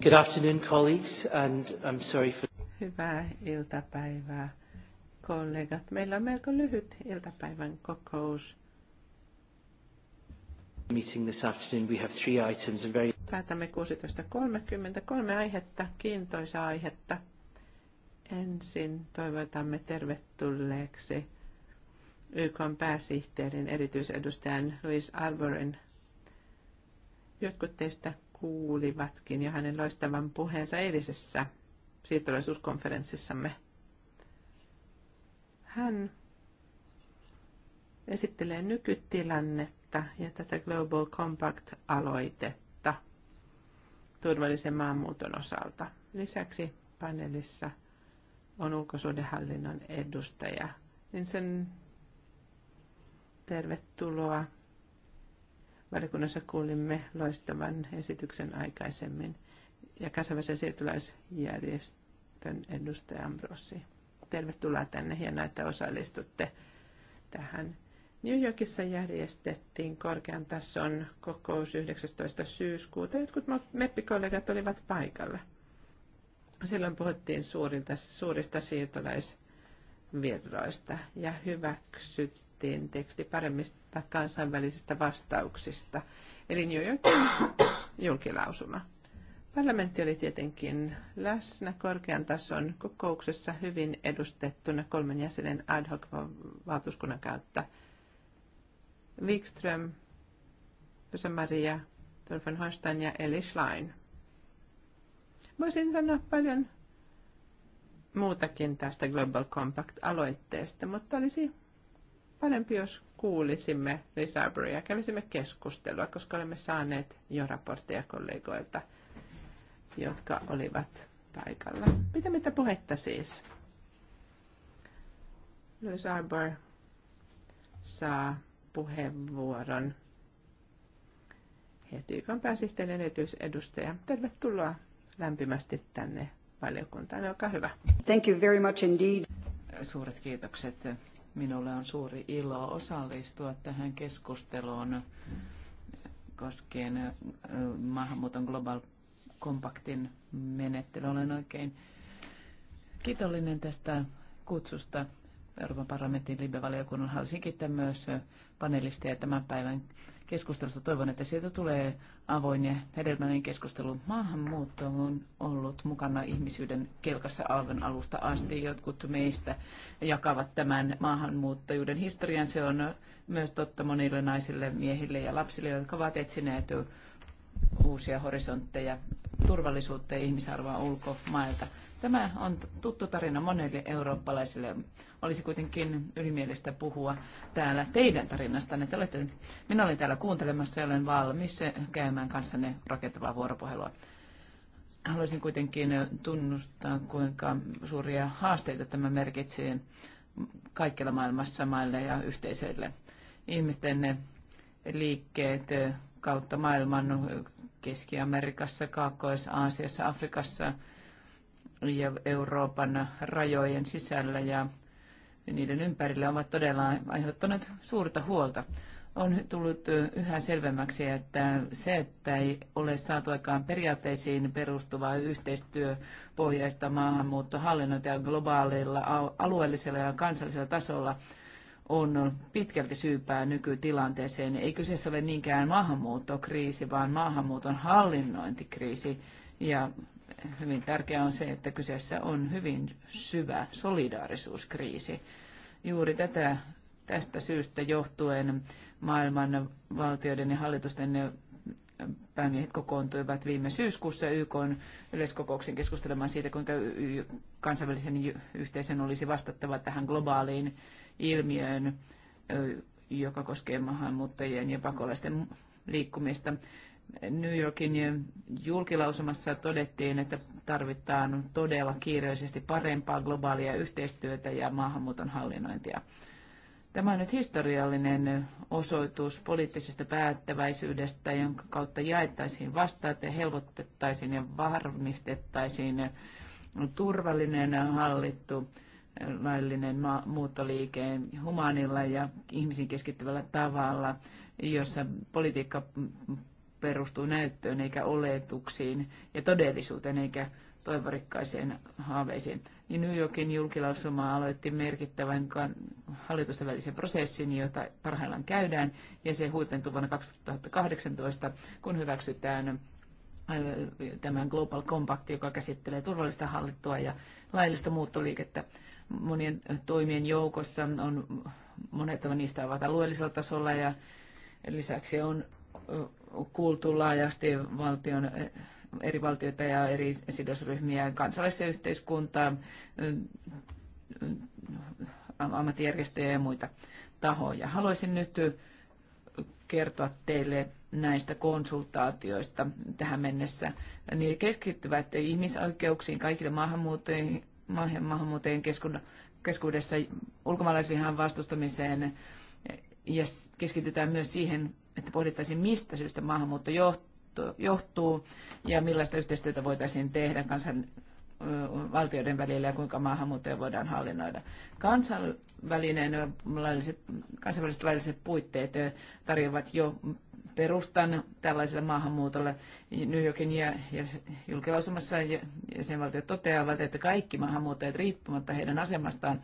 Good afternoon, colleagues, and I'm sorry for... Hyvää iltapäivää, kollegat. Meillä on melko lyhyt iltapäivän kokous. Meeting this afternoon, we have three items and very... Päätämme 16.30, kolme aihetta, kiintoisa aihetta. Ensin toivotamme tervetulleeksi YK pääsihteerin erityisedustajan Louis Arborin. Jotkut teistä kuulivatkin jo hänen loistavan puheensa eilisessä siirtolaisuuskonferenssissamme. Hän esittelee nykytilannetta ja tätä Global Compact-aloitetta turvallisen maanmuuton osalta. Lisäksi paneelissa on ulkosuhdehallinnon edustaja. Niin sen tervetuloa Valiokunnassa kuulimme loistavan esityksen aikaisemmin ja kansainvälisen siirtolaisjärjestön edustaja Ambrosi. Tervetuloa tänne, hienoa, että osallistutte tähän. New Yorkissa järjestettiin korkean tason kokous 19. syyskuuta. Jotkut meppikollegat olivat paikalla. Silloin puhuttiin suurista siirtolaisvirroista ja hyväksyt saatiin teksti paremmista kansainvälisistä vastauksista, eli New Yorkin julkilausuma. Parlamentti oli tietenkin läsnä korkean tason kokouksessa hyvin edustettuna kolmen jäsenen ad hoc valtuuskunnan kautta. Wikström, Jose Maria, Dolphin Holstein ja Eli Schlein. Voisin sanoa paljon muutakin tästä Global Compact-aloitteesta, mutta olisi parempi, jos kuulisimme Liz ja kävisimme keskustelua, koska olemme saaneet jo raportteja kollegoilta, jotka olivat paikalla. mitä puhetta siis. Liz Arbor saa puheenvuoron heti YKn pääsihteerin erityisedustaja. Tervetuloa lämpimästi tänne valiokuntaan. Olkaa hyvä. Thank you very much indeed. Suuret kiitokset Minulle on suuri ilo osallistua tähän keskusteluun koskien maahanmuuton Global Compactin menettelyä. Olen oikein kiitollinen tästä kutsusta Euroopan parlamentin libevaliokunnan. Haluaisin kiittää myös panelisteja tämän päivän keskustelusta. Toivon, että siitä tulee avoin ja hedelmällinen keskustelu. Maahanmuutto on ollut mukana ihmisyyden kelkassa alven alusta asti. Jotkut meistä jakavat tämän maahanmuuttajuuden historian. Se on myös totta monille naisille, miehille ja lapsille, jotka ovat etsineet uusia horisontteja, turvallisuutta ja ihmisarvoa ulkomailta. Tämä on tuttu tarina monelle eurooppalaisille. Olisi kuitenkin ylimielistä puhua täällä teidän tarinastanne. Te olette, minä olen täällä kuuntelemassa ja olen valmis käymään kanssanne rakentavaa vuoropuhelua. Haluaisin kuitenkin tunnustaa, kuinka suuria haasteita tämä merkitsee kaikilla maailmassa maille ja yhteisöille. Ihmisten liikkeet kautta maailman Keski-Amerikassa, Kaakkois-Aasiassa, Afrikassa – ja Euroopan rajojen sisällä ja niiden ympärillä ovat todella aiheuttaneet suurta huolta. On tullut yhä selvemmäksi, että se, että ei ole saatu aikaan periaatteisiin perustuvaa yhteistyöpohjaista ja globaalilla, alueellisella ja kansallisella tasolla, on pitkälti syypää nykytilanteeseen. Ei kyseessä ole niinkään maahanmuuttokriisi, vaan maahanmuuton hallinnointikriisi. Ja hyvin tärkeää on se, että kyseessä on hyvin syvä solidaarisuuskriisi. Juuri tätä, tästä syystä johtuen maailman valtioiden ja hallitusten päämiehet kokoontuivat viime syyskuussa YK yleiskokouksen keskustelemaan siitä, kuinka kansainvälisen yhteisön olisi vastattava tähän globaaliin ilmiöön, joka koskee maahanmuuttajien ja pakolaisten liikkumista. New Yorkin julkilausumassa todettiin, että tarvitaan todella kiireellisesti parempaa globaalia yhteistyötä ja maahanmuuton hallinnointia. Tämä on nyt historiallinen osoitus poliittisesta päättäväisyydestä, jonka kautta jaettaisiin vastaat ja helpotettaisiin ja varmistettaisiin turvallinen, hallittu, laillinen ma- humanilla ja ihmisiin keskittyvällä tavalla, jossa politiikka perustuu näyttöön eikä oletuksiin ja todellisuuteen eikä toivorikkaiseen haaveisiin. Niin New Yorkin julkilausuma aloitti merkittävän hallitusten välisen prosessin, jota parhaillaan käydään, ja se huipentuu vuonna 2018, kun hyväksytään äh, tämän Global Compact, joka käsittelee turvallista hallittua ja laillista muuttoliikettä. Monien toimien joukossa on monet niistä ovat alueellisella tasolla ja lisäksi on kuultu laajasti valtion, eri valtioita ja eri sidosryhmiä, kansalaisia yhteiskuntaa, ammattijärjestöjä ja muita tahoja. Haluaisin nyt kertoa teille näistä konsultaatioista tähän mennessä. niin keskittyvät ihmisoikeuksiin kaikille maahanmuuttajien, maahanmuuttajien keskuudessa ulkomaalaisvihan vastustamiseen ja keskitytään myös siihen, että pohdittaisiin, mistä syystä maahanmuutto johtuu ja millaista yhteistyötä voitaisiin tehdä kansan valtioiden välillä ja kuinka maahanmuuttoja voidaan hallinnoida. Kansainvälinen, lailliset, kansainväliset lailliset puitteet tarjoavat jo perustan tällaiselle maahanmuutolle. New Yorkin ja, ja julkilausumassa jäsenvaltiot toteavat, että kaikki maahanmuuttajat riippumatta heidän asemastaan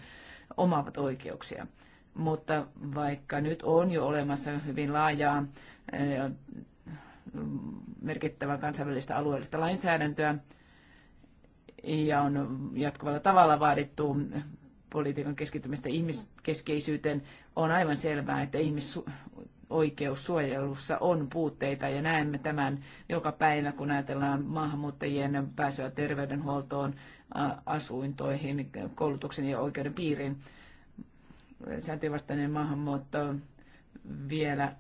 omaavat oikeuksia mutta vaikka nyt on jo olemassa hyvin laajaa eh, merkittävää kansainvälistä alueellista lainsäädäntöä ja on jatkuvalla tavalla vaadittu politiikan keskittymistä ihmiskeskeisyyteen, on aivan selvää, että ihmisoikeussuojelussa on puutteita ja näemme tämän joka päivä, kun ajatellaan maahanmuuttajien pääsyä terveydenhuoltoon, asuintoihin, koulutuksen ja oikeuden piiriin säätiövastainen maahanmuutto vielä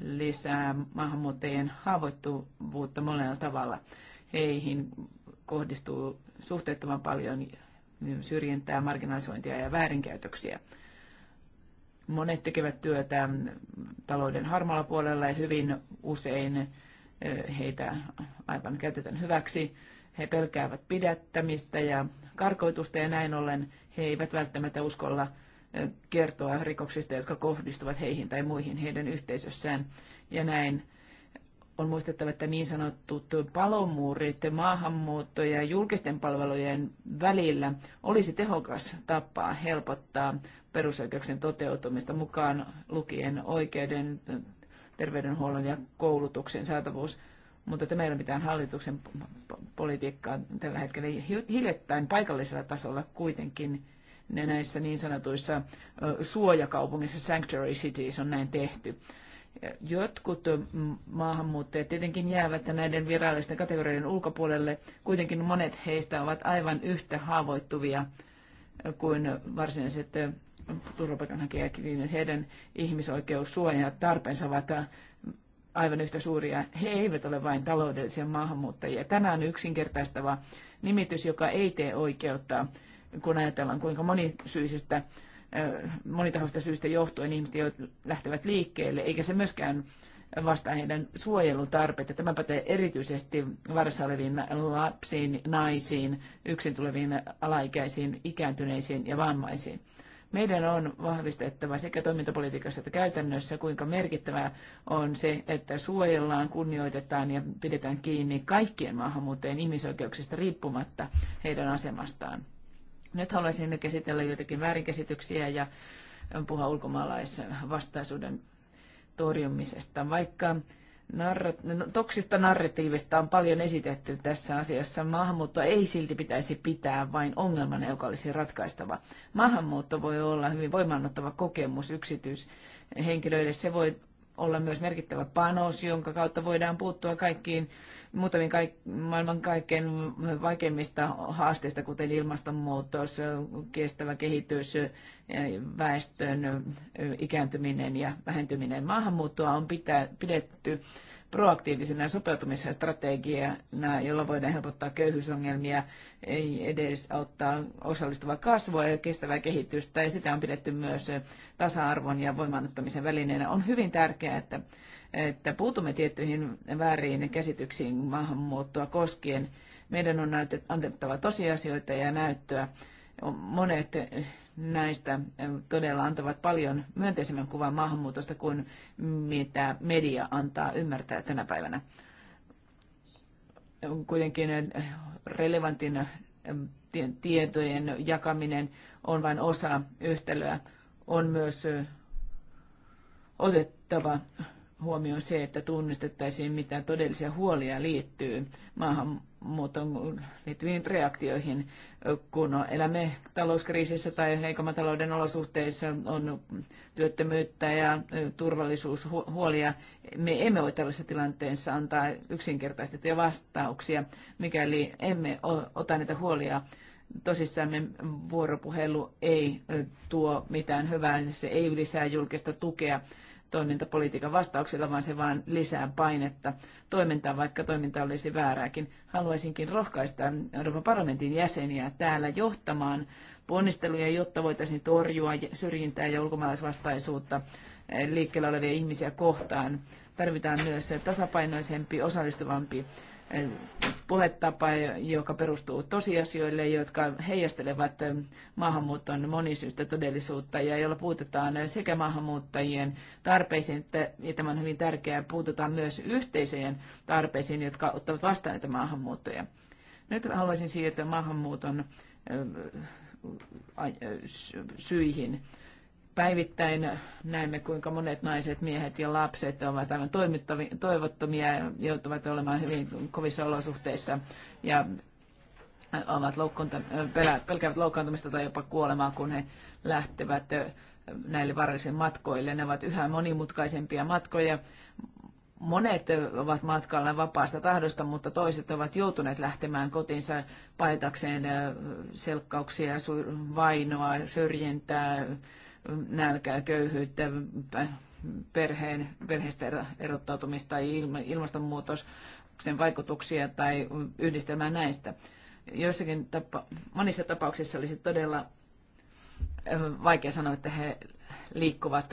lisää maahanmuuttajien haavoittuvuutta monella tavalla. Heihin kohdistuu suhteettoman paljon syrjintää, marginalisointia ja väärinkäytöksiä. Monet tekevät työtä talouden harmalla puolella ja hyvin usein eh, heitä aivan käytetään hyväksi. He pelkäävät pidättämistä ja karkoitusta ja näin ollen he eivät välttämättä uskolla kertoa rikoksista, jotka kohdistuvat heihin tai muihin heidän yhteisössään. Ja näin on muistettava, että niin sanottu palomuurit maahanmuutto ja julkisten palvelujen välillä olisi tehokas tapa helpottaa perusoikeuksien toteutumista mukaan lukien oikeuden, terveydenhuollon ja koulutuksen saatavuus. Mutta tämä ei ole mitään hallituksen politiikkaa tällä hetkellä. Hiljattain paikallisella tasolla kuitenkin näissä niin sanotuissa suojakaupungeissa, sanctuary cities on näin tehty. Jotkut maahanmuuttajat tietenkin jäävät näiden virallisten kategorioiden ulkopuolelle, kuitenkin monet heistä ovat aivan yhtä haavoittuvia kuin varsinaiset turvapaikanhakijat, niin heidän ihmisoikeussuoja tarpeensa ovat aivan yhtä suuria. He eivät ole vain taloudellisia maahanmuuttajia. Tämä on yksinkertaistava nimitys, joka ei tee oikeutta kun ajatellaan kuinka monisyisistä monitahoista syistä johtuen ihmiset jo lähtevät liikkeelle, eikä se myöskään vastaa heidän suojelutarpeita. Tämä pätee erityisesti varassa oleviin lapsiin, naisiin, yksin tuleviin alaikäisiin, ikääntyneisiin ja vammaisiin. Meidän on vahvistettava sekä toimintapolitiikassa että käytännössä, kuinka merkittävää on se, että suojellaan, kunnioitetaan ja pidetään kiinni kaikkien maahanmuuttajien ihmisoikeuksista riippumatta heidän asemastaan. Nyt haluaisin käsitellä joitakin väärinkäsityksiä ja puhua ulkomaalaisvastaisuuden torjumisesta. Vaikka narra- no, toksista narratiivista on paljon esitetty tässä asiassa, maahanmuuttoa ei silti pitäisi pitää vain ongelmana, joka olisi ratkaistava. Maahanmuutto voi olla hyvin voimannuttava kokemus yksityishenkilöille. Se voi olla myös merkittävä panos, jonka kautta voidaan puuttua kaikkiin muutamiin kaik- maailman kaikkein vaikeimmista haasteista, kuten ilmastonmuutos, kestävä kehitys, väestön ikääntyminen ja vähentyminen. Maahanmuuttoa on pitää, pidetty proaktiivisena sopeutumisstrategiana, jolla voidaan helpottaa köyhyysongelmia, ei edes auttaa osallistuvaa kasvua ja kestävää kehitystä. Ja sitä on pidetty myös tasa-arvon ja voimaannuttamisen välineenä. On hyvin tärkeää, että, että puutumme tiettyihin väärin käsityksiin maahanmuuttoa koskien. Meidän on annettava tosiasioita ja näyttöä. Monet näistä todella antavat paljon myönteisemmän kuvan maahanmuutosta kuin mitä media antaa ymmärtää tänä päivänä. Kuitenkin relevantin tietojen jakaminen on vain osa yhtälöä. On myös otettava huomioon se, että tunnistettaisiin, mitä todellisia huolia liittyy maahanmuuton liittyviin reaktioihin, kun elämme talouskriisissä tai heikomman talouden olosuhteissa on työttömyyttä ja turvallisuushuolia. Me emme voi tällaisessa tilanteessa antaa yksinkertaistettuja vastauksia, mikäli emme ota niitä huolia tosissamme vuoropuhelu ei tuo mitään hyvää, se ei lisää julkista tukea toimintapolitiikan vastauksilla, vaan se vain lisää painetta toimintaan, vaikka toiminta olisi väärääkin. Haluaisinkin rohkaista Euroopan parlamentin jäseniä täällä johtamaan ponnisteluja, jotta voitaisiin torjua syrjintää ja ulkomaalaisvastaisuutta liikkeellä olevia ihmisiä kohtaan. Tarvitaan myös tasapainoisempi, osallistuvampi puhetapa, joka perustuu tosiasioille, jotka heijastelevat maahanmuuton monisyistä todellisuutta ja jolla puututaan sekä maahanmuuttajien tarpeisiin, että, ja tämä on hyvin tärkeää, puututaan myös yhteisöjen tarpeisiin, jotka ottavat vastaan näitä maahanmuuttoja. Nyt haluaisin siirtyä maahanmuuton syihin päivittäin näemme, kuinka monet naiset, miehet ja lapset ovat aivan toivottomia ja joutuvat olemaan hyvin kovissa olosuhteissa ja ovat pelkäävät loukkaantumista tai jopa kuolemaa, kun he lähtevät näille vaarallisille matkoille. Ne ovat yhä monimutkaisempia matkoja. Monet ovat matkalla vapaasta tahdosta, mutta toiset ovat joutuneet lähtemään kotinsa paitakseen selkkauksia, vainoa, syrjintää, nälkää, köyhyyttä, perheen, perheestä erottautumista tai ilmastonmuutoksen vaikutuksia tai yhdistelmää näistä. Joissakin tapa, monissa tapauksissa olisi todella vaikea sanoa, että he liikkuvat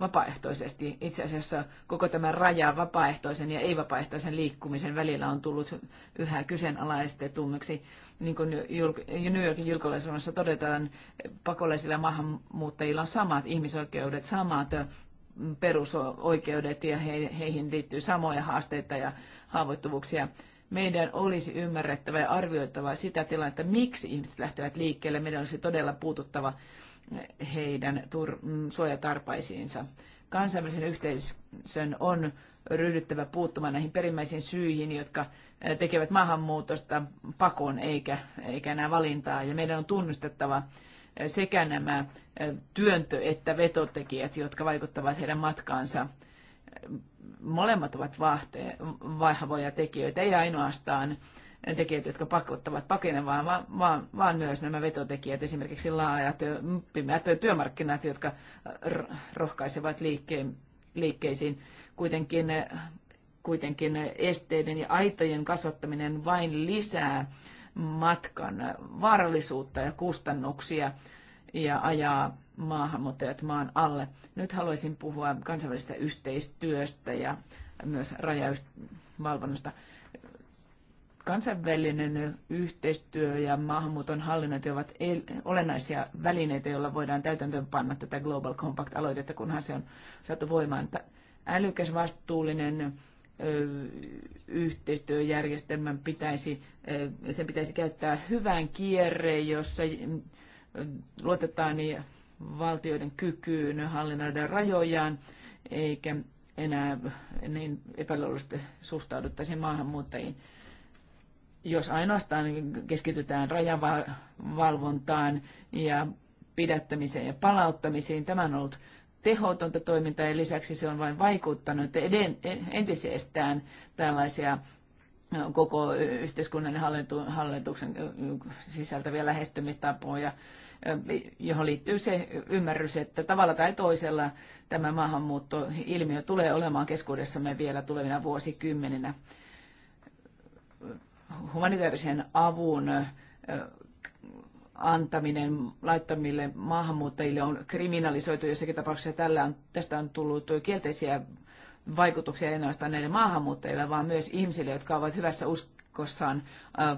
vapaaehtoisesti. Itse asiassa koko tämä raja vapaaehtoisen ja ei-vapaaehtoisen liikkumisen välillä on tullut yhä kyseenalaistetummiksi. Niin kuin New Yorkin julkilaisuudessa todetaan, pakolaisilla maahanmuuttajilla on samat ihmisoikeudet, samat perusoikeudet ja heihin liittyy samoja haasteita ja haavoittuvuuksia meidän olisi ymmärrettävä ja arvioitava sitä tilannetta, miksi ihmiset lähtevät liikkeelle. Meidän olisi todella puututtava heidän tur- mm, suojatarpaisiinsa. Kansainvälisen yhteisön on ryhdyttävä puuttumaan näihin perimmäisiin syihin, jotka tekevät maahanmuutosta pakon eikä, eikä enää valintaa. Ja meidän on tunnustettava sekä nämä työntö- että vetotekijät, jotka vaikuttavat heidän matkaansa. Molemmat ovat vahvoja tekijöitä, ei ainoastaan tekijät, jotka pakottavat pakenemaan, vaan, vaan, vaan myös nämä vetotekijät, esimerkiksi laajat pimeät työmarkkinat, jotka rohkaisevat liikkeen, liikkeisiin. Kuitenkin, kuitenkin esteiden ja aitojen kasvattaminen vain lisää matkan vaarallisuutta ja kustannuksia ja ajaa maahanmuuttajat maan alle. Nyt haluaisin puhua kansainvälisestä yhteistyöstä ja myös rajavalvonnasta. Rajayh- Kansainvälinen yhteistyö ja maahanmuuton hallinnointi ovat olennaisia välineitä, joilla voidaan täytäntöön panna tätä Global Compact-aloitetta, kunhan se on saatu voimaan. Älykäs, vastuullinen yhteistyöjärjestelmän pitäisi, sen pitäisi käyttää hyvän kierreen, jossa luotetaan valtioiden kykyyn hallinnoida rajojaan, eikä enää niin epäluuloisesti suhtauduttaisiin maahanmuuttajiin jos ainoastaan keskitytään rajavalvontaan ja pidättämiseen ja palauttamiseen. Tämä on ollut tehotonta toimintaa ja lisäksi se on vain vaikuttanut eden, entisestään tällaisia koko yhteiskunnan hallitu, hallituksen sisältäviä lähestymistapoja, johon liittyy se ymmärrys, että tavalla tai toisella tämä maahanmuuttoilmiö tulee olemaan keskuudessamme vielä tulevina vuosikymmeninä humanitaarisen avun antaminen laittamille maahanmuuttajille on kriminalisoitu jossakin tapauksessa. Tällä on, tästä on tullut kielteisiä vaikutuksia ei ainoastaan näille maahanmuuttajille, vaan myös ihmisille, jotka ovat hyvässä uskossaan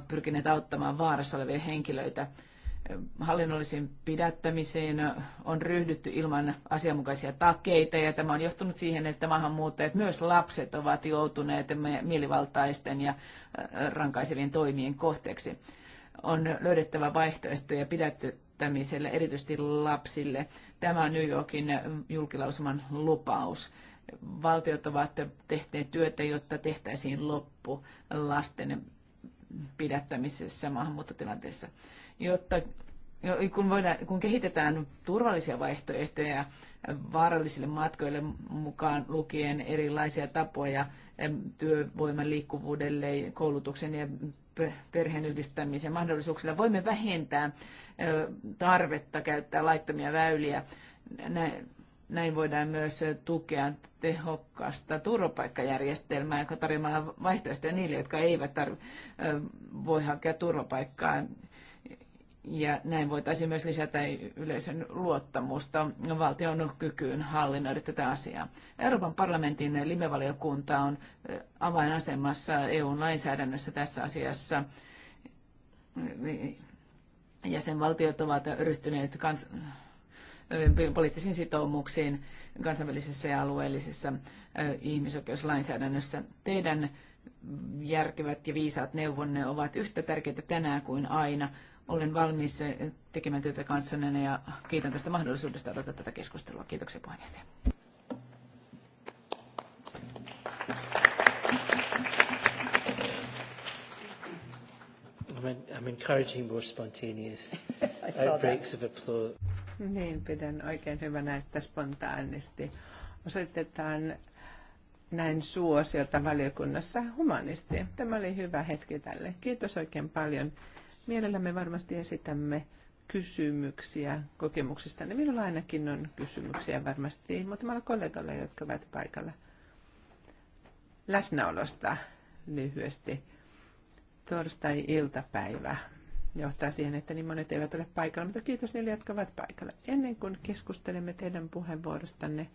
pyrkineet auttamaan vaarassa olevia henkilöitä hallinnollisiin pidättämiseen on ryhdytty ilman asianmukaisia takeita ja tämä on johtunut siihen, että maahanmuuttajat, myös lapset, ovat joutuneet mielivaltaisten ja rankaisevien toimien kohteeksi. On löydettävä vaihtoehtoja pidättämiselle, erityisesti lapsille. Tämä on New Yorkin julkilausuman lupaus. Valtiot ovat tehneet työtä, jotta tehtäisiin loppu lasten pidättämisessä maahanmuuttotilanteessa jotta kun, voidaan, kun kehitetään turvallisia vaihtoehtoja vaarallisille matkoille mukaan lukien erilaisia tapoja työvoiman liikkuvuudelle, koulutuksen ja perheen yhdistämisen mahdollisuuksilla, voimme vähentää tarvetta käyttää laittomia väyliä. Näin voidaan myös tukea tehokkaasta turvapaikkajärjestelmää, joka tarjoaa vaihtoehtoja niille, jotka eivät tarv- voi hakea turvapaikkaa ja näin voitaisiin myös lisätä yleisön luottamusta valtion kykyyn hallinnoida tätä asiaa. Euroopan parlamentin limevaliokunta on avainasemassa EUn lainsäädännössä tässä asiassa. Jäsenvaltiot ovat ryhtyneet kans- poliittisiin sitoumuksiin kansainvälisessä ja alueellisessa ihmisoikeuslainsäädännössä. Teidän järkevät ja viisaat neuvonne ovat yhtä tärkeitä tänään kuin aina olen valmis eh, tekemään työtä kanssanne ja kiitän tästä mahdollisuudesta odottaa tätä keskustelua. Kiitoksia puheenjohtaja. I'm encouraging more spontaneous outbreaks of applause. Niin, pidän oikein hyvänä, että spontaanisti osoitetaan näin suosiota valiokunnassa humanisti. Tämä oli hyvä hetki tälle. Kiitos oikein paljon Mielellämme varmasti esitämme kysymyksiä kokemuksista. Ne minulla ainakin on kysymyksiä varmasti muutamalla kollegalla, jotka ovat paikalla. Läsnäolosta lyhyesti. Torstai-iltapäivä johtaa siihen, että niin monet eivät ole paikalla, mutta kiitos niille, jotka ovat paikalla. Ennen kuin keskustelemme teidän puheenvuorostanne,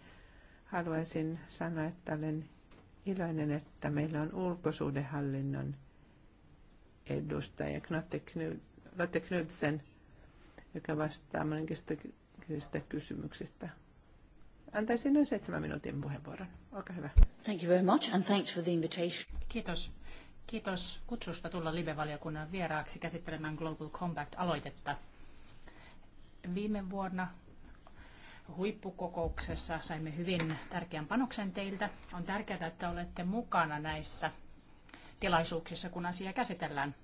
haluaisin sanoa, että olen iloinen, että meillä on ulkosuudenhallinnon edustaja Lotte Knudsen, joka vastaa monenkeskisistä kysymyksistä. Antaisin noin seitsemän minuutin puheenvuoron. Olkaa hyvä. Thank you very much and thanks for the invitation. Kiitos. Kiitos kutsusta tulla Live-valiokunnan vieraaksi käsittelemään Global Compact-aloitetta. Viime vuonna huippukokouksessa saimme hyvin tärkeän panoksen teiltä. On tärkeää, että olette mukana näissä tilaisuuksissa, kun asia käsitellään.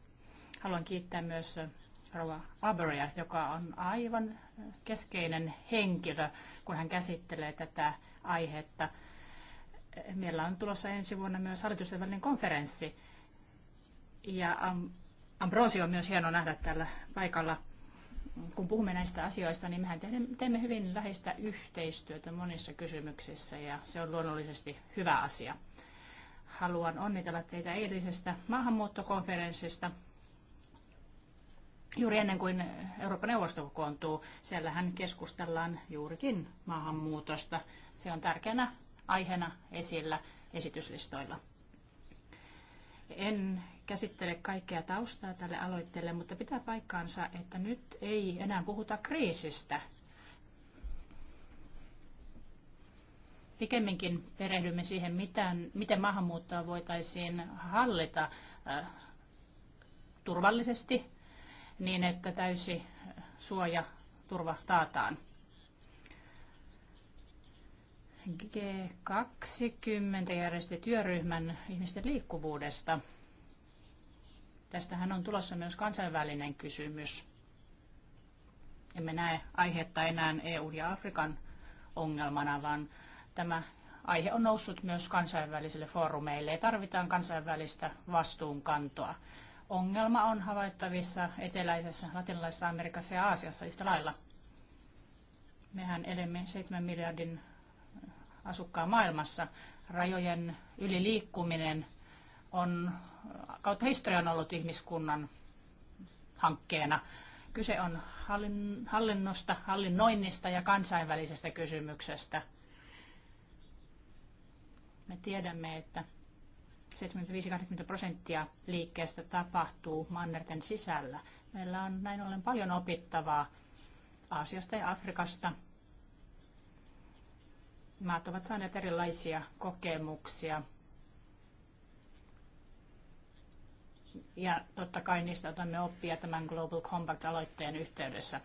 Haluan kiittää myös äh, Rova Aberia, joka on aivan äh, keskeinen henkilö, kun hän käsittelee tätä aihetta. Äh, meillä on tulossa ensi vuonna myös hallitusten välinen konferenssi. Ja Ambrosi on myös hieno nähdä täällä paikalla. Kun puhumme näistä asioista, niin mehän teemme hyvin läheistä yhteistyötä monissa kysymyksissä ja se on luonnollisesti hyvä asia haluan onnitella teitä eilisestä maahanmuuttokonferenssista. Juuri ennen kuin Euroopan neuvosto kokoontuu, siellähän keskustellaan juurikin maahanmuutosta. Se on tärkeänä aiheena esillä esityslistoilla. En käsittele kaikkea taustaa tälle aloitteelle, mutta pitää paikkaansa, että nyt ei enää puhuta kriisistä, pikemminkin perehdymme siihen, miten, miten maahanmuuttoa voitaisiin hallita äh, turvallisesti niin, että täysi äh, suoja turva taataan. G20 järjesti työryhmän ihmisten liikkuvuudesta. Tästähän on tulossa myös kansainvälinen kysymys. Emme näe aihetta enää EU ja Afrikan ongelmana, vaan Tämä aihe on noussut myös kansainvälisille foorumeille ja tarvitaan kansainvälistä vastuunkantoa. Ongelma on havaittavissa eteläisessä, latinalaisessa Amerikassa ja Aasiassa yhtä lailla. Mehän elämme 7 miljardin asukkaan maailmassa. Rajojen yliliikkuminen on kautta historian ollut ihmiskunnan hankkeena. Kyse on hallinnosta, hallinnoinnista ja kansainvälisestä kysymyksestä – me tiedämme, että 75-80 prosenttia liikkeestä tapahtuu mannerten sisällä. Meillä on näin ollen paljon opittavaa Aasiasta ja Afrikasta. Maat ovat saaneet erilaisia kokemuksia. Ja totta kai niistä otamme oppia tämän Global Compact-aloitteen yhteydessä.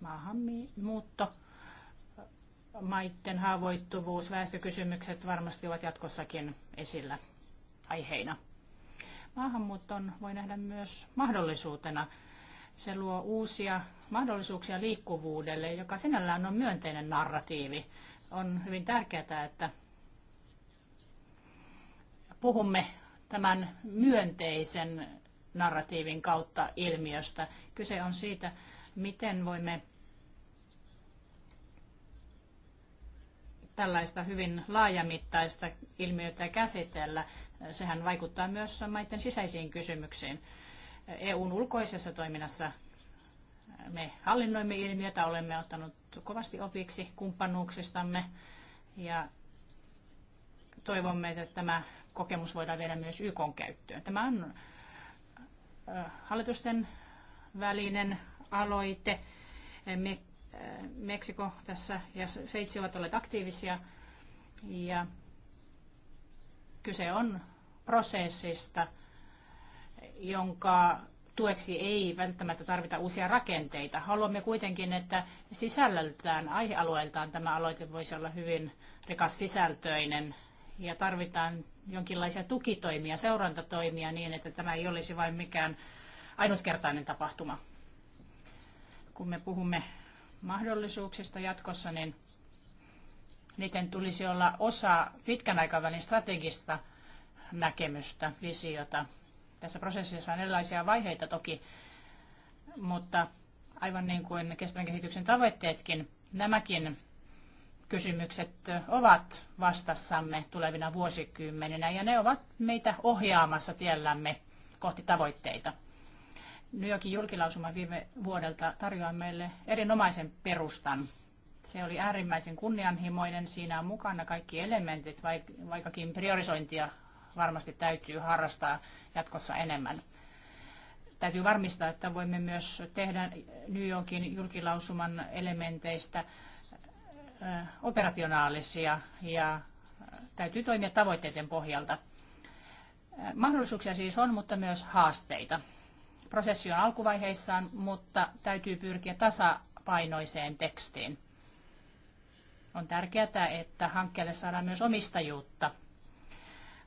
Maahanmuutto maiden haavoittuvuus, väestökysymykset varmasti ovat jatkossakin esillä aiheina. Maahanmuuton voi nähdä myös mahdollisuutena. Se luo uusia mahdollisuuksia liikkuvuudelle, joka sinällään on myönteinen narratiivi. On hyvin tärkeää, että puhumme tämän myönteisen narratiivin kautta ilmiöstä. Kyse on siitä, miten voimme tällaista hyvin laajamittaista ilmiötä käsitellä. Sehän vaikuttaa myös maiden sisäisiin kysymyksiin. EUn ulkoisessa toiminnassa me hallinnoimme ilmiötä, olemme ottanut kovasti opiksi kumppanuuksistamme ja toivomme, että tämä kokemus voidaan viedä myös YK käyttöön. Tämä on hallitusten välinen aloite. Me Äh, Meksiko tässä ja Sveitsi ovat olleet aktiivisia. Ja kyse on prosessista, jonka tueksi ei välttämättä tarvita uusia rakenteita. Haluamme kuitenkin, että sisällöltään, aihealueeltaan tämä aloite voisi olla hyvin rikas sisältöinen ja tarvitaan jonkinlaisia tukitoimia, seurantatoimia niin, että tämä ei olisi vain mikään ainutkertainen tapahtuma. Kun me puhumme mahdollisuuksista jatkossa, niin niiden tulisi olla osa pitkän aikavälin strategista näkemystä, visiota. Tässä prosessissa on erilaisia vaiheita toki, mutta aivan niin kuin kestävän kehityksen tavoitteetkin, nämäkin kysymykset ovat vastassamme tulevina vuosikymmeninä ja ne ovat meitä ohjaamassa tiellämme kohti tavoitteita. New Yorkin julkilausuma viime vuodelta tarjoaa meille erinomaisen perustan. Se oli äärimmäisen kunnianhimoinen. Siinä on mukana kaikki elementit, vaikkakin priorisointia varmasti täytyy harrastaa jatkossa enemmän. Täytyy varmistaa, että voimme myös tehdä New Yorkin julkilausuman elementeistä operationaalisia ja täytyy toimia tavoitteiden pohjalta. Mahdollisuuksia siis on, mutta myös haasteita. Prosessi on alkuvaiheissaan, mutta täytyy pyrkiä tasapainoiseen tekstiin. On tärkeää, että hankkeelle saadaan myös omistajuutta.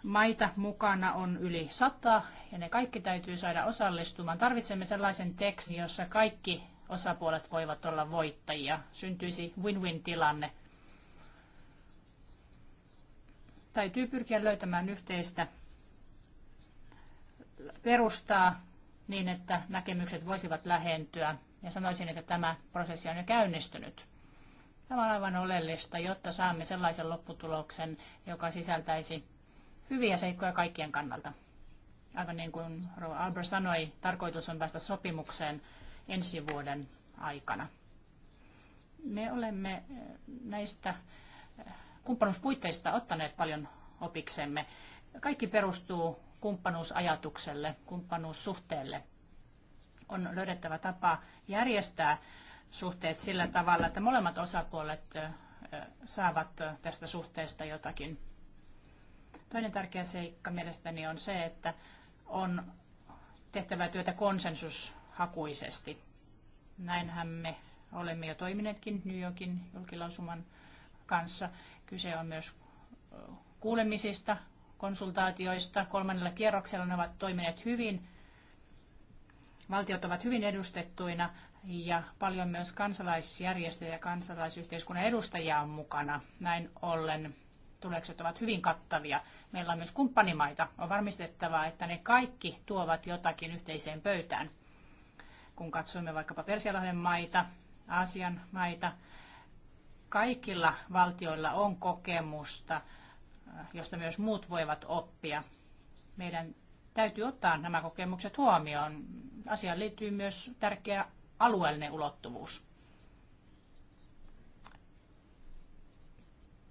Maita mukana on yli sata ja ne kaikki täytyy saada osallistumaan. Tarvitsemme sellaisen tekstin, jossa kaikki osapuolet voivat olla voittajia. Syntyisi win-win-tilanne. Täytyy pyrkiä löytämään yhteistä perustaa niin, että näkemykset voisivat lähentyä. Ja sanoisin, että tämä prosessi on jo käynnistynyt. Tämä on aivan oleellista, jotta saamme sellaisen lopputuloksen, joka sisältäisi hyviä seikkoja kaikkien kannalta. Aivan niin kuin Albert sanoi, tarkoitus on päästä sopimukseen ensi vuoden aikana. Me olemme eh, näistä eh, kumppanuuspuitteista ottaneet paljon opiksemme. Kaikki perustuu kumppanuusajatukselle, kumppanuussuhteelle. On löydettävä tapa järjestää suhteet sillä tavalla, että molemmat osapuolet saavat tästä suhteesta jotakin. Toinen tärkeä seikka mielestäni on se, että on tehtävä työtä konsensushakuisesti. Näinhän me olemme jo toimineetkin New Yorkin julkilausuman kanssa. Kyse on myös kuulemisista, konsultaatioista kolmannella kierroksella ne ovat toimineet hyvin. Valtiot ovat hyvin edustettuina ja paljon myös kansalaisjärjestöjä ja kansalaisyhteiskunnan edustajia on mukana. Näin ollen tulokset ovat hyvin kattavia. Meillä on myös kumppanimaita. On varmistettava, että ne kaikki tuovat jotakin yhteiseen pöytään. Kun katsomme vaikkapa Persialahden maita, Aasian maita, kaikilla valtioilla on kokemusta – Äh, josta myös muut voivat oppia. Meidän täytyy ottaa nämä kokemukset huomioon. Asiaan liittyy myös tärkeä alueellinen ulottuvuus.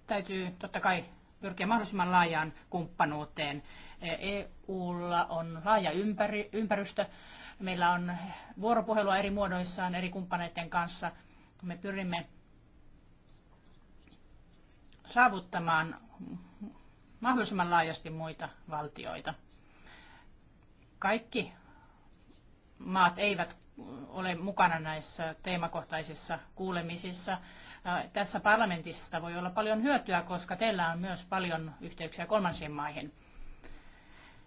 Täytyy totta kai pyrkiä mahdollisimman laajaan kumppanuuteen. EUlla on laaja ympäri, ympäristö. Meillä on vuoropuhelua eri muodoissaan eri kumppaneiden kanssa. Me pyrimme saavuttamaan mahdollisimman laajasti muita valtioita. Kaikki maat eivät ole mukana näissä teemakohtaisissa kuulemisissa. Tässä parlamentista voi olla paljon hyötyä, koska teillä on myös paljon yhteyksiä kolmansiin maihin.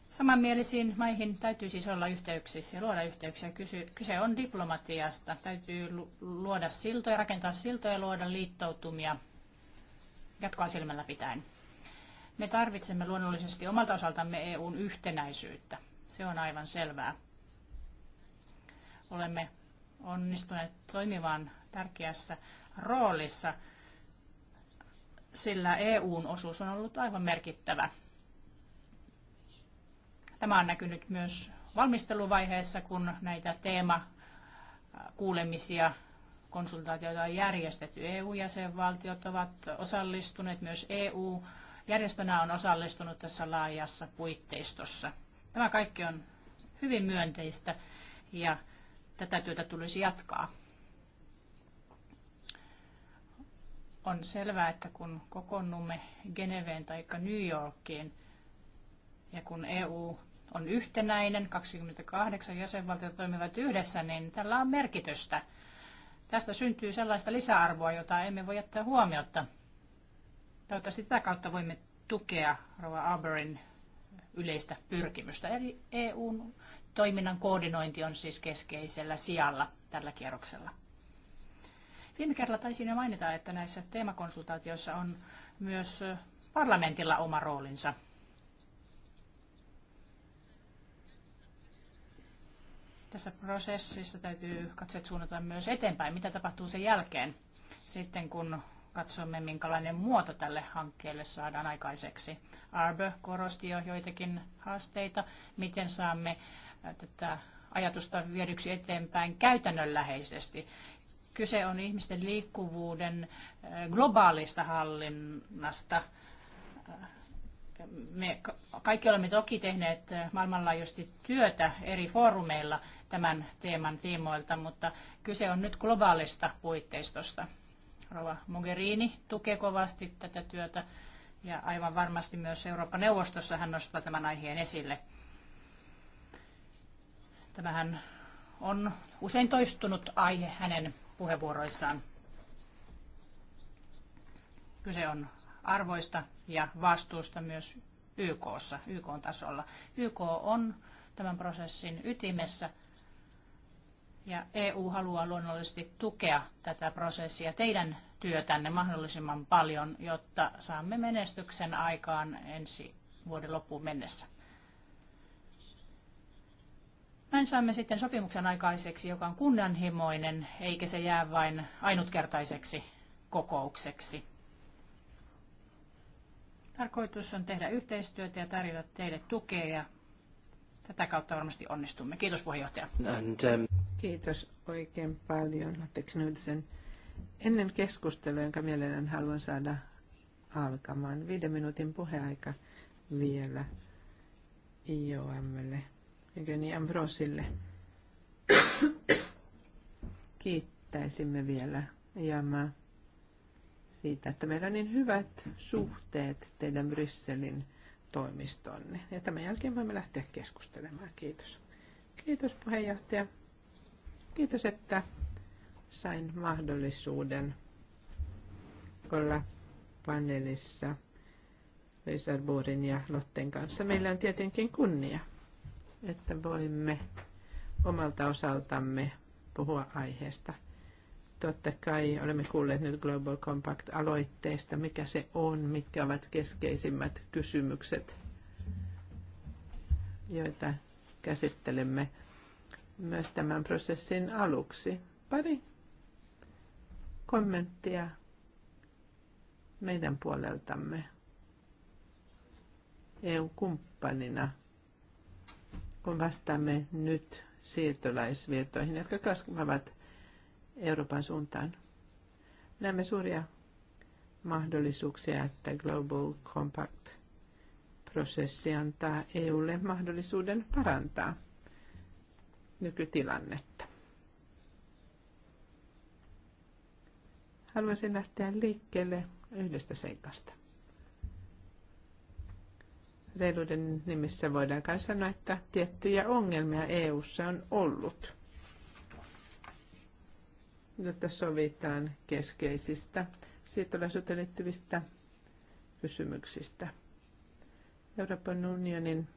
Samanmielisiin maihin täytyy siis olla yhteyksissä ja luoda yhteyksiä. Kyse on diplomatiasta. Täytyy luoda siltoja, rakentaa siltoja ja luoda liittoutumia jatkoa silmällä pitäen. Me tarvitsemme luonnollisesti omalta osaltamme EUn yhtenäisyyttä. Se on aivan selvää. Olemme onnistuneet toimimaan tärkeässä roolissa, sillä EUn osuus on ollut aivan merkittävä. Tämä on näkynyt myös valmisteluvaiheessa, kun näitä teemakuulemisia konsultaatioita on järjestetty. EU-jäsenvaltiot ovat osallistuneet, myös EU järjestönä on osallistunut tässä laajassa puitteistossa. Tämä kaikki on hyvin myönteistä ja tätä työtä tulisi jatkaa. On selvää, että kun kokoonnumme Geneveen tai New Yorkiin ja kun EU on yhtenäinen, 28 jäsenvaltiota toimivat yhdessä, niin tällä on merkitystä. Tästä syntyy sellaista lisäarvoa, jota emme voi jättää huomiota Toivottavasti sitä kautta voimme tukea Rova Aberin yleistä pyrkimystä. Eli EUn toiminnan koordinointi on siis keskeisellä sijalla tällä kierroksella. Viime kerralla taisin jo mainita, että näissä teemakonsultaatioissa on myös parlamentilla oma roolinsa. Tässä prosessissa täytyy katseet suunnata myös eteenpäin, mitä tapahtuu sen jälkeen, sitten kun katsomme, minkälainen muoto tälle hankkeelle saadaan aikaiseksi. Arbe korosti jo joitakin haasteita, miten saamme tätä ajatusta viedyksi eteenpäin käytännönläheisesti. Kyse on ihmisten liikkuvuuden globaalista hallinnasta. Me kaikki olemme toki tehneet maailmanlaajuisesti työtä eri foorumeilla tämän teeman tiimoilta, mutta kyse on nyt globaalista puitteistosta. Rova Mogherini tukee kovasti tätä työtä ja aivan varmasti myös Euroopan neuvostossa hän nostaa tämän aiheen esille. Tämähän on usein toistunut aihe hänen puheenvuoroissaan. Kyse on arvoista ja vastuusta myös YKssa, YK tasolla. YK on tämän prosessin ytimessä – ja EU haluaa luonnollisesti tukea tätä prosessia, teidän työtänne mahdollisimman paljon, jotta saamme menestyksen aikaan ensi vuoden loppuun mennessä. Näin saamme sitten sopimuksen aikaiseksi, joka on kunnianhimoinen, eikä se jää vain ainutkertaiseksi kokoukseksi. Tarkoitus on tehdä yhteistyötä ja tarjota teille tukea ja tätä kautta varmasti onnistumme. Kiitos puheenjohtaja. And, um... Kiitos oikein paljon, Lotte Knudsen. Ennen keskustelua, jonka mielellään haluan saada alkamaan, viiden minuutin puheaika vielä IOMlle, Jyköni Ambrosille. Kiittäisimme vielä Jamaa siitä, että meillä on niin hyvät suhteet teidän Brysselin toimistonne. Ja tämän jälkeen voimme lähteä keskustelemaan. Kiitos. Kiitos puheenjohtaja. Kiitos, että sain mahdollisuuden olla paneelissa Richard ja Lotten kanssa. Meillä on tietenkin kunnia, että voimme omalta osaltamme puhua aiheesta. Totta kai olemme kuulleet nyt Global Compact-aloitteesta, mikä se on, mitkä ovat keskeisimmät kysymykset, joita käsittelemme myös tämän prosessin aluksi. Pari kommenttia meidän puoleltamme EU-kumppanina, kun vastaamme nyt siirtolaisvirtoihin, jotka kasvavat Euroopan suuntaan. Näemme suuria mahdollisuuksia, että Global Compact-prosessi antaa EUlle mahdollisuuden parantaa nykytilannetta. Haluaisin lähteä liikkeelle yhdestä seikasta. Reiluuden nimissä voidaan myös sanoa, että tiettyjä ongelmia EU:ssa on ollut, jotta sovitaan keskeisistä siirtolaisuuteen liittyvistä kysymyksistä. Euroopan unionin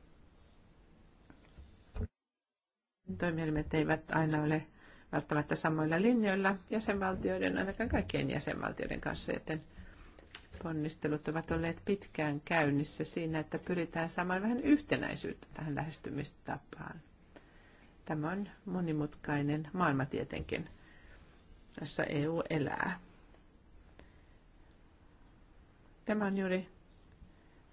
Toimielimet eivät aina ole välttämättä samoilla linjoilla jäsenvaltioiden, ainakaan kaikkien jäsenvaltioiden kanssa, joten ponnistelut ovat olleet pitkään käynnissä siinä, että pyritään saamaan vähän yhtenäisyyttä tähän lähestymistapaan. Tämä on monimutkainen maailma tietenkin, jossa EU elää. Tämä on juuri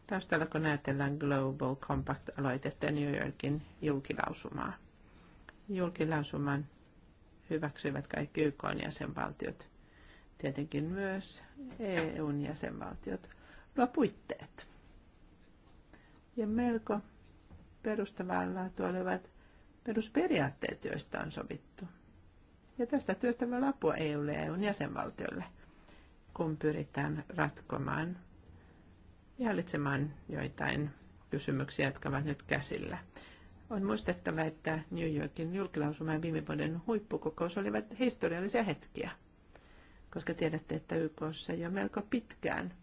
taustalla, kun ajatellaan Global Compact-aloitetta New Yorkin julkilausumaa julkilausuman hyväksyivät kaikki YK jäsenvaltiot, tietenkin myös EUn jäsenvaltiot, luo puitteet. Ja melko perustavalla tuolevat perusperiaatteet, joista on sovittu. Ja tästä työstä me apua EUlle ja EUn jäsenvaltiolle, kun pyritään ratkomaan ja hallitsemaan joitain kysymyksiä, jotka ovat nyt käsillä. On muistettava, että New Yorkin julkilausumaan viime vuoden huippukokous olivat historiallisia hetkiä, koska tiedätte, että YKssa jo melko pitkään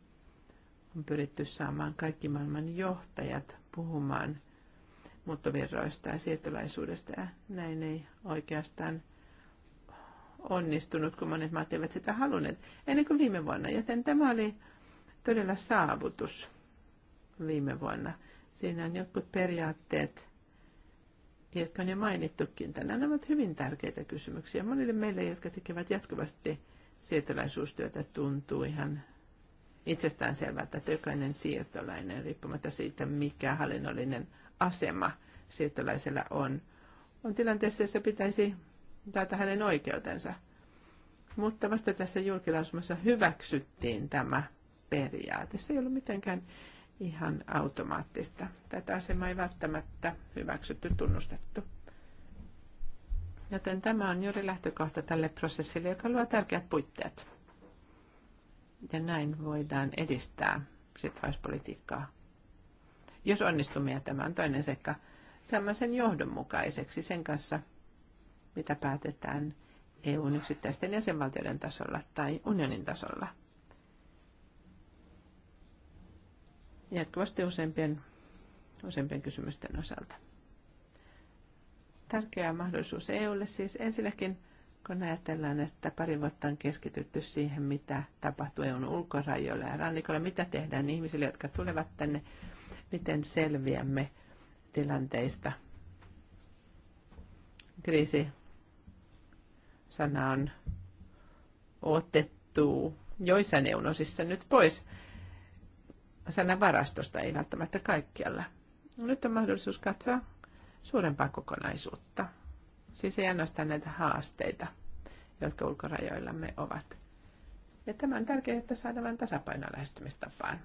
on pyritty saamaan kaikki maailman johtajat puhumaan muuttovirroista ja siirtolaisuudesta, ja näin ei oikeastaan onnistunut, kun monet maat eivät sitä halunneet, ennen kuin viime vuonna. Joten tämä oli todella saavutus viime vuonna. Siinä on jotkut periaatteet, jotka on jo mainittukin tänään. Nämä ovat hyvin tärkeitä kysymyksiä. Monille meille, jotka tekevät jatkuvasti siirtolaisuustyötä, tuntuu ihan itsestään selvää, että jokainen siirtolainen, riippumatta siitä, mikä hallinnollinen asema siirtolaisella on, on tilanteessa, jossa pitäisi taata hänen oikeutensa. Mutta vasta tässä julkilausumassa hyväksyttiin tämä periaate. Se ei ollut mitenkään ihan automaattista. Tätä asemaa ei välttämättä hyväksytty tunnustettu. Joten tämä on juuri lähtökohta tälle prosessille, joka luo tärkeät puitteet. Ja näin voidaan edistää sitvaispolitiikkaa. Jos onnistumme, ja tämä on toinen seikka, saamme sen johdonmukaiseksi sen kanssa, mitä päätetään EUn yksittäisten jäsenvaltioiden tasolla tai unionin tasolla – jatkuvasti useampien, useampien kysymysten osalta. Tärkeä mahdollisuus EUlle siis ensinnäkin, kun ajatellaan, että pari vuotta on keskitytty siihen, mitä tapahtuu EUn ulkorajoilla ja rannikolla, mitä tehdään ihmisille, jotka tulevat tänne, miten selviämme tilanteista. Kriisi sana on otettu joissain osissa nyt pois – varastosta ei välttämättä kaikkialla. nyt on mahdollisuus katsoa suurempaa kokonaisuutta. Siis ei ainoastaan näitä haasteita, jotka ulkorajoillamme ovat. Ja tämä on tärkeää, että saadaan vain tasapainoa lähestymistapaan.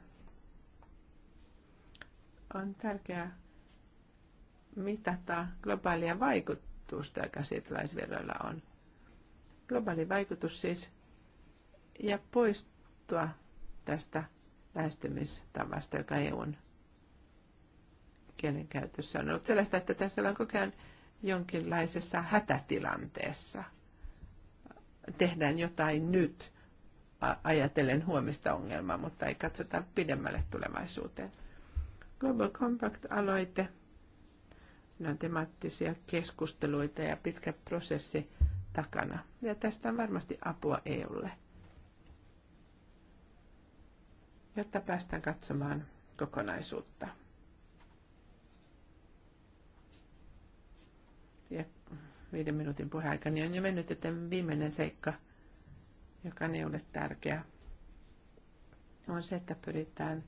On tärkeää mitata globaalia vaikutusta, joka siirtolaisvirroilla on. Globaali vaikutus siis, ja poistua tästä lähestymistavasta, joka EUn kielen käytössä on ollut sellaista, että tässä ollaan koko ajan jonkinlaisessa hätätilanteessa. Tehdään jotain nyt ajatellen huomista ongelmaa, mutta ei katsota pidemmälle tulevaisuuteen. Global Compact-aloite. Siinä on temaattisia keskusteluita ja pitkä prosessi takana. Ja tästä on varmasti apua EUlle. jotta päästään katsomaan kokonaisuutta. Ja viiden minuutin puheaikani on jo mennyt, joten viimeinen seikka, joka ei ole tärkeä, on se, että pyritään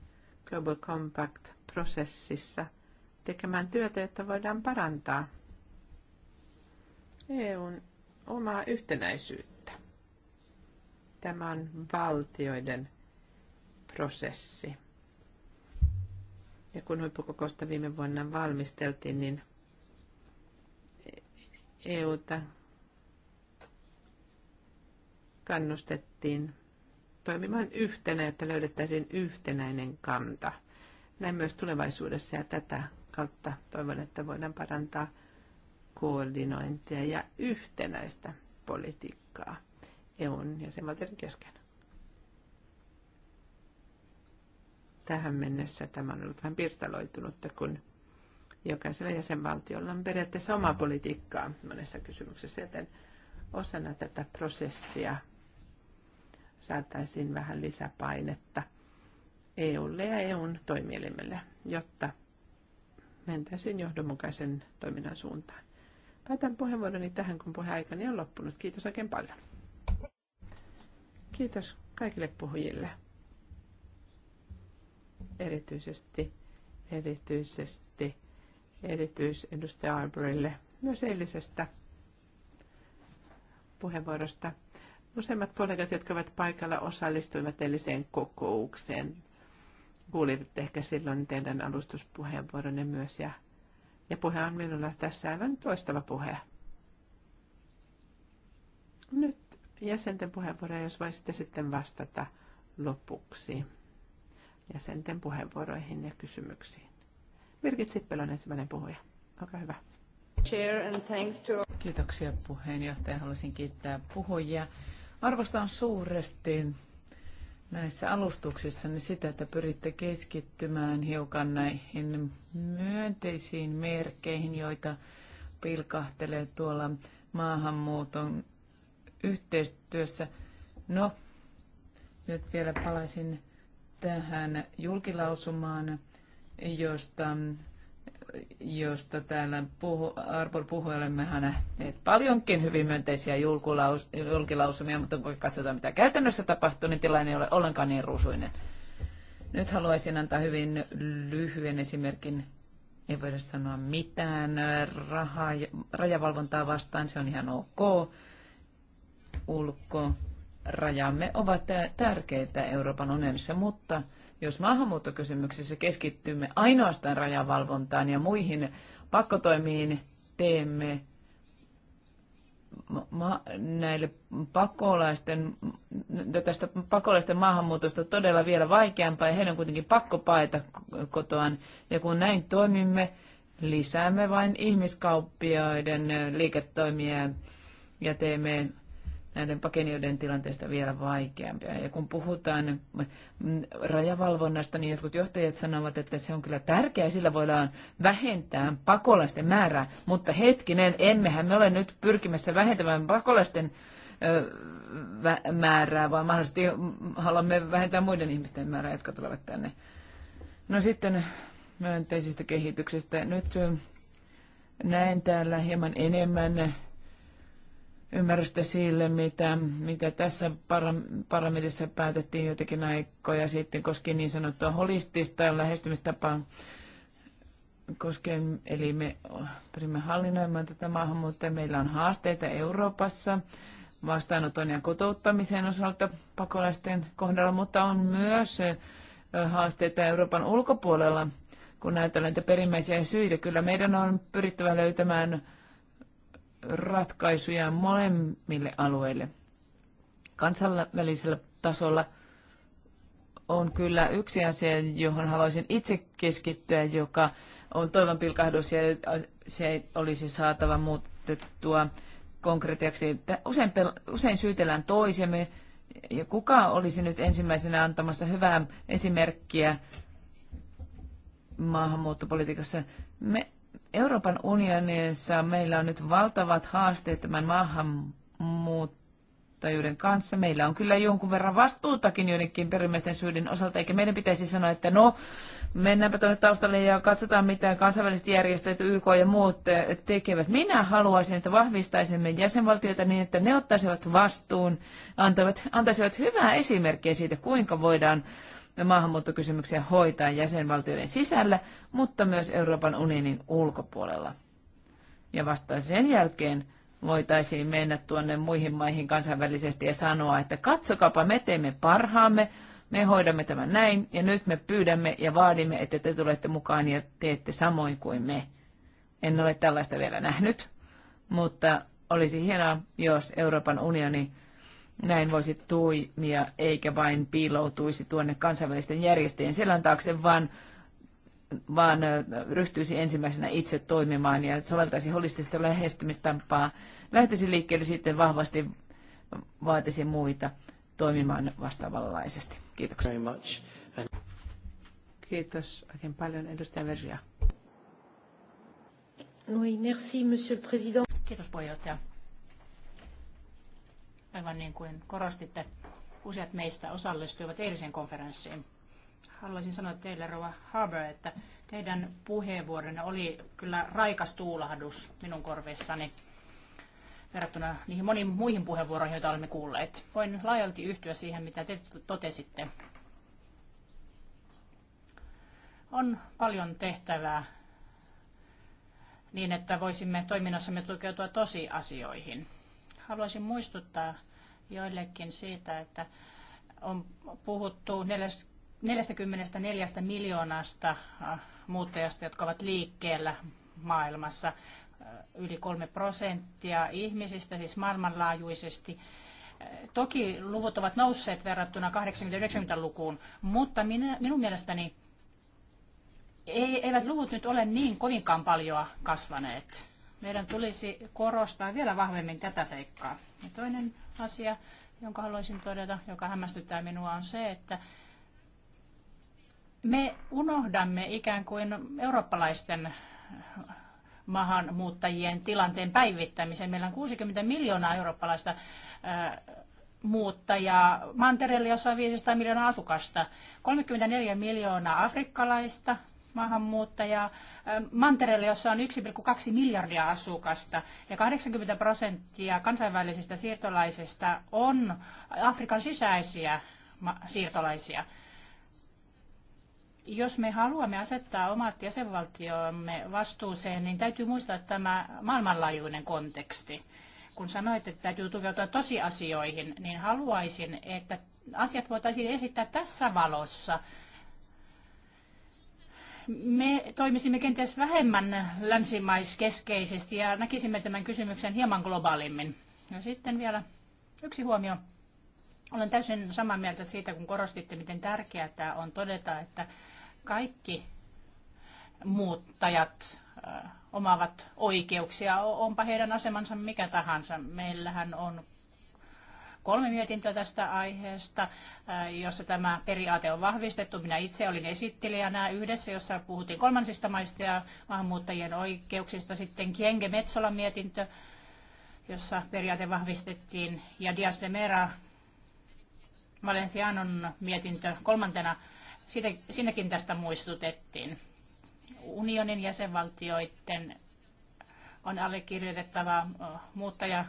Global Compact-prosessissa tekemään työtä, jotta voidaan parantaa EUn omaa yhtenäisyyttä. Tämä on valtioiden prosessi. Ja kun huippukokousta viime vuonna valmisteltiin, niin EUta kannustettiin toimimaan yhtenä, että löydettäisiin yhtenäinen kanta. Näin myös tulevaisuudessa ja tätä kautta toivon, että voidaan parantaa koordinointia ja yhtenäistä politiikkaa EUn ja sen kesken. Tähän mennessä tämä on ollut vähän pirstaloitunutta, kun jokaisella jäsenvaltiolla on periaatteessa omaa politiikkaa monessa kysymyksessä, joten osana tätä prosessia saataisiin vähän lisäpainetta EUlle ja EUn toimielimelle, jotta mentäisiin johdonmukaisen toiminnan suuntaan. Päätän puheenvuoroni tähän, kun puheaikani on loppunut. Kiitos oikein paljon. Kiitos kaikille puhujille erityisesti, erityisesti erityisedustaja Arborille myös eilisestä puheenvuorosta. Useimmat kollegat, jotka ovat paikalla, osallistuivat eiliseen kokoukseen. Kuulivat ehkä silloin teidän alustuspuheenvuoronne myös ja, ja puhe on minulla tässä aivan toistava puhe. Nyt jäsenten puheenvuoroja, jos voisitte sitten vastata lopuksi jäsenten puheenvuoroihin ja kysymyksiin. Birgit Sippel on ensimmäinen puhuja. Olkaa hyvä. Kiitoksia puheenjohtaja. Haluaisin kiittää puhujia. Arvostan suuresti näissä alustuksissa niin sitä, että pyritte keskittymään hiukan näihin myönteisiin merkkeihin, joita pilkahtelee tuolla maahanmuuton yhteistyössä. No, nyt vielä palaisin tähän julkilausumaan, josta, josta täällä puhu, Arbor puhui, olemme nähneet paljonkin hyvin myönteisiä julkilausumia, mutta kun katsotaan mitä käytännössä tapahtuu, niin tilanne ei ole ollenkaan niin ruusuinen. Nyt haluaisin antaa hyvin lyhyen esimerkin. Ei voida sanoa mitään rahaa, rajavalvontaa vastaan, se on ihan ok. Ulko rajamme ovat tärkeitä Euroopan unionissa, mutta jos maahanmuuttokysymyksissä keskittymme ainoastaan rajavalvontaan ja muihin pakkotoimiin, teemme ma- näille pakolaisten, tästä pakolaisten maahanmuutosta todella vielä vaikeampaa ja heidän on kuitenkin pakko paeta kotoaan. Ja kun näin toimimme, lisäämme vain ihmiskauppioiden liiketoimia ja teemme näiden pakenijoiden tilanteesta vielä vaikeampia. Ja kun puhutaan rajavalvonnasta, niin jotkut johtajat sanovat, että se on kyllä tärkeää, sillä voidaan vähentää pakolaisten määrää, mutta hetkinen, emmehän me ole nyt pyrkimässä vähentämään pakolaisten määrää, vaan mahdollisesti haluamme vähentää muiden ihmisten määrää, jotka tulevat tänne. No sitten myönteisistä kehityksestä. Nyt näen täällä hieman enemmän ymmärrystä sille, mitä, mitä tässä paramedissa päätettiin jotenkin aikoja sitten koskien niin sanottua holistista lähestymistapaa koskien, eli me pyrimme hallinnoimaan tätä maahanmuuttajia. Meillä on haasteita Euroopassa vastaanoton ja kotouttamisen osalta pakolaisten kohdalla, mutta on myös haasteita Euroopan ulkopuolella, kun ajatellaan näitä perimmäisiä syitä. Kyllä meidän on pyrittävä löytämään ratkaisuja molemmille alueille. Kansainvälisellä tasolla on kyllä yksi asia, johon haluaisin itse keskittyä, joka on toivon pilkahdus ja se olisi saatava muutettua konkreettiaksi. Usein, usein syytellään toisemme ja kuka olisi nyt ensimmäisenä antamassa hyvää esimerkkiä maahanmuuttopolitiikassa. Me Euroopan unionissa meillä on nyt valtavat haasteet tämän maahanmuuttajuuden kanssa. Meillä on kyllä jonkun verran vastuutakin joidenkin perimmäisten syiden osalta, eikä meidän pitäisi sanoa, että no, mennäänpä tuonne taustalle ja katsotaan, mitä kansainväliset järjestöt, YK ja muut eh, tekevät. Minä haluaisin, että vahvistaisimme jäsenvaltioita niin, että ne ottaisivat vastuun, antavat, antaisivat hyvää esimerkkiä siitä, kuinka voidaan maahanmuuttokysymyksiä hoitaa jäsenvaltioiden sisällä, mutta myös Euroopan unionin ulkopuolella. Ja vasta sen jälkeen voitaisiin mennä tuonne muihin maihin kansainvälisesti ja sanoa, että katsokapa, me teemme parhaamme, me hoidamme tämän näin ja nyt me pyydämme ja vaadimme, että te tulette mukaan ja teette samoin kuin me. En ole tällaista vielä nähnyt, mutta olisi hienoa, jos Euroopan unioni näin voisi toimia, eikä vain piiloutuisi tuonne kansainvälisten järjestöjen selän taakse, vaan, vaan ryhtyisi ensimmäisenä itse toimimaan ja soveltaisi holistista lähestymistapaa, lähtisi liikkeelle sitten vahvasti vaatisi muita toimimaan vastaavanlaisesti. Kiitoksia. Kiitos oikein paljon, edustaja verja. Oui, merci, monsieur le président. Kiitos puheenjohtaja aivan niin kuin korostitte, useat meistä osallistuivat eiliseen konferenssiin. Haluaisin sanoa teille, Rova Harbour, että teidän puheenvuoronne oli kyllä raikas tuulahdus minun korvessani. verrattuna niihin moniin muihin puheenvuoroihin, joita olemme kuulleet. Voin laajalti yhtyä siihen, mitä te totesitte. On paljon tehtävää niin, että voisimme toiminnassamme tukeutua tosiasioihin haluaisin muistuttaa joillekin siitä, että on puhuttu 44 miljoonasta äh, muuttajasta, jotka ovat liikkeellä maailmassa. Äh, yli kolme prosenttia ihmisistä, siis maailmanlaajuisesti. Äh, toki luvut ovat nousseet verrattuna 80-90-lukuun, mutta minä, minun mielestäni ei, eivät luvut nyt ole niin kovinkaan paljon kasvaneet. Meidän tulisi korostaa vielä vahvemmin tätä seikkaa. Ja toinen asia, jonka haluaisin todeta, joka hämmästyttää minua, on se, että me unohdamme ikään kuin eurooppalaisten maahanmuuttajien tilanteen päivittämisen. Meillä on 60 miljoonaa eurooppalaista muuttajaa mantereelle, jossa on 500 miljoonaa asukasta, 34 miljoonaa afrikkalaista, maahanmuuttajaa ähm, mantereelle, jossa on 1,2 miljardia asukasta ja 80 prosenttia kansainvälisistä siirtolaisista on Afrikan sisäisiä siirtolaisia. Jos me haluamme asettaa omat jäsenvaltiomme vastuuseen, niin täytyy muistaa tämä maailmanlaajuinen konteksti. Kun sanoit, että täytyy tukeutua tosiasioihin, niin haluaisin, että asiat voitaisiin esittää tässä valossa me toimisimme kenties vähemmän länsimaiskeskeisesti ja näkisimme tämän kysymyksen hieman globaalimmin. Ja sitten vielä yksi huomio. Olen täysin samaa mieltä siitä, kun korostitte, miten tärkeää tämä on todeta, että kaikki muuttajat omaavat oikeuksia, onpa heidän asemansa mikä tahansa. Meillähän on kolme mietintöä tästä aiheesta, äh, jossa tämä periaate on vahvistettu. Minä itse olin esittelijänä yhdessä, jossa puhuttiin kolmansista maista ja maahanmuuttajien oikeuksista. Sitten Kienge Metsolan mietintö, jossa periaate vahvistettiin, ja Dias de Mera Valencianon mietintö kolmantena. Siitä, sinnekin tästä muistutettiin. Unionin jäsenvaltioiden on allekirjoitettava äh, muuttaja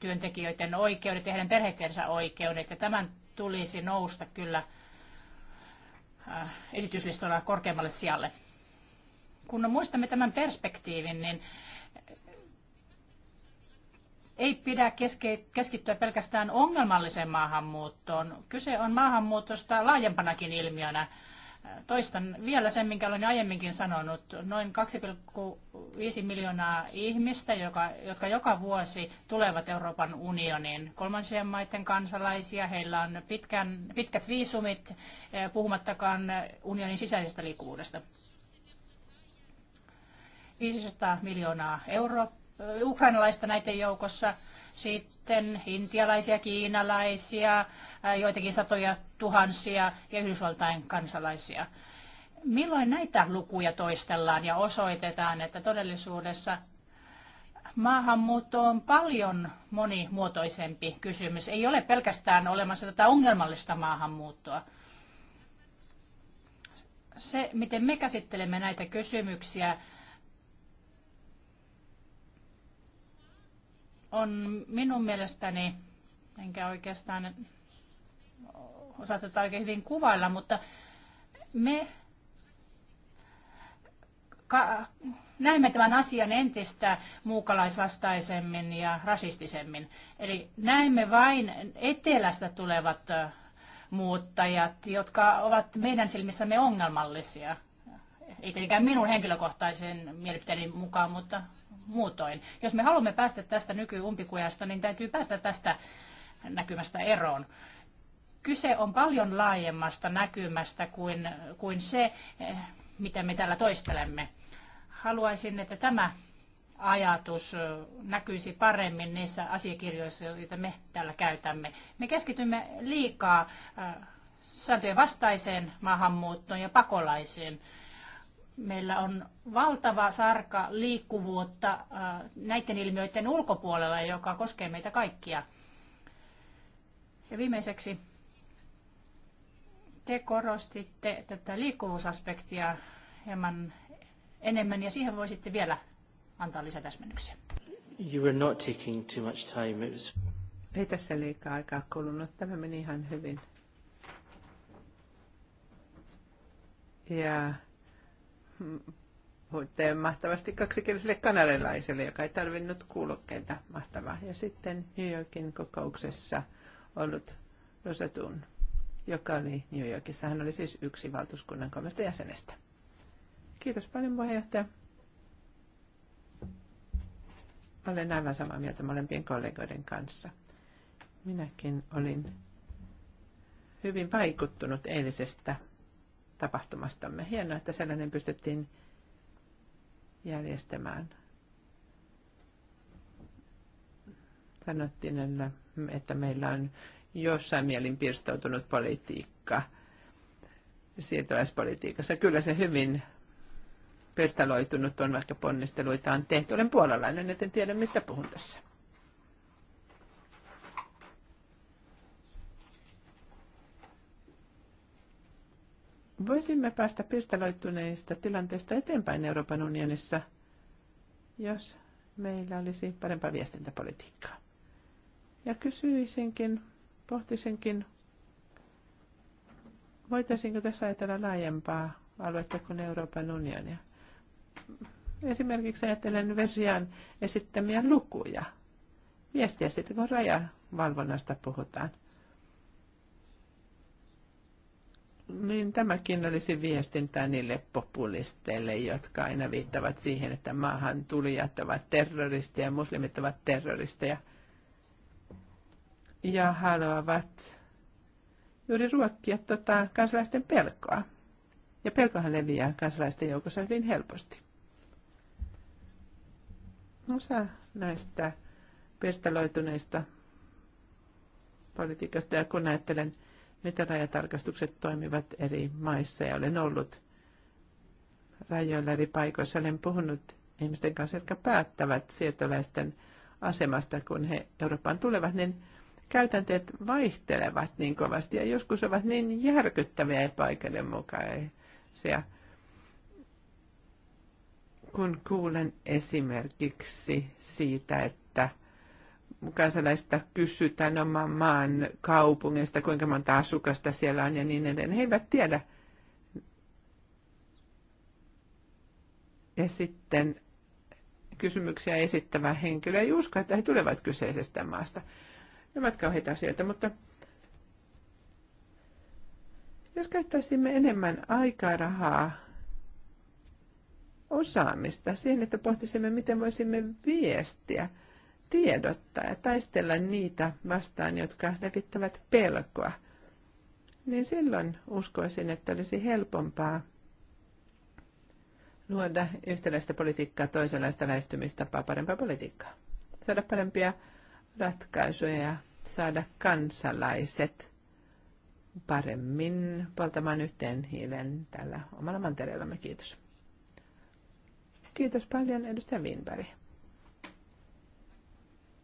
työntekijöiden oikeudet ja heidän perheittensä oikeudet. Ja tämän tulisi nousta kyllä äh, esityslistoilla korkeammalle sijalle. Kun muistamme tämän perspektiivin, niin ei pidä keskittyä pelkästään ongelmalliseen maahanmuuttoon. Kyse on maahanmuutosta laajempanakin ilmiönä. Toistan vielä sen, minkä olen aiemminkin sanonut. Noin 2,5 miljoonaa ihmistä, joka, jotka joka vuosi tulevat Euroopan unioniin. Kolmansien maiden kansalaisia, heillä on pitkän, pitkät viisumit, eh, puhumattakaan unionin sisäisestä liikkuvuudesta. 500 miljoonaa euroa eh, ukrainalaista näiden joukossa, sitten intialaisia, kiinalaisia, Äh, joitakin satoja tuhansia ja Yhdysvaltain kansalaisia. Milloin näitä lukuja toistellaan ja osoitetaan, että todellisuudessa maahanmuutto on paljon monimuotoisempi kysymys. Ei ole pelkästään olemassa tätä ongelmallista maahanmuuttoa. Se, miten me käsittelemme näitä kysymyksiä, on minun mielestäni, enkä oikeastaan osata tätä oikein hyvin kuvailla, mutta me ka- näemme tämän asian entistä muukalaisvastaisemmin ja rasistisemmin. Eli näemme vain etelästä tulevat muuttajat, jotka ovat meidän silmissämme ongelmallisia. Ei tietenkään minun henkilökohtaisen mielipiteeni mukaan, mutta muutoin. Jos me haluamme päästä tästä nykyumpikujasta, niin täytyy päästä tästä näkymästä eroon. Kyse on paljon laajemmasta näkymästä kuin, kuin se, eh, mitä me täällä toistelemme. Haluaisin, että tämä ajatus eh, näkyisi paremmin niissä asiakirjoissa, joita me täällä käytämme. Me keskitymme liikaa eh, sääntöjen vastaiseen maahanmuuttoon ja pakolaisiin. Meillä on valtava sarka liikkuvuutta näiden ilmiöiden ulkopuolella, joka koskee meitä kaikkia. Ja viimeiseksi te korostitte tätä liikkuvuusaspektia hieman enemmän ja siihen voisitte vielä antaa lisätäsmennyksiä. You were not taking too much time. It was... Ei tässä liikaa aikaa kulunut. Tämä meni ihan hyvin. Ja hmm, puhutte mahtavasti kaksikieliselle kanadalaiselle, joka ei tarvinnut kuulokkeita. Mahtavaa. Ja sitten New Yorkin kokouksessa ollut Rosatun joka oli New Yorkissa. Hän oli siis yksi valtuuskunnan kolmesta jäsenestä. Kiitos paljon puheenjohtaja. Olen aivan samaa mieltä molempien kollegoiden kanssa. Minäkin olin hyvin vaikuttunut eilisestä tapahtumastamme. Hienoa, että sellainen pystyttiin järjestämään. Sanottiin, että meillä on jossain mielin pirstoutunut politiikka siirtolaispolitiikassa. Kyllä se hyvin pirstaloitunut on, vaikka ponnisteluita on tehty. Olen puolalainen, joten tiedä mistä puhun tässä. Voisimme päästä pirstaloituneista tilanteista eteenpäin Euroopan unionissa, jos meillä olisi parempaa viestintäpolitiikkaa. Ja kysyisinkin, Pohtisinkin, voitaisiinko tässä ajatella laajempaa aluetta kuin Euroopan unionia. Esimerkiksi ajattelen Versian esittämiä lukuja. Viestiä sitten, kun rajavalvonnasta puhutaan. Niin tämäkin olisi viestintää niille populisteille, jotka aina viittavat siihen, että maahan tulijat ovat terroristeja, muslimit ovat terroristeja – ja haluavat juuri ruokkia tota kansalaisten pelkoa. Ja pelkohan leviää kansalaisten joukossa hyvin helposti. Osa näistä pirstaloituneista politiikasta, ja kun ajattelen, miten rajatarkastukset toimivat eri maissa, ja olen ollut rajoilla eri paikoissa, olen puhunut ihmisten kanssa, jotka päättävät sietoläisten asemasta, kun he Eurooppaan tulevat, niin käytänteet vaihtelevat niin kovasti ja joskus ovat niin järkyttäviä epäoikeudenmukaisia. Kun kuulen esimerkiksi siitä, että kansalaista kysytään oman maan kaupungista, kuinka monta asukasta siellä on ja niin edelleen. He eivät tiedä. Ja sitten kysymyksiä esittävä henkilö ei usko, että he tulevat kyseisestä maasta. Nämä ovat kauheita asioita, mutta jos käyttäisimme enemmän aikaa, rahaa, osaamista siihen, että pohtisimme, miten voisimme viestiä, tiedottaa ja taistella niitä vastaan, jotka levittävät pelkoa, niin silloin uskoisin, että olisi helpompaa luoda yhtäläistä politiikkaa, toisenlaista lähestymistapaa, parempaa politiikkaa. Saada parempia ratkaisuja ja saada kansalaiset paremmin poltamaan yhteen hiilen tällä omalla mantereellamme. Kiitos. Kiitos paljon, edustaja Winberg.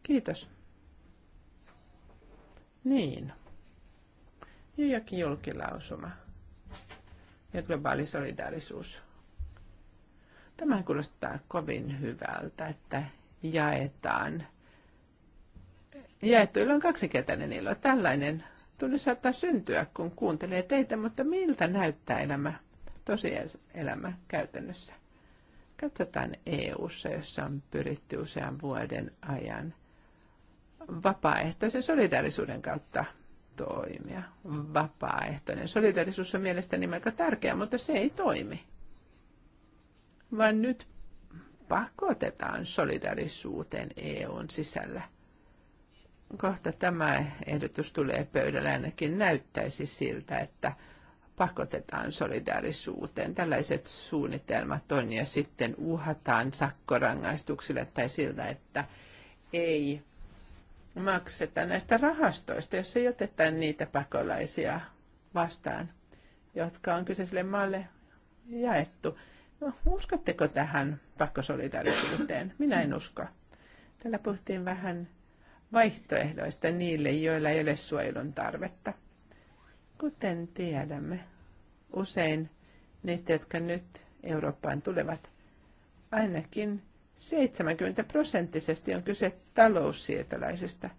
Kiitos. Niin. jokin julkilausuma. Ja globaali solidaarisuus. Tämä kuulostaa kovin hyvältä, että jaetaan jaettuilla on kaksikertainen ilo. Tällainen tuli saattaa syntyä, kun kuuntelee teitä, mutta miltä näyttää elämä, tosielämä käytännössä? Katsotaan EU-ssa, jossa on pyritty usean vuoden ajan vapaaehtoisen solidaarisuuden kautta toimia. Vapaaehtoinen solidaarisuus on mielestäni aika tärkeä, mutta se ei toimi. Vaan nyt pakotetaan solidaarisuuteen EUn sisällä – kohta tämä ehdotus tulee pöydälle ainakin näyttäisi siltä, että pakotetaan solidaarisuuteen. Tällaiset suunnitelmat on ja sitten uhataan sakkorangaistuksille tai siltä, että ei makseta näistä rahastoista, jos ei oteta niitä pakolaisia vastaan, jotka on kyseiselle maalle jaettu. No, uskotteko tähän pakkosolidaarisuuteen? Minä en usko. Täällä puhuttiin vähän vaihtoehdoista niille, joilla ei ole suojelun tarvetta. Kuten tiedämme, usein niistä, jotka nyt Eurooppaan tulevat, ainakin 70 prosenttisesti on kyse taloussiirtolaisista.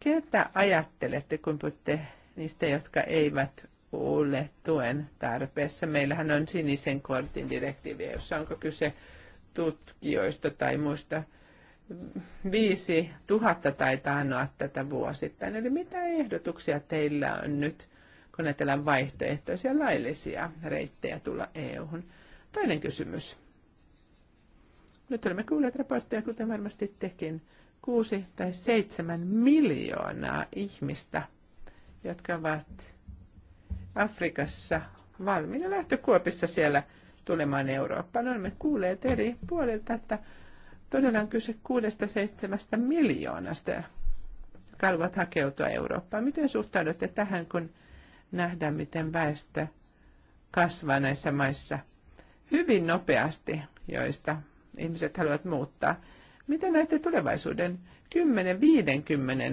Ketä ajattelette, kun puhutte niistä, jotka eivät ole tuen tarpeessa? Meillähän on sinisen kortin direktiivi, jossa onko kyse tutkijoista tai muista viisi tuhatta taitaa annoa tätä vuosittain. Eli mitä ehdotuksia teillä on nyt, kun ajatellaan vaihtoehtoisia laillisia reittejä tulla EU-hun? Toinen kysymys. Nyt olemme kuulleet raportteja, kuten varmasti tekin, kuusi tai seitsemän miljoonaa ihmistä, jotka ovat Afrikassa valmiina lähtökuopissa siellä tulemaan Eurooppaan. Olemme kuulleet eri puolilta, että Todella on kyse 6-7 miljoonasta, jotka haluavat hakeutua Eurooppaan. Miten suhtaudutte tähän, kun nähdään, miten väestö kasvaa näissä maissa hyvin nopeasti, joista ihmiset haluavat muuttaa? Miten näette tulevaisuuden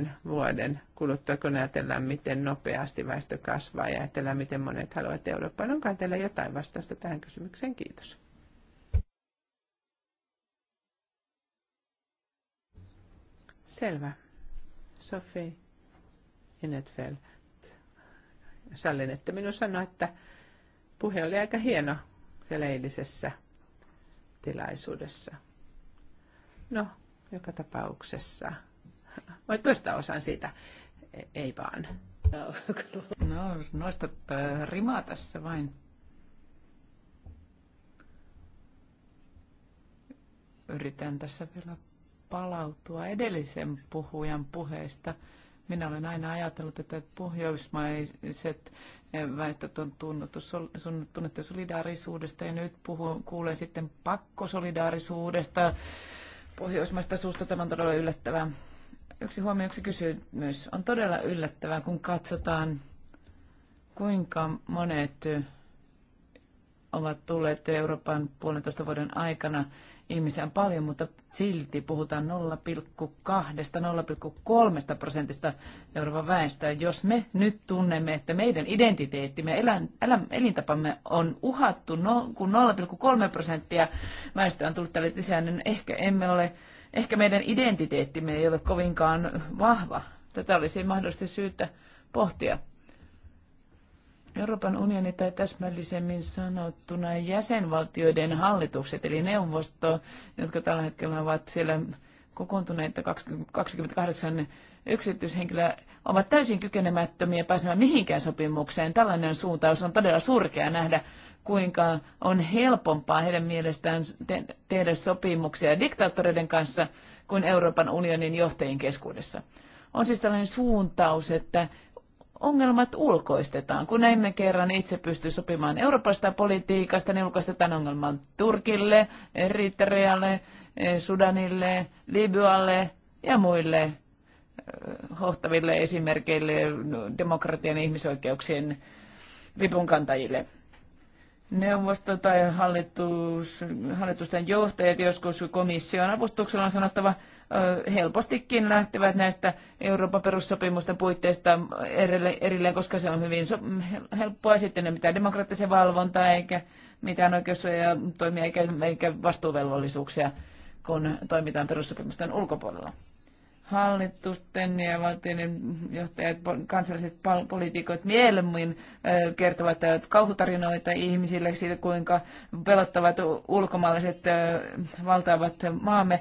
10-50 vuoden kuluttua, kun ajatellaan, miten nopeasti väestö kasvaa ja ajatellaan, miten monet haluavat Eurooppaan? Onko teillä jotain vastausta tähän kysymykseen? Kiitos. Selvä. Sofi Inetfeld. Sallin, että minun sanoi, että puhe oli aika hieno siellä eilisessä tilaisuudessa. No, joka tapauksessa. Voi toista osan siitä. E- ei vaan. No, nostat rimaa tässä vain. Yritän tässä vielä palautua edellisen puhujan puheesta. Minä olen aina ajatellut, että pohjoismaiset eh, väestöt on tunnettu, tunnettu solidaarisuudesta ja nyt puhun, kuulen sitten pakkosolidaarisuudesta. Pohjoismaista suusta tämä on todella yllättävää. Yksi huomio, yksi kysymys. On todella yllättävää, kun katsotaan, kuinka monet ovat tulleet Euroopan puolentoista vuoden aikana ihmisiä on paljon, mutta silti puhutaan 0,2-0,3 prosentista Euroopan väestöä. Jos me nyt tunnemme, että meidän identiteettimme, me elän, elintapamme on uhattu, no, kun 0,3 prosenttia väestöä on tullut tälle lisää, niin ehkä, emme ole, ehkä meidän identiteettimme ei ole kovinkaan vahva. Tätä olisi mahdollisesti syytä pohtia. Euroopan unioni tai täsmällisemmin sanottuna jäsenvaltioiden hallitukset, eli neuvosto, jotka tällä hetkellä ovat siellä kokoontuneita 28 yksityishenkilöä, ovat täysin kykenemättömiä pääsemään mihinkään sopimukseen. Tällainen suuntaus on todella surkea nähdä, kuinka on helpompaa heidän mielestään te- tehdä sopimuksia diktaattoreiden kanssa kuin Euroopan unionin johtajien keskuudessa. On siis tällainen suuntaus, että ongelmat ulkoistetaan. Kun emme kerran itse pysty sopimaan Euroopasta politiikasta, niin ulkoistetaan ongelman Turkille, Eritrealle, Sudanille, Libyalle ja muille hohtaville esimerkkeille demokratian ja ihmisoikeuksien lipunkantajille. Neuvosto tai hallitus, hallitusten johtajat, joskus komission avustuksella on sanottava, helpostikin lähtevät näistä Euroopan perussopimusten puitteista erilleen, koska se on hyvin helppoa. Sitten ei mitään demokraattisen valvontaa eikä mitään oikeussuojaa toimia eikä, eikä vastuuvelvollisuuksia, kun toimitaan perussopimusten ulkopuolella. Hallitusten ja valtioiden johtajat, kansalliset poliitikot mieluummin kertovat kauhutarinoita ihmisille siitä, kuinka pelottavat ulkomaalaiset valtaavat maamme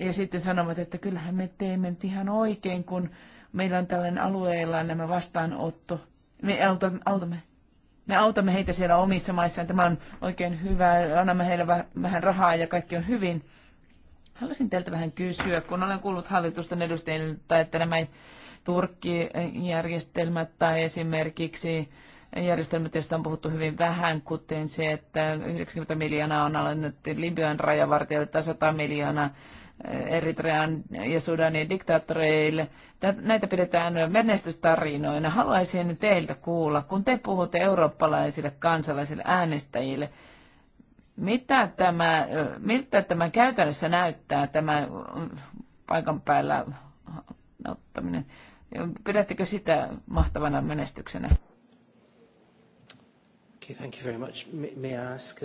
ja sitten sanovat, että kyllähän me teemme nyt ihan oikein, kun meillä on tällainen alueella nämä vastaanotto. Me autamme, me autamme heitä siellä omissa maissaan. Tämä on oikein hyvä. Annamme heille vähän rahaa ja kaikki on hyvin. Haluaisin teiltä vähän kysyä, kun olen kuullut hallitusten edustajilta, että nämä Turkkijärjestelmät tai esimerkiksi järjestelmät, joista on puhuttu hyvin vähän, kuten se, että 90 miljoonaa on alennettu Libyan rajavartijoille tai 100 miljoonaa Eritrean ja Sudanin diktaattoreille. Näitä pidetään menestystarinoina. Haluaisin teiltä kuulla, kun te puhutte eurooppalaisille kansalaisille äänestäjille, mitä tämä, miltä tämä käytännössä näyttää, tämä mm, paikan päällä ottaminen? Pidättekö sitä mahtavana menestyksenä? Okay, thank you very much. May I ask...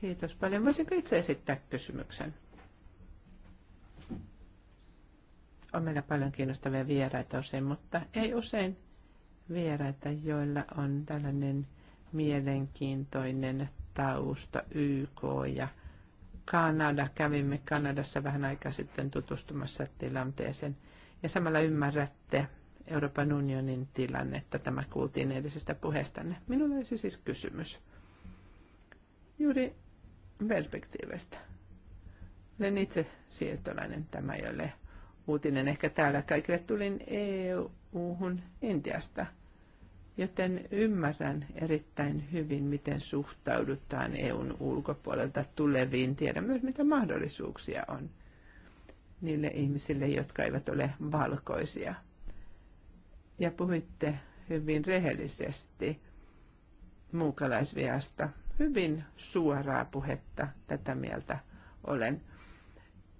Kiitos paljon. Voisinko itse esittää kysymyksen? on meillä paljon kiinnostavia vieraita usein, mutta ei usein vieraita, joilla on tällainen mielenkiintoinen tausta YK ja Kanada. Kävimme Kanadassa vähän aikaa sitten tutustumassa tilanteeseen. Ja samalla ymmärrätte Euroopan unionin tilannetta. Tämä kuultiin edellisestä puheestanne. Minulla olisi siis kysymys juuri perspektiivistä. Olen itse siirtolainen, tämä ei ole uutinen ehkä täällä kaikille. Tulin EU-hun Intiasta, joten ymmärrän erittäin hyvin, miten suhtaudutaan EUn ulkopuolelta tuleviin. Tiedän myös, mitä mahdollisuuksia on niille ihmisille, jotka eivät ole valkoisia. Ja puhuitte hyvin rehellisesti muukalaisviasta. Hyvin suoraa puhetta tätä mieltä olen.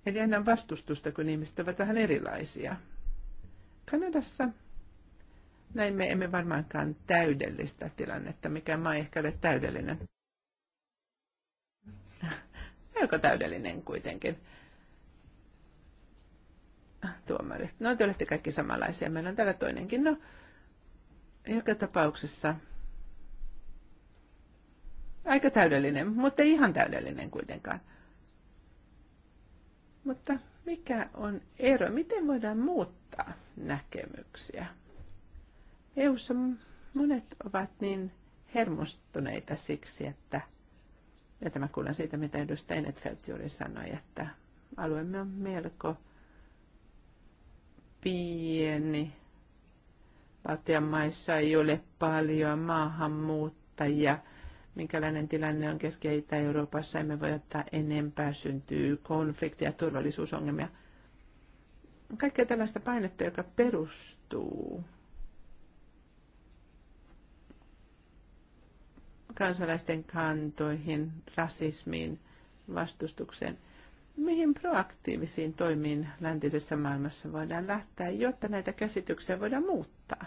Eli aina on vastustusta, kun ihmiset ovat vähän erilaisia. Kanadassa näin me emme varmaankaan täydellistä tilannetta, mikä maa ei ehkä ole täydellinen. Melko täydellinen kuitenkin. Tuomarit. No, te olette kaikki samanlaisia. Meillä on täällä toinenkin. No, joka tapauksessa aika täydellinen, mutta ei ihan täydellinen kuitenkaan. Mutta mikä on ero? Miten voidaan muuttaa näkemyksiä? EUssa monet ovat niin hermostuneita siksi, että, ja tämä kuulen siitä, mitä edustaja Enetfeld juuri sanoi, että alueemme on melko pieni. Baltian maissa ei ole paljon maahanmuuttajia – minkälainen tilanne on Keski- ja Itä-Euroopassa. Emme voi ottaa enempää, syntyy konflikteja, turvallisuusongelmia. Kaikkea tällaista painetta, joka perustuu kansalaisten kantoihin, rasismiin, vastustukseen. Mihin proaktiivisiin toimiin läntisessä maailmassa voidaan lähteä, jotta näitä käsityksiä voidaan muuttaa?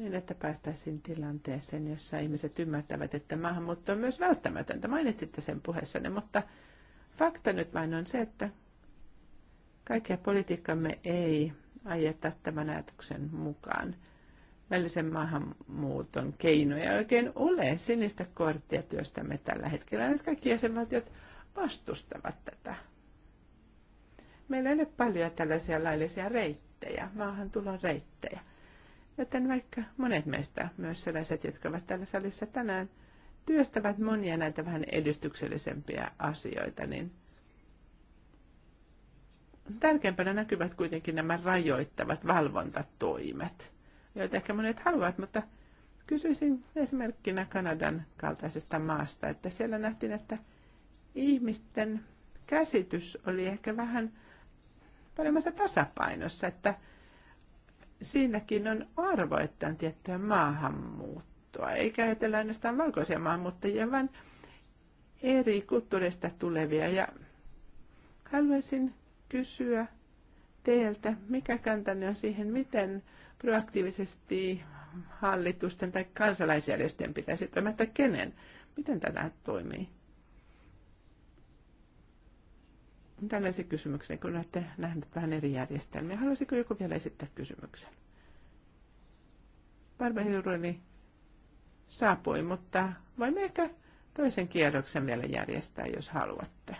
niin, että päästäisiin tilanteeseen, jossa ihmiset ymmärtävät, että maahanmuutto on myös välttämätöntä. Mainitsitte sen puheessanne, mutta fakta nyt vain on se, että kaikkea politiikkamme ei ajeta tämän ajatuksen mukaan. Välisen maahanmuuton keinoja oikein ole. Sinistä korttia työstämme tällä hetkellä. Lähes kaikki jäsenvaltiot vastustavat tätä. Meillä ei ole paljon tällaisia laillisia reittejä, maahantulon reittejä Joten vaikka monet meistä, myös sellaiset, jotka ovat täällä salissa tänään, työstävät monia näitä vähän edistyksellisempiä asioita, niin tärkeimpänä näkyvät kuitenkin nämä rajoittavat valvontatoimet, joita ehkä monet haluavat, mutta kysyisin esimerkkinä Kanadan kaltaisesta maasta, että siellä nähtiin, että ihmisten käsitys oli ehkä vähän paremmassa tasapainossa, että – siinäkin on arvo, että on tiettyä maahanmuuttoa. Eikä ajatella ainoastaan valkoisia maahanmuuttajia, vaan eri kulttuureista tulevia. Ja haluaisin kysyä teiltä, mikä kantanne on siihen, miten proaktiivisesti hallitusten tai kansalaisjärjestöjen pitäisi toimia, kenen, miten tämä toimii? tällaisen kysymyksen, kun olette nähneet vähän eri järjestelmiä. Haluaisiko joku vielä esittää kysymyksen? Barba Hiruli niin saapui, mutta voimme ehkä toisen kierroksen vielä järjestää, jos haluatte.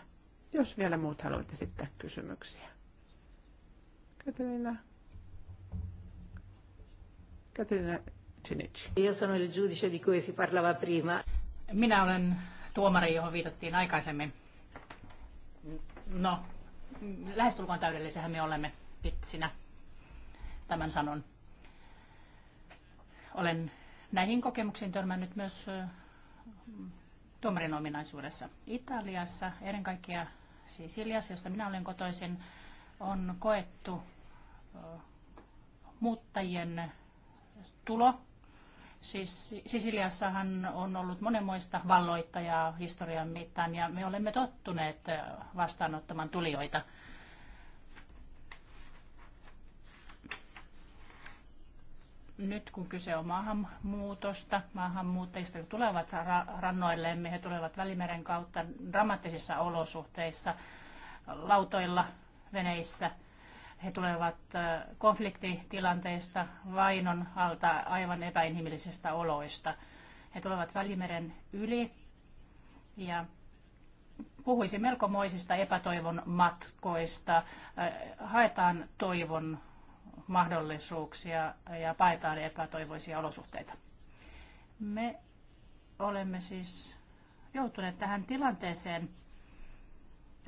Jos vielä muut haluatte esittää kysymyksiä. Katerina. Katerina Cinici. Io sono il giudice di cui si parlava prima. Minä olen tuomari, johon viitattiin aikaisemmin. No, lähestulkoon täydellisähän me olemme vitsinä, tämän sanon. Olen näihin kokemuksiin törmännyt myös tuomarin ominaisuudessa. Italiassa, ennen kaikkea Sisiliassa, josta minä olen kotoisin, on koettu muuttajien tulo Siis Sisiliassahan on ollut monenmoista valloittajaa historian mittaan ja me olemme tottuneet vastaanottamaan tulijoita. Nyt kun kyse on maahanmuutosta, maahanmuuttajista, jotka tulevat rannoillemme, he tulevat Välimeren kautta dramaattisissa olosuhteissa, lautoilla, veneissä – he tulevat äh, konfliktitilanteista, vainon alta, aivan epäinhimillisistä oloista. He tulevat Välimeren yli ja puhuisi melkomoisista epätoivon matkoista. Äh, haetaan toivon mahdollisuuksia ja paetaan epätoivoisia olosuhteita. Me olemme siis joutuneet tähän tilanteeseen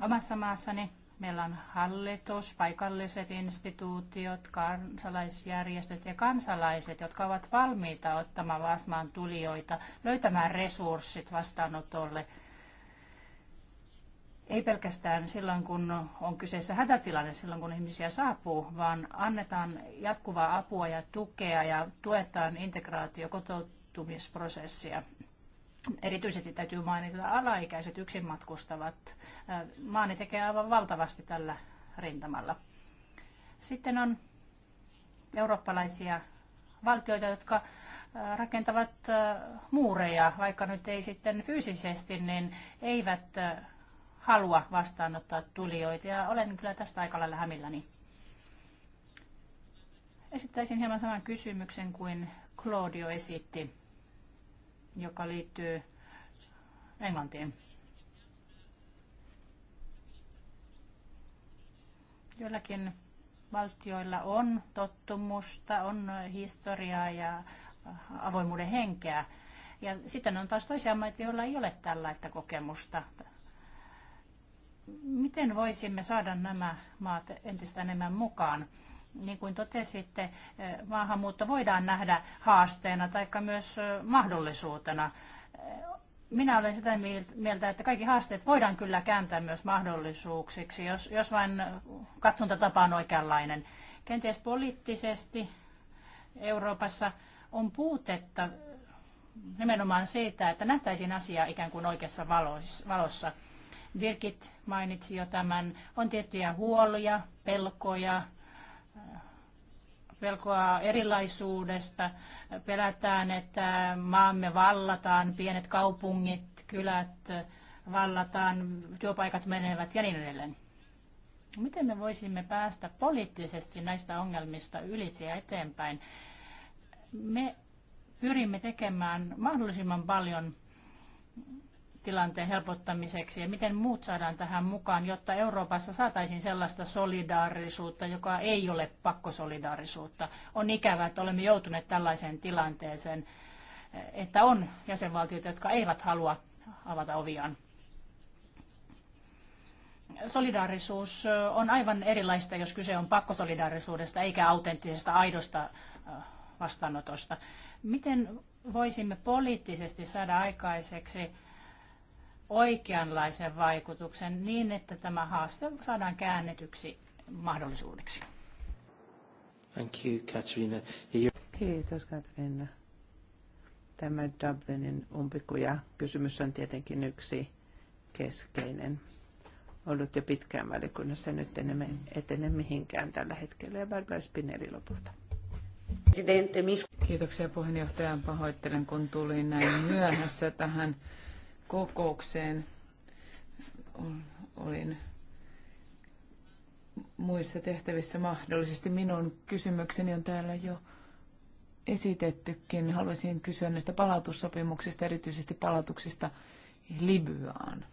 omassa maassani Meillä on hallitus, paikalliset instituutiot, kansalaisjärjestöt ja kansalaiset, jotka ovat valmiita ottamaan vastaan tulijoita, löytämään resurssit vastaanotolle. Ei pelkästään silloin, kun on kyseessä hätätilanne, silloin kun ihmisiä saapuu, vaan annetaan jatkuvaa apua ja tukea ja tuetaan integraatio- ja kotoutumisprosessia. Erityisesti täytyy mainita alaikäiset yksin matkustavat. Maani tekee aivan valtavasti tällä rintamalla. Sitten on eurooppalaisia valtioita, jotka rakentavat muureja, vaikka nyt ei sitten fyysisesti, niin eivät halua vastaanottaa tulijoita. Ja olen kyllä tästä aika lailla hämilläni. Esittäisin hieman saman kysymyksen kuin Claudio esitti joka liittyy Englantiin. Joillakin valtioilla on tottumusta, on historiaa ja avoimuuden henkeä. Ja sitten on taas toisia maita, joilla ei ole tällaista kokemusta. Miten voisimme saada nämä maat entistä enemmän mukaan? Niin kuin totesitte, eh, maahanmuutto voidaan nähdä haasteena tai myös eh, mahdollisuutena. Eh, minä olen sitä mieltä, että kaikki haasteet voidaan kyllä kääntää myös mahdollisuuksiksi, jos, jos vain katsontatapa on oikeanlainen. Kenties poliittisesti Euroopassa on puutetta nimenomaan siitä, että nähtäisiin asiaa ikään kuin oikeassa valossa. Virkit mainitsi jo tämän. On tiettyjä huolia, pelkoja, pelkoa erilaisuudesta. Pelätään, että maamme vallataan, pienet kaupungit, kylät vallataan, työpaikat menevät ja niin edelleen. Miten me voisimme päästä poliittisesti näistä ongelmista ylitse ja eteenpäin? Me pyrimme tekemään mahdollisimman paljon tilanteen helpottamiseksi ja miten muut saadaan tähän mukaan, jotta Euroopassa saataisiin sellaista solidaarisuutta, joka ei ole pakkosolidaarisuutta. On ikävää, että olemme joutuneet tällaiseen tilanteeseen, että on jäsenvaltioita, jotka eivät halua avata oviaan. Solidaarisuus on aivan erilaista, jos kyse on pakkosolidaarisuudesta eikä autenttisesta, aidosta äh, vastaanotosta. Miten voisimme poliittisesti saada aikaiseksi oikeanlaisen vaikutuksen niin, että tämä haaste saadaan käännetyksi mahdollisuudeksi. Thank you, Katarina. Kiitos, Katarina. Tämä Dublinin umpikuja kysymys on tietenkin yksi keskeinen ollut jo pitkään valikunnassa ja nyt emme etene mihinkään tällä hetkellä. Ja Barbara Spinelli lopulta. Kiitoksia puheenjohtajan. Pahoittelen, kun tulin näin myöhässä tähän kokoukseen. Olin muissa tehtävissä mahdollisesti. Minun kysymykseni on täällä jo esitettykin. Haluaisin kysyä näistä palautussopimuksista, erityisesti palautuksista Libyaan.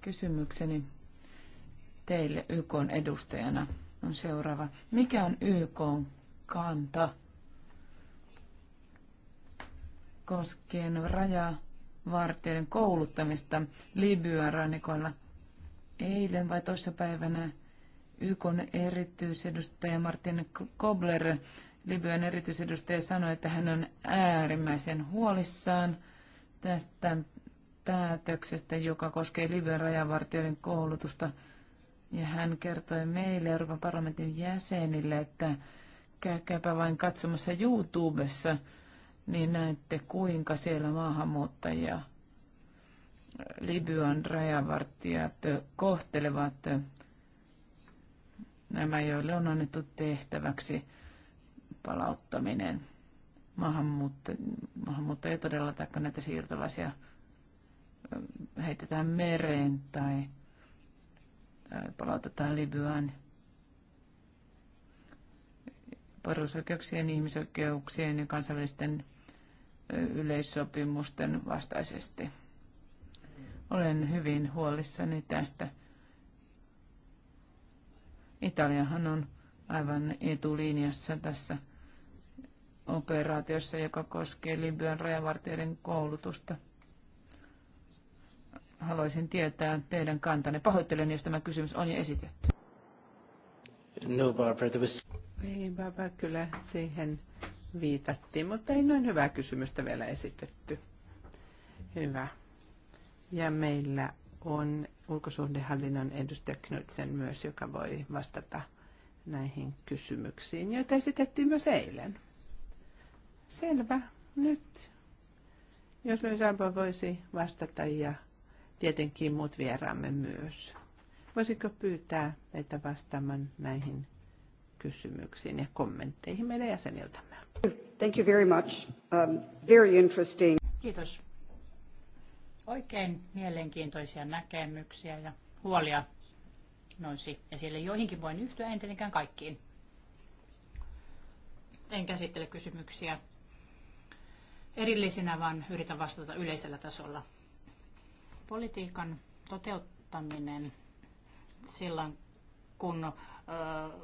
Kysymykseni teille YK edustajana on seuraava. Mikä on YK kanta koskien rajavartijoiden kouluttamista Libyan rannikoilla. Eilen vai toissapäivänä YK erityisedustaja Martin Kobler, Libyan erityisedustaja, sanoi, että hän on äärimmäisen huolissaan tästä päätöksestä, joka koskee Libyan rajavartijoiden koulutusta. Ja hän kertoi meille, Euroopan parlamentin jäsenille, että käykääpä vain katsomassa YouTubessa – niin näette kuinka siellä maahanmuuttajia Libyan rajavartijat kohtelevat nämä, joille on annettu tehtäväksi palauttaminen. Maahanmuuttajia todella, taikka näitä siirtolaisia heitetään mereen tai palautetaan Libyan perusoikeuksien, ihmisoikeuksien ja kansainvälisten yleissopimusten vastaisesti. Olen hyvin huolissani tästä. Italiahan on aivan etulinjassa tässä operaatiossa, joka koskee Libyan rajavartijoiden koulutusta. Haluaisin tietää teidän kantanne. Pahoittelen, jos tämä kysymys on jo esitetty. No, Barbara, there was... Ei, Baba, kyllä siihen viitattiin, mutta ei noin hyvää kysymystä vielä esitetty. Hyvä. Ja meillä on ulkosuhdehallinnon edustaja Knutsen myös, joka voi vastata näihin kysymyksiin, joita esitettiin myös eilen. Selvä. Nyt, jos Louis voisi vastata ja tietenkin muut vieraamme myös. Voisiko pyytää meitä vastaamaan näihin kysymyksiin ja kommentteihin meidän jäseniltämme. Thank you very much. Um, very interesting. Kiitos. Oikein mielenkiintoisia näkemyksiä ja huolia noisi esille. Joihinkin voin yhtyä, en tietenkään kaikkiin. En käsittele kysymyksiä erillisinä, vaan yritän vastata yleisellä tasolla. Politiikan toteuttaminen silloin, kun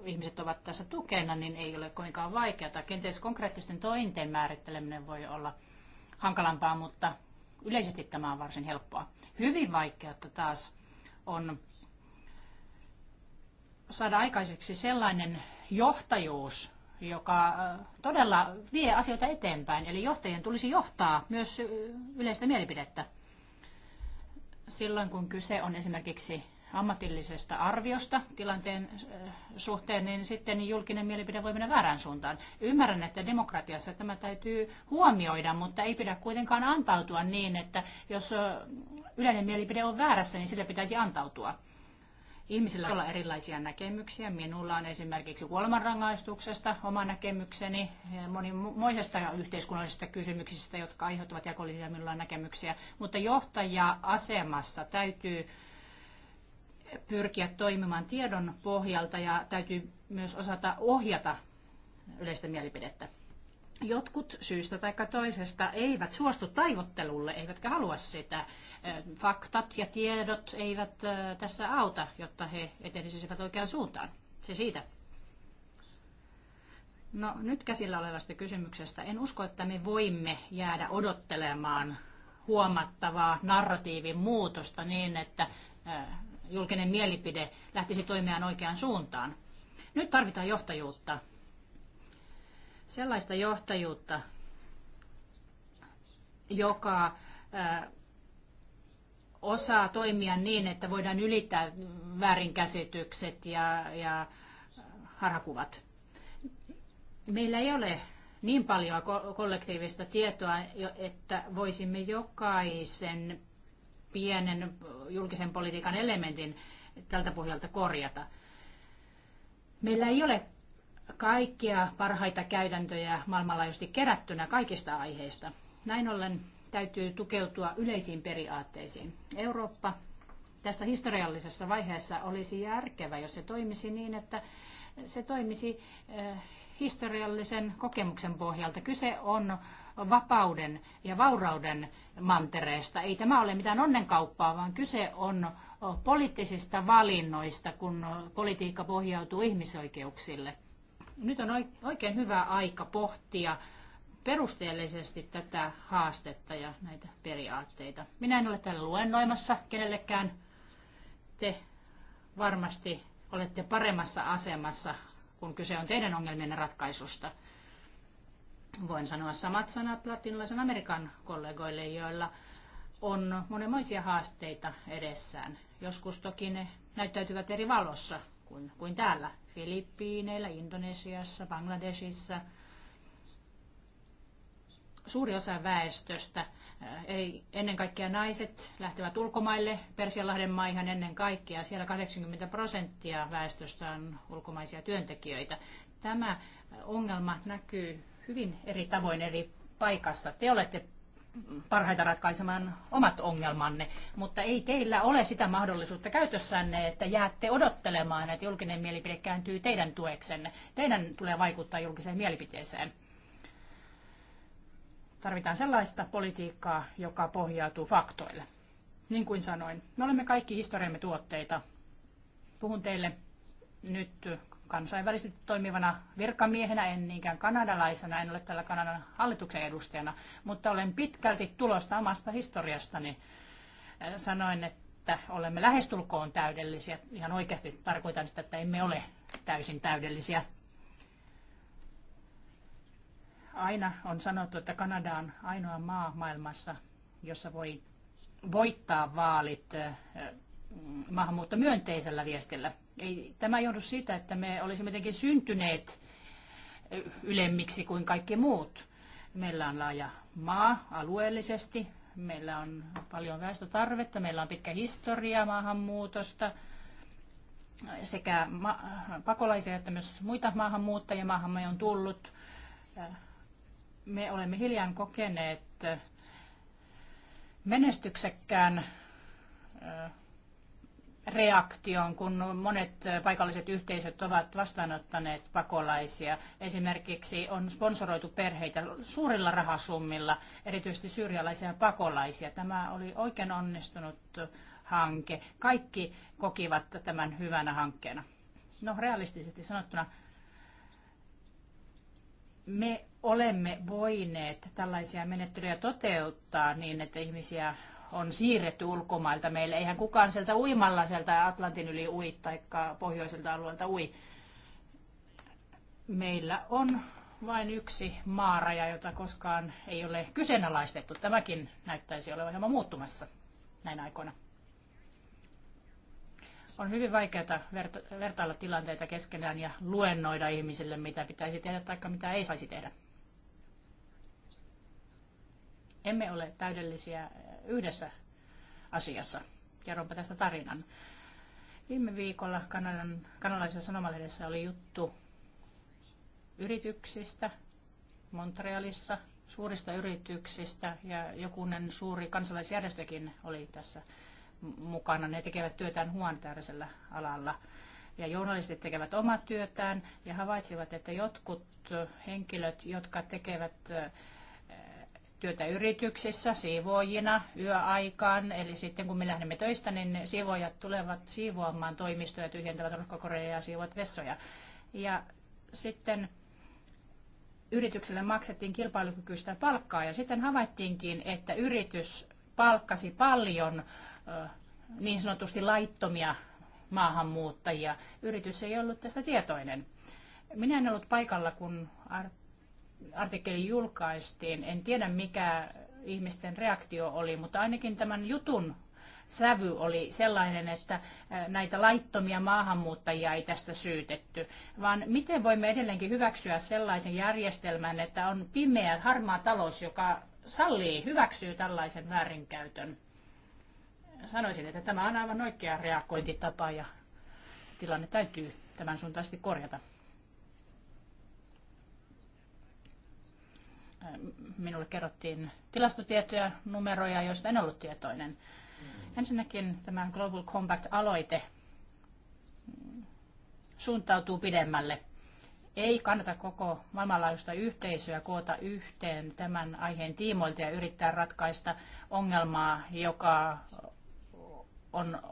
ihmiset ovat tässä tukena, niin ei ole kovinkaan vaikeaa. Kenties konkreettisten tointen määritteleminen voi olla hankalampaa, mutta yleisesti tämä on varsin helppoa. Hyvin vaikeaa taas on saada aikaiseksi sellainen johtajuus, joka todella vie asioita eteenpäin. Eli johtajien tulisi johtaa myös yleistä mielipidettä. Silloin kun kyse on esimerkiksi ammatillisesta arviosta tilanteen äh, suhteen, niin sitten julkinen mielipide voi mennä väärään suuntaan. Ymmärrän, että demokratiassa tämä täytyy huomioida, mutta ei pidä kuitenkaan antautua niin, että jos yleinen mielipide on väärässä, niin sille pitäisi antautua. Ihmisillä on erilaisia näkemyksiä. Minulla on esimerkiksi kuolemanrangaistuksesta oma näkemykseni, monimoisesta yhteiskunnallisista kysymyksistä, jotka aiheuttavat jakolinjaa, minulla on näkemyksiä. Mutta johtaja-asemassa täytyy pyrkiä toimimaan tiedon pohjalta ja täytyy myös osata ohjata yleistä mielipidettä. Jotkut syystä tai toisesta eivät suostu taivottelulle, eivätkä halua sitä. Faktat ja tiedot eivät tässä auta, jotta he etenisivät oikeaan suuntaan. Se siitä. No nyt käsillä olevasta kysymyksestä. En usko, että me voimme jäädä odottelemaan huomattavaa narratiivin muutosta niin, että julkinen mielipide lähtisi toimimaan oikeaan suuntaan. Nyt tarvitaan johtajuutta. Sellaista johtajuutta, joka osaa toimia niin, että voidaan ylittää väärinkäsitykset ja, ja harhakuvat. Meillä ei ole niin paljon kollektiivista tietoa, että voisimme jokaisen pienen julkisen politiikan elementin tältä pohjalta korjata. Meillä ei ole kaikkia parhaita käytäntöjä maailmanlaajuisesti kerättynä kaikista aiheista. Näin ollen täytyy tukeutua yleisiin periaatteisiin. Eurooppa tässä historiallisessa vaiheessa olisi järkevä, jos se toimisi niin, että se toimisi eh, historiallisen kokemuksen pohjalta. Kyse on vapauden ja vaurauden mantereesta. Ei tämä ole mitään onnenkauppaa, vaan kyse on poliittisista valinnoista, kun politiikka pohjautuu ihmisoikeuksille. Nyt on oikein hyvä aika pohtia perusteellisesti tätä haastetta ja näitä periaatteita. Minä en ole täällä luennoimassa kenellekään. Te varmasti olette paremmassa asemassa, kun kyse on teidän ongelmien ratkaisusta – Voin sanoa samat sanat latinalaisen Amerikan kollegoille, joilla on monenmoisia haasteita edessään. Joskus toki ne näyttäytyvät eri valossa kuin, kuin täällä Filippiineillä, Indonesiassa, Bangladesissa. Suuri osa väestöstä, eli eh, ennen kaikkea naiset, lähtevät ulkomaille, Persianlahden maihan ennen kaikkea. Siellä 80 prosenttia väestöstä on ulkomaisia työntekijöitä. Tämä ongelma näkyy hyvin eri tavoin eri paikassa. Te olette parhaita ratkaisemaan omat ongelmanne, mutta ei teillä ole sitä mahdollisuutta käytössänne, että jäätte odottelemaan, että julkinen mielipide kääntyy teidän tueksenne. Teidän tulee vaikuttaa julkiseen mielipiteeseen. Tarvitaan sellaista politiikkaa, joka pohjautuu faktoille. Niin kuin sanoin, me olemme kaikki historiamme tuotteita. Puhun teille nyt kansainvälisesti toimivana virkamiehenä, en niinkään kanadalaisena, en ole täällä Kanadan hallituksen edustajana, mutta olen pitkälti tulosta omasta historiastani. Äh, sanoin, että olemme lähestulkoon täydellisiä. Ihan oikeasti tarkoitan sitä, että emme ole täysin täydellisiä. Aina on sanottu, että Kanada on ainoa maa maailmassa, jossa voi voittaa vaalit äh, maahanmuuttomyönteisellä viestillä. Ei tämä johdu siitä, että me olisimme jotenkin syntyneet ylemmiksi kuin kaikki muut. Meillä on laaja maa alueellisesti, meillä on paljon väestötarvetta, meillä on pitkä historia maahanmuutosta, sekä ma- pakolaisia että myös muita maahanmuuttajia maahamme on tullut. Me olemme hiljan kokeneet menestyksekkään reaktioon, kun monet paikalliset yhteisöt ovat vastaanottaneet pakolaisia. Esimerkiksi on sponsoroitu perheitä suurilla rahasummilla, erityisesti syyrialaisia pakolaisia. Tämä oli oikein onnistunut hanke. Kaikki kokivat tämän hyvänä hankkeena. No realistisesti sanottuna, me olemme voineet tällaisia menettelyjä toteuttaa niin, että ihmisiä on siirretty ulkomailta meille. Eihän kukaan sieltä uimalla sieltä Atlantin yli ui tai pohjoiselta alueelta ui. Meillä on vain yksi maaraja, jota koskaan ei ole kyseenalaistettu. Tämäkin näyttäisi olevan hieman muuttumassa näin aikoina. On hyvin vaikeaa vertailla tilanteita keskenään ja luennoida ihmisille, mitä pitäisi tehdä tai mitä ei saisi tehdä. Emme ole täydellisiä eh, yhdessä asiassa. Kerronpa tästä tarinan. Viime viikolla Kanadan, kanalaisessa sanomalehdessä oli juttu yrityksistä Montrealissa, suurista yrityksistä ja jokunen suuri kansalaisjärjestökin oli tässä mukana. Ne tekevät työtään huontaisella alalla ja journalistit tekevät omaa työtään ja havaitsivat, että jotkut henkilöt, jotka tekevät eh, työtä yrityksessä siivoojina yöaikaan. Eli sitten kun me lähdemme töistä, niin siivoojat tulevat siivoamaan toimistoja, tyhjentävät ruokakoreja ja siivoat vessoja. Ja sitten yritykselle maksettiin kilpailukykyistä palkkaa ja sitten havaittiinkin, että yritys palkkasi paljon niin sanotusti laittomia maahanmuuttajia. Yritys ei ollut tästä tietoinen. Minä en ollut paikalla, kun artikkeli julkaistiin. En tiedä mikä ihmisten reaktio oli, mutta ainakin tämän jutun sävy oli sellainen, että näitä laittomia maahanmuuttajia ei tästä syytetty, vaan miten voimme edelleenkin hyväksyä sellaisen järjestelmän, että on pimeä, harmaa talous, joka sallii, hyväksyy tällaisen väärinkäytön. Sanoisin, että tämä on aivan oikea reagointitapa ja tilanne täytyy tämän suuntaisesti korjata. Minulle kerrottiin tilastotietoja, numeroja, joista en ollut tietoinen. Mm. Ensinnäkin tämä Global Compact-aloite suuntautuu pidemmälle. Ei kannata koko maailmanlaajuista yhteisöä koota yhteen tämän aiheen tiimoilta ja yrittää ratkaista ongelmaa, joka on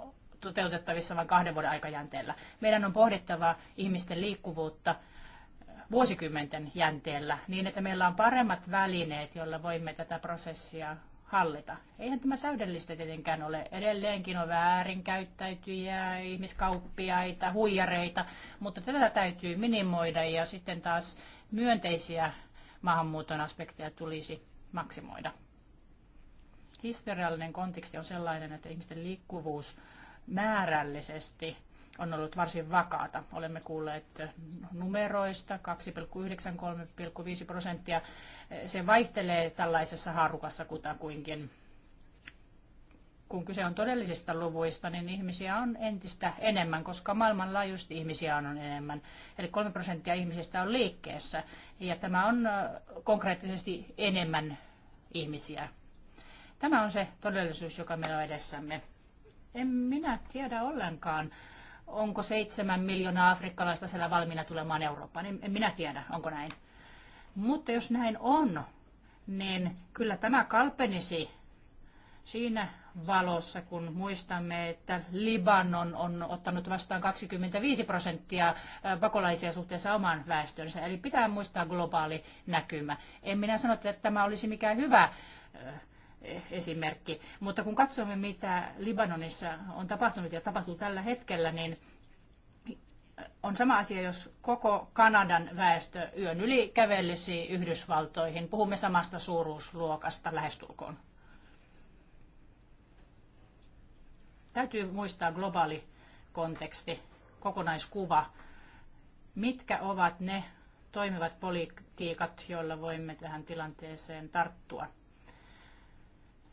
toteutettavissa vain kahden vuoden aikajänteellä. Meidän on pohdittava ihmisten liikkuvuutta – vuosikymmenten jänteellä niin, että meillä on paremmat välineet, joilla voimme tätä prosessia hallita. Eihän tämä täydellistä tietenkään ole. Edelleenkin on väärinkäyttäytyjiä, ihmiskauppiaita, huijareita, mutta tätä täytyy minimoida ja sitten taas myönteisiä maahanmuuton aspekteja tulisi maksimoida. Historiallinen konteksti on sellainen, että ihmisten liikkuvuus määrällisesti on ollut varsin vakaata. Olemme kuulleet numeroista 2,9-3,5 prosenttia. Se vaihtelee tällaisessa haarukassa kutakuinkin. Kun kyse on todellisista luvuista, niin ihmisiä on entistä enemmän, koska maailmanlaajuisesti ihmisiä on enemmän. Eli 3 prosenttia ihmisistä on liikkeessä, ja tämä on konkreettisesti enemmän ihmisiä. Tämä on se todellisuus, joka meillä on edessämme. En minä tiedä ollenkaan onko seitsemän miljoonaa afrikkalaista siellä valmiina tulemaan Eurooppaan. En, en minä tiedä, onko näin. Mutta jos näin on, niin kyllä tämä kalpenisi siinä valossa, kun muistamme, että Libanon on ottanut vastaan 25 prosenttia pakolaisia suhteessa omaan väestönsä. Eli pitää muistaa globaali näkymä. En minä sano, että tämä olisi mikään hyvä esimerkki. Mutta kun katsomme, mitä Libanonissa on tapahtunut ja tapahtuu tällä hetkellä, niin on sama asia, jos koko Kanadan väestö yön yli kävelisi Yhdysvaltoihin. Puhumme samasta suuruusluokasta lähestulkoon. Täytyy muistaa globaali konteksti, kokonaiskuva. Mitkä ovat ne toimivat politiikat, joilla voimme tähän tilanteeseen tarttua?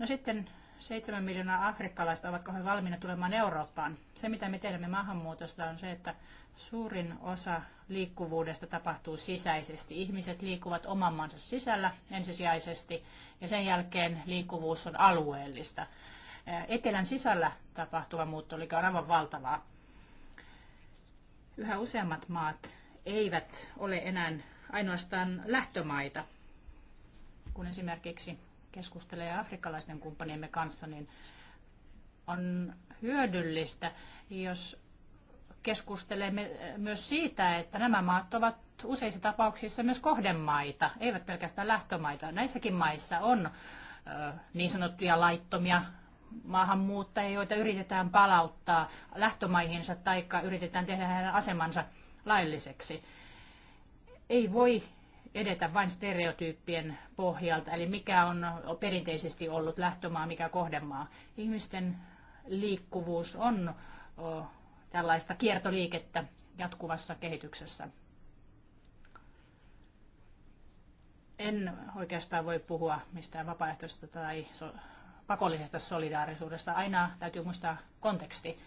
No sitten seitsemän miljoonaa afrikkalaista, ovatko he valmiina tulemaan Eurooppaan? Se, mitä me tiedämme maahanmuutosta, on se, että suurin osa liikkuvuudesta tapahtuu sisäisesti. Ihmiset liikkuvat oman maansa sisällä ensisijaisesti, ja sen jälkeen liikkuvuus on alueellista. Etelän sisällä tapahtuva muuttoliike on aivan valtavaa. Yhä useammat maat eivät ole enää ainoastaan lähtömaita, kun esimerkiksi keskustelee afrikkalaisten kumppaniemme kanssa, niin on hyödyllistä, jos keskustelemme myös siitä, että nämä maat ovat useissa tapauksissa myös kohdemaita, eivät pelkästään lähtömaita. Näissäkin maissa on niin sanottuja laittomia maahanmuuttajia, joita yritetään palauttaa lähtömaihinsa tai yritetään tehdä heidän asemansa lailliseksi. Ei voi edetä vain stereotyyppien pohjalta, eli mikä on perinteisesti ollut lähtömaa, mikä kohdemaa. Ihmisten liikkuvuus on tällaista kiertoliikettä jatkuvassa kehityksessä. En oikeastaan voi puhua mistään vapaaehtoisesta tai pakollisesta solidaarisuudesta. Aina täytyy muistaa konteksti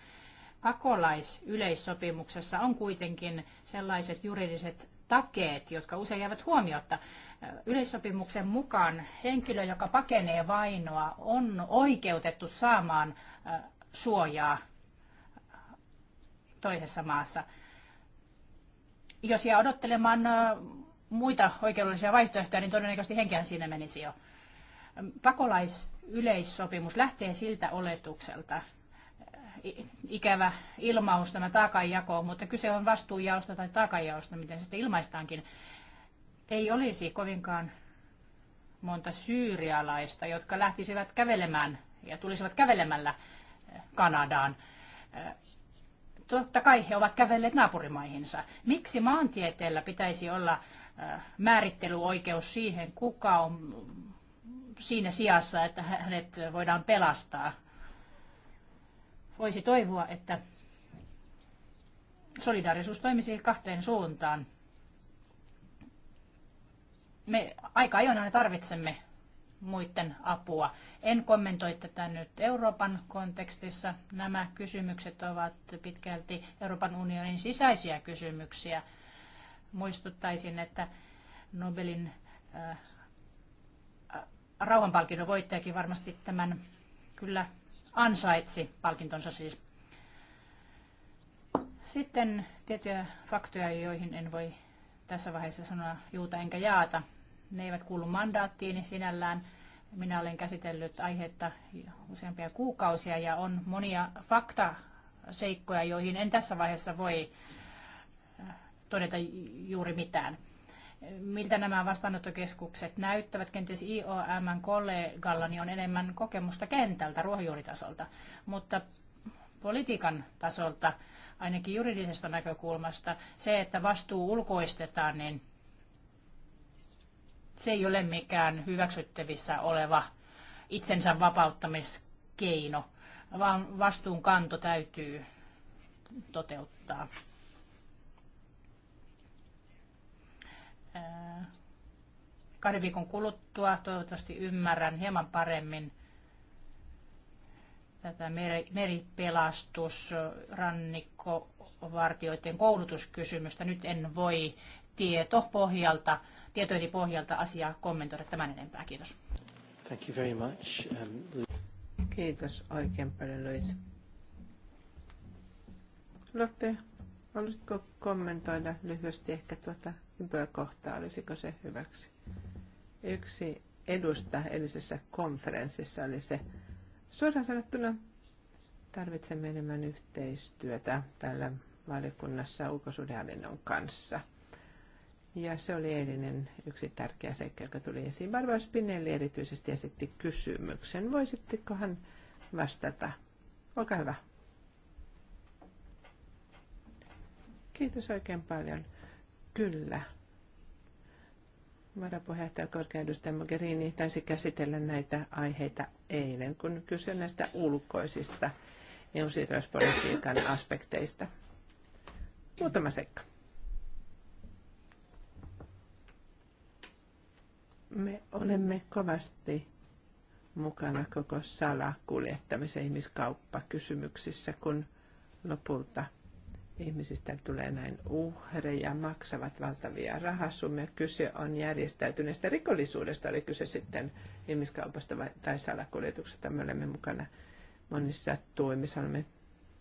pakolaisyleissopimuksessa on kuitenkin sellaiset juridiset takeet, jotka usein jäävät huomiotta. Yleissopimuksen mukaan henkilö, joka pakenee vainoa, on oikeutettu saamaan suojaa toisessa maassa. Jos jää odottelemaan muita oikeudellisia vaihtoehtoja, niin todennäköisesti henkihän siinä menisi jo. Pakolaisyleissopimus lähtee siltä oletukselta, ikävä ilmaus tämä taakanjako, mutta kyse on vastuunjaosta tai taakanjaosta, miten sitten ilmaistaankin. Ei olisi kovinkaan monta syyrialaista, jotka lähtisivät kävelemään ja tulisivat kävelemällä eh, Kanadaan. Eh, totta kai he ovat kävelleet naapurimaihinsa. Miksi maantieteellä pitäisi olla eh, määrittelyoikeus siihen, kuka on siinä sijassa, että hänet voidaan pelastaa Voisi toivoa, että solidaarisuus toimisi kahteen suuntaan. Me aika ajoin aina tarvitsemme muiden apua. En kommentoi tätä nyt Euroopan kontekstissa. Nämä kysymykset ovat pitkälti Euroopan unionin sisäisiä kysymyksiä. Muistuttaisin, että Nobelin äh, rauhanpalkinnon voittajakin varmasti tämän kyllä ansaitsi palkintonsa siis. Sitten tiettyjä faktoja, joihin en voi tässä vaiheessa sanoa juuta enkä jaata. Ne eivät kuulu mandaattiini sinällään. Minä olen käsitellyt aihetta useampia kuukausia ja on monia faktaseikkoja, joihin en tässä vaiheessa voi äh, todeta juuri mitään miltä nämä vastaanottokeskukset näyttävät. Kenties iom kollegallani niin on enemmän kokemusta kentältä, ruohonjuuritasolta, mutta politiikan tasolta, ainakin juridisesta näkökulmasta, se, että vastuu ulkoistetaan, niin se ei ole mikään hyväksyttävissä oleva itsensä vapauttamiskeino, vaan vastuunkanto täytyy toteuttaa. Äh, kahden viikon kuluttua toivottavasti ymmärrän hieman paremmin tätä meri, meripelastus, rannikkovartioiden koulutuskysymystä. Nyt en voi tieto pohjalta, tietojeni pohjalta asiaa kommentoida tämän enempää. Kiitos. Thank you very much. Um, Kiitos oikein paljon, Luis. Lotte, haluaisitko kommentoida lyhyesti ehkä tuota kohtaa, olisiko se hyväksi. Yksi edusta edellisessä konferenssissa oli se, suoraan sanottuna tarvitsemme enemmän yhteistyötä täällä valiokunnassa ulkosuhdehallinnon kanssa. Ja se oli eilinen yksi tärkeä seikka, joka tuli esiin. Barbara Spinelli erityisesti esitti kysymyksen. Voisittekohan vastata? Olkaa hyvä. Kiitos oikein paljon. Kyllä. Varapuheenjohtaja korkeudustaja Mogherini taisi käsitellä näitä aiheita eilen, kun kysyin näistä ulkoisista EU-siirrospolitiikan aspekteista. Muutama seikka. Me olemme kovasti mukana koko salakuljettamisen ihmiskauppakysymyksissä, kun lopulta ihmisistä tulee näin uhreja, maksavat valtavia rahasummia. Kyse on järjestäytyneestä rikollisuudesta, oli kyse sitten ihmiskaupasta tai salakuljetuksesta. Me olemme mukana monissa toimissa, olemme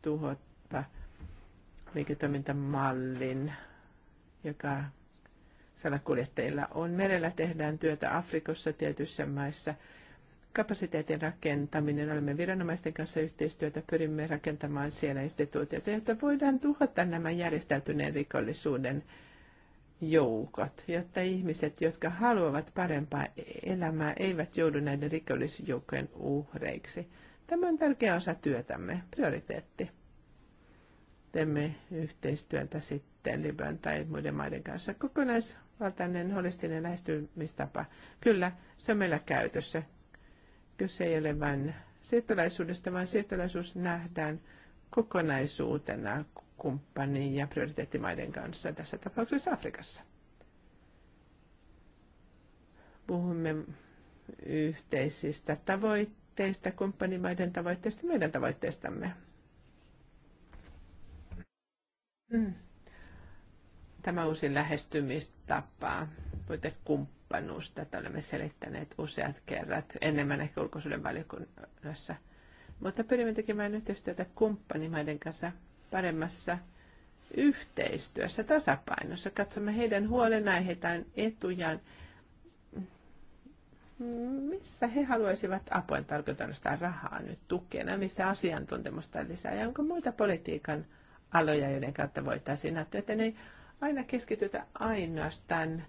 tuhota liiketoimintamallin, joka salakuljettajilla on. Merellä tehdään työtä Afrikossa tietyissä maissa – kapasiteetin rakentaminen. Olemme viranomaisten kanssa yhteistyötä, pyrimme rakentamaan siellä instituutioita, jotta voidaan tuhota nämä järjestäytyneen rikollisuuden joukot, jotta ihmiset, jotka haluavat parempaa elämää, eivät joudu näiden rikollisjoukkojen uhreiksi. Tämä on tärkeä osa työtämme, prioriteetti. Teemme yhteistyötä sitten Libyan tai muiden maiden kanssa. Kokonaisvaltainen holistinen lähestymistapa. Kyllä, se on meillä käytössä. Kyse ei ole vain siirtolaisuudesta, vaan siirtolaisuus nähdään kokonaisuutena kumppanin ja prioriteettimaiden kanssa, tässä tapauksessa Afrikassa. Puhumme yhteisistä tavoitteista, kumppanimaiden tavoitteista, meidän tavoitteistamme. Hmm. Tämä uusi lähestymistapa puitekumppanuus. Tätä olemme selittäneet useat kerrat, enemmän ehkä ulkoisuuden valiokunnassa. Mutta pyrimme tekemään yhteistyötä kumppanimaiden kanssa paremmassa yhteistyössä, tasapainossa. Katsomme heidän huolenaiheitaan, etujaan, missä he haluaisivat tarkoitan sitä rahaa nyt tukena, missä asiantuntemusta lisää ja onko muita politiikan aloja, joiden kautta voitaisiin näyttää, että ei aina keskitytä ainoastaan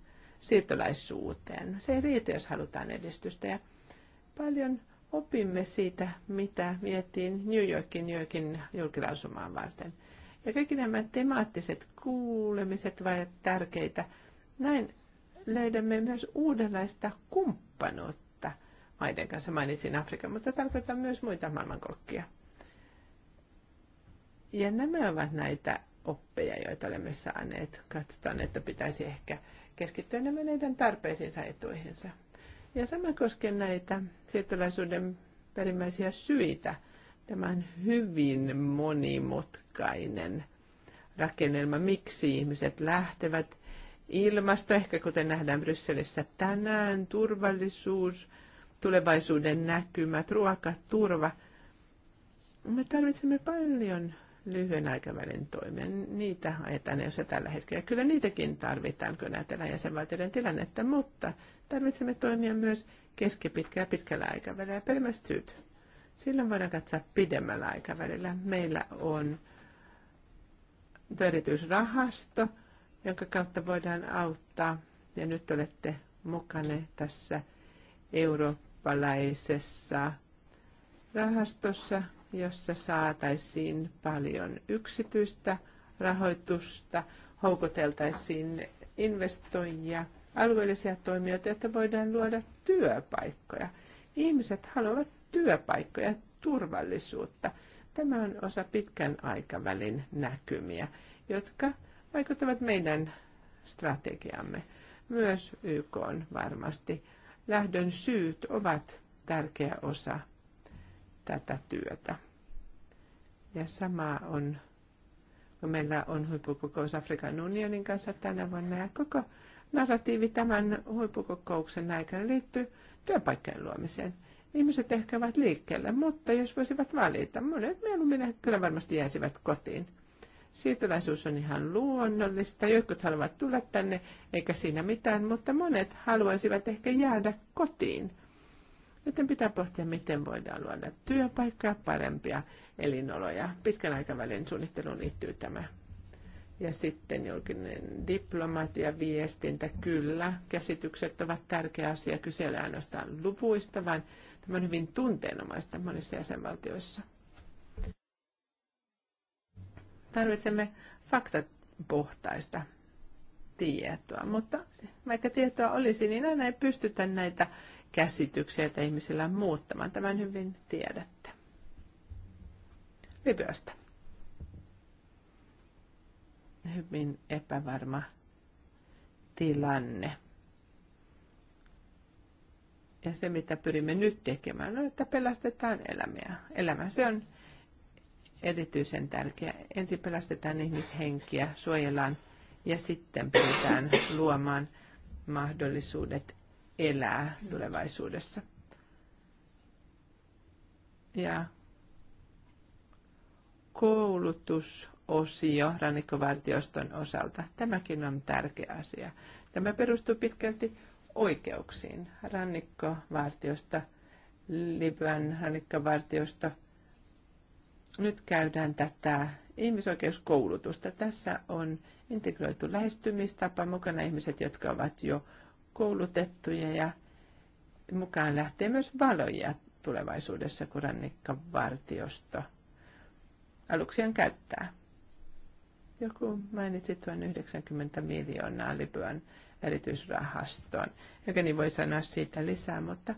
siirtolaisuuteen. Se ei riitä, jos halutaan edistystä. Ja paljon opimme siitä, mitä miettiin New Yorkin, New Yorkin julkilausumaan varten. Ja kaikki nämä temaattiset kuulemiset ovat tärkeitä. Näin löydämme myös uudenlaista kumppanuutta maiden kanssa. Mainitsin Afrikan, mutta tarkoitan myös muita maailmankolkkia. Ja nämä ovat näitä oppeja, joita olemme saaneet. Katsotaan, että pitäisi ehkä keskittyä enemmän heidän tarpeisiinsa etuihinsa. Ja sama koskee näitä siirtolaisuuden perimmäisiä syitä. Tämä on hyvin monimutkainen rakennelma, miksi ihmiset lähtevät. Ilmasto, ehkä kuten nähdään Brysselissä tänään, turvallisuus, tulevaisuuden näkymät, ruokaturva. Me tarvitsemme paljon lyhyen aikavälin toimia. Niitä ajetaan jos tällä hetkellä. Kyllä niitäkin tarvitaan, kun ajatellaan jäsenvaltioiden tilannetta, mutta tarvitsemme toimia myös keskipitkä ja pitkällä aikavälillä. Pelmästyt. Silloin voidaan katsoa pidemmällä aikavälillä. Meillä on erityisrahasto, jonka kautta voidaan auttaa. Ja nyt olette mukana tässä eurooppalaisessa rahastossa, jossa saataisiin paljon yksityistä rahoitusta, houkuteltaisiin investoijia, alueellisia toimijoita, että voidaan luoda työpaikkoja. Ihmiset haluavat työpaikkoja turvallisuutta. Tämä on osa pitkän aikavälin näkymiä, jotka vaikuttavat meidän strategiamme. Myös YK on varmasti. Lähdön syyt ovat tärkeä osa tätä työtä. Ja sama on, kun meillä on huippukokous Afrikan unionin kanssa tänä vuonna ja koko narratiivi tämän huippukokouksen aikana liittyy työpaikkojen luomiseen. Ihmiset ehkä ovat liikkeellä, mutta jos voisivat valita, monet mieluummin kyllä varmasti jäisivät kotiin. Siirtolaisuus on ihan luonnollista. Jotkut haluavat tulla tänne, eikä siinä mitään, mutta monet haluaisivat ehkä jäädä kotiin – Joten pitää pohtia, miten voidaan luoda työpaikkaa, parempia elinoloja. Pitkän aikavälin suunnitteluun liittyy tämä. Ja sitten julkinen diplomatia, viestintä, kyllä, käsitykset ovat tärkeä asia. Kyse ei ainoastaan luvuista, vaan tämä on hyvin tunteenomaista monissa jäsenvaltioissa. Tarvitsemme faktapohtaista tietoa, mutta vaikka tietoa olisi, niin aina ei pystytä näitä käsityksiä, että ihmisillä on muuttamaan. Tämän hyvin tiedätte. Libyasta. Hyvin epävarma tilanne. Ja se, mitä pyrimme nyt tekemään, on, että pelastetaan elämää. Elämä, se on erityisen tärkeä. Ensin pelastetaan ihmishenkiä, suojellaan ja sitten pyritään luomaan mahdollisuudet elää tulevaisuudessa. Ja koulutusosio rannikkovartioston osalta. Tämäkin on tärkeä asia. Tämä perustuu pitkälti oikeuksiin. Rannikkovartiosta, Libyan rannikkovartiosta. Nyt käydään tätä ihmisoikeuskoulutusta. Tässä on integroitu lähestymistapa mukana ihmiset, jotka ovat jo koulutettuja ja mukaan lähtee myös valoja tulevaisuudessa, kun rannikkavartiosto aluksien käyttää. Joku mainitsi tuon 90 miljoonaa Libyan erityisrahastoon, joka niin voi sanoa siitä lisää, mutta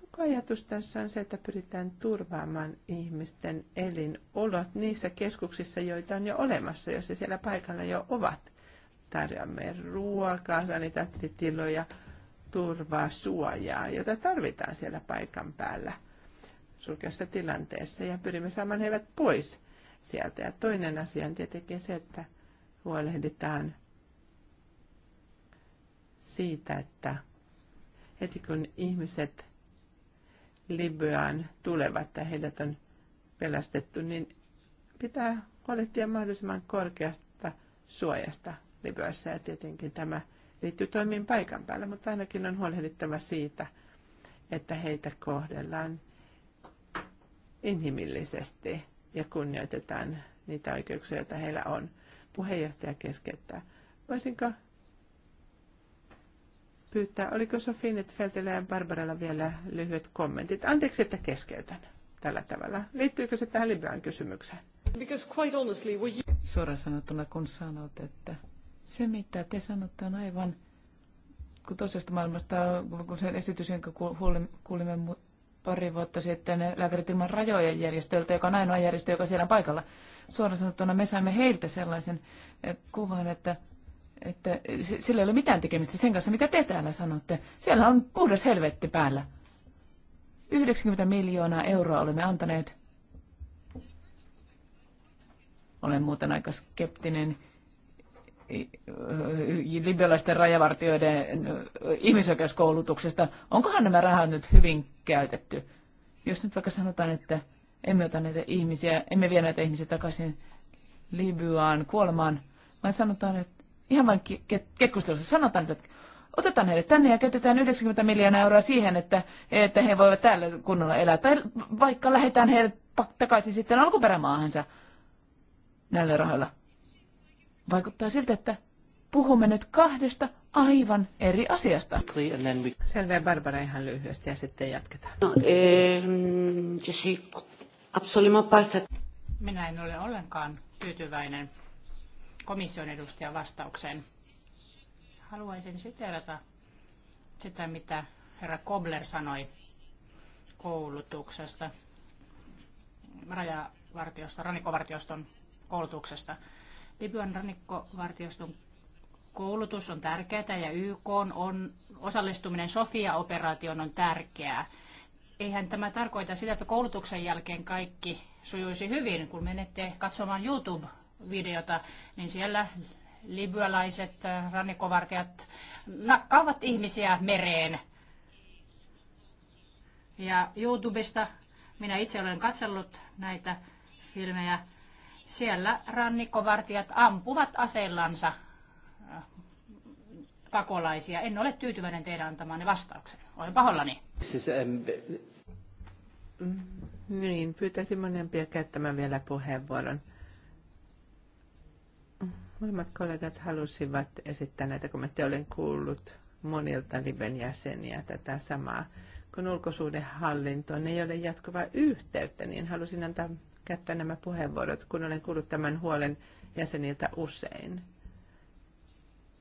koko ajatus tässä on se, että pyritään turvaamaan ihmisten elinolot niissä keskuksissa, joita on jo olemassa, jos siellä paikalla jo ovat tarjoamme ruokaa, sanitaattitiloja, turvaa, suojaa, jota tarvitaan siellä paikan päällä surkeassa tilanteessa ja pyrimme saamaan heidät pois sieltä. Ja toinen asia on tietenkin se, että huolehditaan siitä, että heti kun ihmiset Libyaan tulevat ja heidät on pelastettu, niin pitää huolehtia mahdollisimman korkeasta suojasta. Libyassa ja tietenkin tämä liittyy toimiin paikan päällä, mutta ainakin on huolehdittava siitä, että heitä kohdellaan inhimillisesti ja kunnioitetaan niitä oikeuksia, joita heillä on. Puheenjohtaja keskeyttää. Voisinko pyytää, oliko Sofiin Feltillä ja Barbaralla vielä lyhyet kommentit? Anteeksi, että keskeytän tällä tavalla. Liittyykö se tähän Libyan kysymykseen? Suoraan sanottuna, kun sanot, että se, mitä te sanotte, on aivan kun toisesta maailmasta, kun sen esitys, jonka kuulimme pari vuotta sitten Lääkärit ilman rajojen järjestöltä, joka on ainoa järjestö, joka siellä on paikalla. Suoraan sanottuna me saimme heiltä sellaisen eh, kuvan, että, että sillä ei ole mitään tekemistä sen kanssa, mitä te täällä sanotte. Siellä on puhdas helvetti päällä. 90 miljoonaa euroa olemme antaneet. Olen muuten aika skeptinen libyalaisten rajavartijoiden ihmisoikeuskoulutuksesta. Onkohan nämä rahat nyt hyvin käytetty? Jos nyt vaikka sanotaan, että emme ota näitä ihmisiä, emme vie näitä ihmisiä takaisin Libyaan kuolemaan, vaan sanotaan, että ihan vain keskustelussa sanotaan, että otetaan heidät tänne ja käytetään 90 miljoonaa euroa siihen, että, että he voivat täällä kunnolla elää. Tai vaikka lähetään heidät takaisin sitten alkuperämaahansa näillä rahoilla. Vaikuttaa siltä, että puhumme nyt kahdesta aivan eri asiasta. Selvä Barbara ihan lyhyesti ja sitten jatketaan. No, eh, Minä en ole ollenkaan tyytyväinen komission edustajan vastaukseen. Haluaisin siteerata sitä, mitä herra Kobler sanoi koulutuksesta, rajavartiosta, rannikovartioston koulutuksesta – Libyan rannikkovartioston koulutus on tärkeää ja YK on osallistuminen Sofia-operaatioon on tärkeää. Eihän tämä tarkoita sitä, että koulutuksen jälkeen kaikki sujuisi hyvin. Kun menette katsomaan YouTube-videota, niin siellä libyalaiset äh, rannikkovartijat nakkaavat ihmisiä mereen. Ja YouTubesta minä itse olen katsellut näitä filmejä siellä rannikkovartijat ampuvat aseellansa äh, pakolaisia. En ole tyytyväinen teidän antamanne vastaukseen. Olen pahollani. Siis, um... Niin, pyytäisin monempia käyttämään vielä puheenvuoron. Molemmat kollegat halusivat esittää näitä kommentteja. Olen kuullut monilta Liben jäseniä tätä samaa. Kun ulkosuudenhallintoon ei ole jatkuvaa yhteyttä, niin halusin antaa käyttää nämä puheenvuorot, kun olen kuullut tämän huolen jäseniltä usein.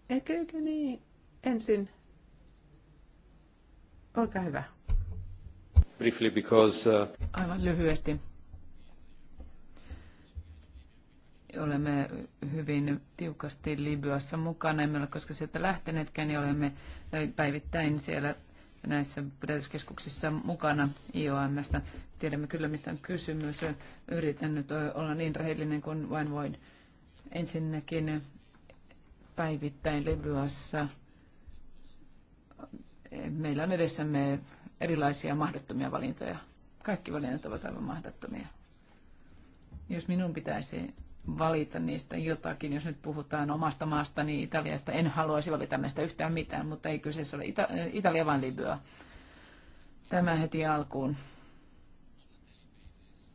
eikö niin ensin. Olkaa hyvä. Briefly because, uh... Aivan lyhyesti. Olemme hyvin tiukasti Libyassa mukana, emme ole koska sieltä lähteneetkään, niin olemme äh, päivittäin siellä näissä pidätyskeskuksissa mukana IOMstä. Tiedämme kyllä, mistä on kysymys. Yritän nyt olla niin rehellinen kuin vain voin. Ensinnäkin päivittäin Libyassa meillä on edessämme erilaisia mahdottomia valintoja. Kaikki valinnat ovat aivan mahdottomia. Jos minun pitäisi valita niistä jotakin, jos nyt puhutaan omasta maastani Italiasta, en haluaisi valita näistä yhtään mitään, mutta ei kyseessä ole Ita- Italia, vaan Libya. Tämä heti alkuun.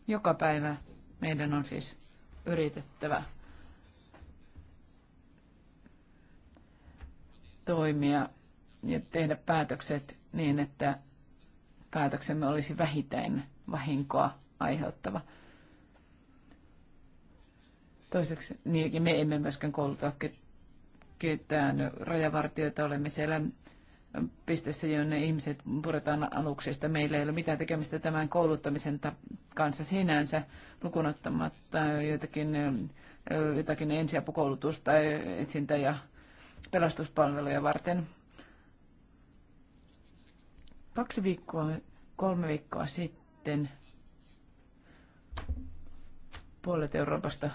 Joka päivä meidän on siis yritettävä toimia ja tehdä päätökset niin, että päätöksemme olisi vähiten vahinkoa aiheuttava. Toiseksi niin me emme myöskään kouluta ketään rajavartijoita, olemme siellä pisteessä, jonne ihmiset puretaan aluksesta. Meillä ei ole mitään tekemistä tämän kouluttamisen kanssa sinänsä, lukunottamatta joitakin, jotakin ensiapukoulutusta, etsintä- ja pelastuspalveluja varten. Kaksi viikkoa, kolme viikkoa sitten puolet Euroopasta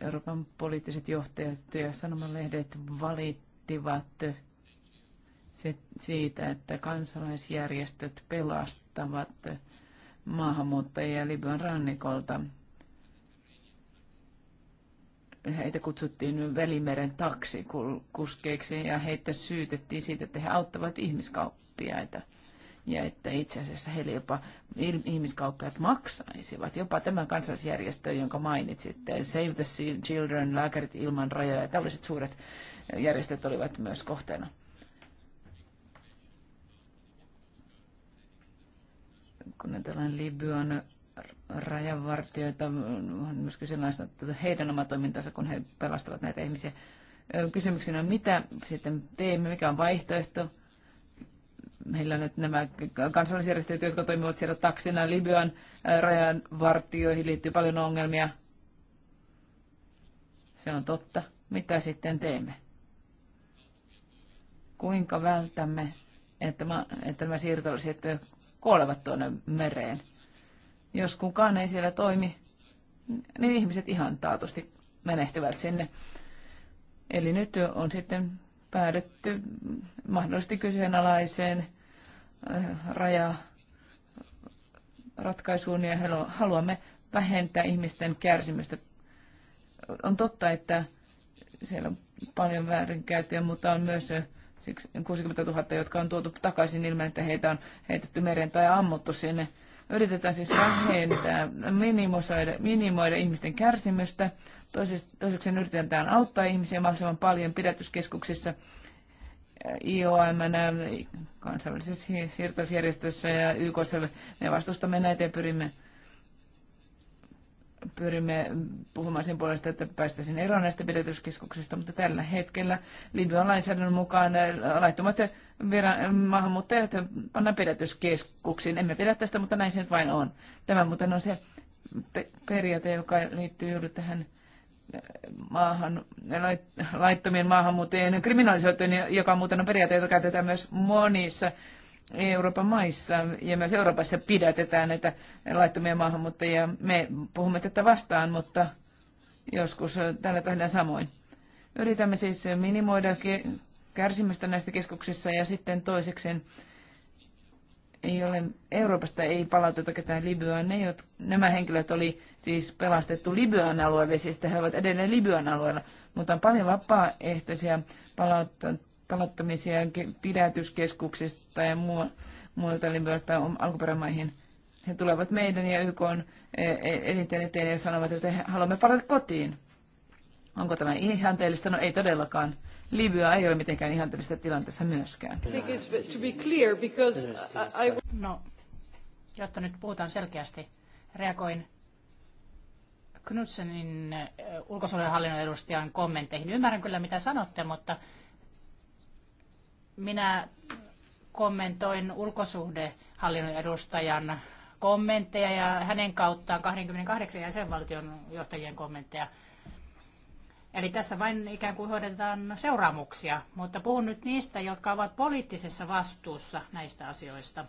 Euroopan poliittiset johtajat ja sanomalehdet valittivat se, siitä, että kansalaisjärjestöt pelastavat maahanmuuttajia Libyan rannikolta. Heitä kutsuttiin Välimeren taksikuskeiksi ja heitä syytettiin siitä, että he auttavat ihmiskauppiaita ja että itse asiassa heille jopa ihmiskauppiaat maksaisivat. Jopa tämän kansalaisjärjestö, jonka mainitsitte, Save the Children, Lääkärit ilman rajoja, tällaiset suuret järjestöt olivat myös kohteena. kun tällainen Libyan rajavartijoita, on myös että heidän oma toimintansa, kun he pelastavat näitä ihmisiä. Kysymyksenä on, mitä sitten teemme, mikä on vaihtoehto. Meillä on nyt nämä kansallisjärjestöt, jotka toimivat siellä taksina Libyan rajavartioihin liittyy paljon ongelmia. Se on totta. Mitä sitten teemme? Kuinka vältämme, että, mä, että nämä siirtolaiset kuolevat tuonne mereen. Jos kukaan ei siellä toimi, niin ihmiset ihan taatusti menehtyvät sinne. Eli nyt on sitten päädytty mahdollisesti kyseenalaiseen äh, raja ratkaisuun ja haluamme vähentää ihmisten kärsimystä. On totta, että siellä on paljon väärinkäytöjä, mutta on myös äh, 60 000, jotka on tuotu takaisin ilman, että heitä on heitetty mereen tai ammuttu sinne. Yritetään siis vähentää, minimoida, minimoida ihmisten kärsimystä. Toiseksi yritetään auttaa ihmisiä mahdollisimman paljon pidätyskeskuksissa, IOM, kansainvälisessä siirtolaisjärjestössä ja YKssa. Me vastustamme näitä ja pyrimme pyrimme puhumaan sen puolesta, että päästäisiin eroon näistä pidätyskeskuksista, mutta tällä hetkellä Libyan lainsäädännön mukaan äh, laittomat viran, maahanmuuttajat pannaan pidätyskeskuksiin. Emme pidä tästä, mutta näin se nyt vain on. Tämä muuten on se periaate, joka liittyy juuri tähän äh, maahan, laittomien maahanmuuttajien kriminalisoitujen, joka muuten on periaate, jota käytetään myös monissa Euroopan maissa ja myös Euroopassa pidätetään näitä laittomia maahanmuuttajia. Me puhumme tätä vastaan, mutta joskus täällä tehdään samoin. Yritämme siis minimoida kärsimystä näistä keskuksissa ja sitten toisekseen ei ole, Euroopasta ei palauteta ketään Libyaan. Ne, jotka, nämä henkilöt oli siis pelastettu Libyan alueelle, siis he ovat edelleen Libyan alueella, mutta on paljon vapaaehtoisia palautettuja palauttamisia pidätyskeskuksista ja muu, muilta libyoista um- alkuperämaihin. He tulevat meidän ja YK e- e- eniten eteen ja sanovat, että haluamme palata kotiin. Onko tämä ihanteellista? No ei todellakaan. Libya ei ole mitenkään ihanteellista tilanteessa myöskään. No, jotta nyt puhutaan selkeästi, reagoin Knudsenin e, ulkosuojelun edustajan kommentteihin. Ymmärrän kyllä, mitä sanotte, mutta minä kommentoin ulkosuhdehallinnon edustajan kommentteja ja hänen kauttaan 28 jäsenvaltion johtajien kommentteja. Eli tässä vain ikään kuin hoidetaan seuraamuksia, mutta puhun nyt niistä, jotka ovat poliittisessa vastuussa näistä asioista.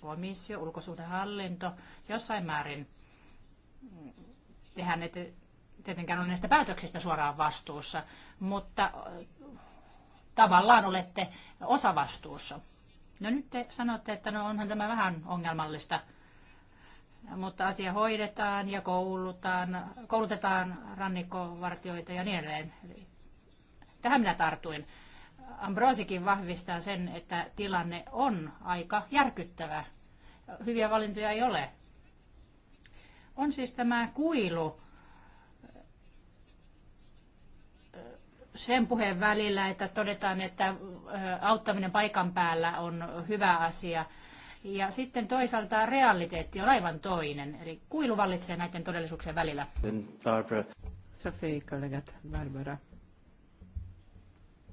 Komissio, ulkosuhdehallinto, jossain määrin tehän ette tietenkään ole näistä päätöksistä suoraan vastuussa, mutta tavallaan olette osavastuussa. No nyt te sanotte, että no onhan tämä vähän ongelmallista, mutta asia hoidetaan ja koulutaan, koulutetaan rannikkovartioita ja niin edelleen. Eli tähän minä tartuin. Ambrosikin vahvistaa sen, että tilanne on aika järkyttävä. Hyviä valintoja ei ole. On siis tämä kuilu sen puheen välillä, että todetaan, että auttaminen paikan päällä on hyvä asia. Ja sitten toisaalta realiteetti on aivan toinen, eli kuilu vallitsee näiden todellisuuksien välillä. Barbara. Sophie, kollegat, Barbara.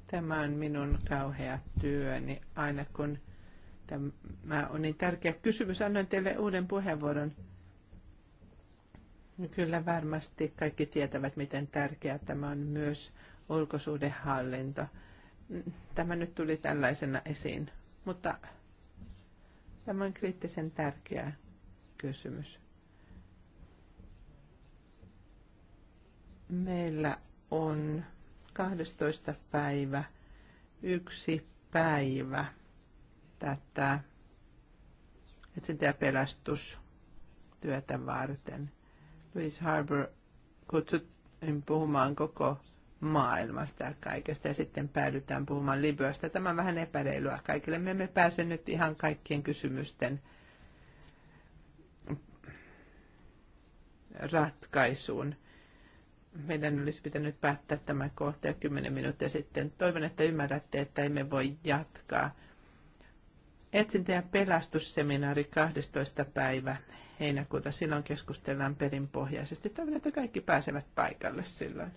Tämä on minun kauhea työni, aina kun tämä on niin tärkeä kysymys. Annoin teille uuden puheenvuoron. Kyllä varmasti kaikki tietävät, miten tärkeää tämä on myös ulkosuhdehallinto. Tämä nyt tuli tällaisena esiin, mutta tämä on kriittisen tärkeä kysymys. Meillä on 12. päivä yksi päivä tätä etsintä- ja pelastustyötä varten. Louis Harbour kutsuttiin puhumaan koko maailmasta ja kaikesta ja sitten päädytään puhumaan Libyasta. Tämä on vähän epäreilua kaikille. Me emme pääse nyt ihan kaikkien kysymysten ratkaisuun. Meidän olisi pitänyt päättää tämä kohta jo kymmenen minuuttia sitten. Toivon, että ymmärrätte, että emme voi jatkaa. Etsintä- ja pelastusseminaari 12. päivä heinäkuuta. Silloin keskustellaan perinpohjaisesti. Toivon, että kaikki pääsevät paikalle silloin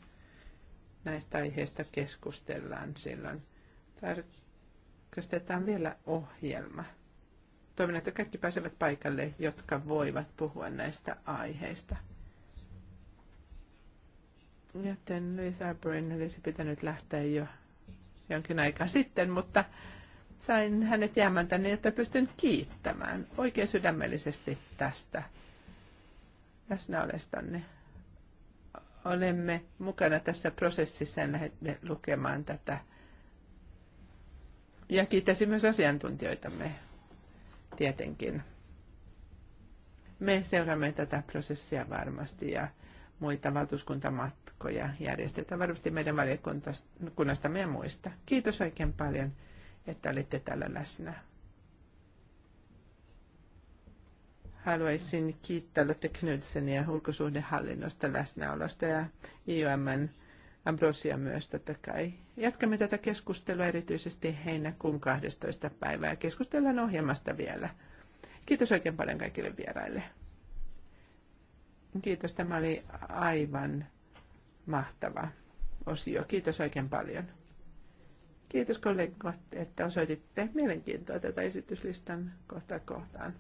näistä aiheista keskustellaan silloin. Tarkastetaan vielä ohjelma. Toivon, että kaikki pääsevät paikalle, jotka voivat puhua näistä aiheista. Joten Louis Brin olisi pitänyt lähteä jo jonkin aikaa sitten, mutta sain hänet jäämään tänne, jotta pystyn kiittämään oikein sydämellisesti tästä läsnäolestanne olemme mukana tässä prosessissa, ja lähde lukemaan tätä. Ja kiittäisin myös asiantuntijoitamme tietenkin. Me seuraamme tätä prosessia varmasti ja muita valtuuskuntamatkoja järjestetään varmasti meidän valiokunnastamme ja muista. Kiitos oikein paljon, että olitte täällä läsnä. Haluaisin kiittää Lotte Knudsenia ulkosuhdehallinnosta läsnäolosta ja IOMn Ambrosia myös totta kai. Jatkamme tätä keskustelua erityisesti heinäkuun 12. päivää. Keskustellaan ohjelmasta vielä. Kiitos oikein paljon kaikille vieraille. Kiitos, tämä oli aivan mahtava osio. Kiitos oikein paljon. Kiitos kollegat, että osoititte mielenkiintoa tätä esityslistan kohtaa kohtaan.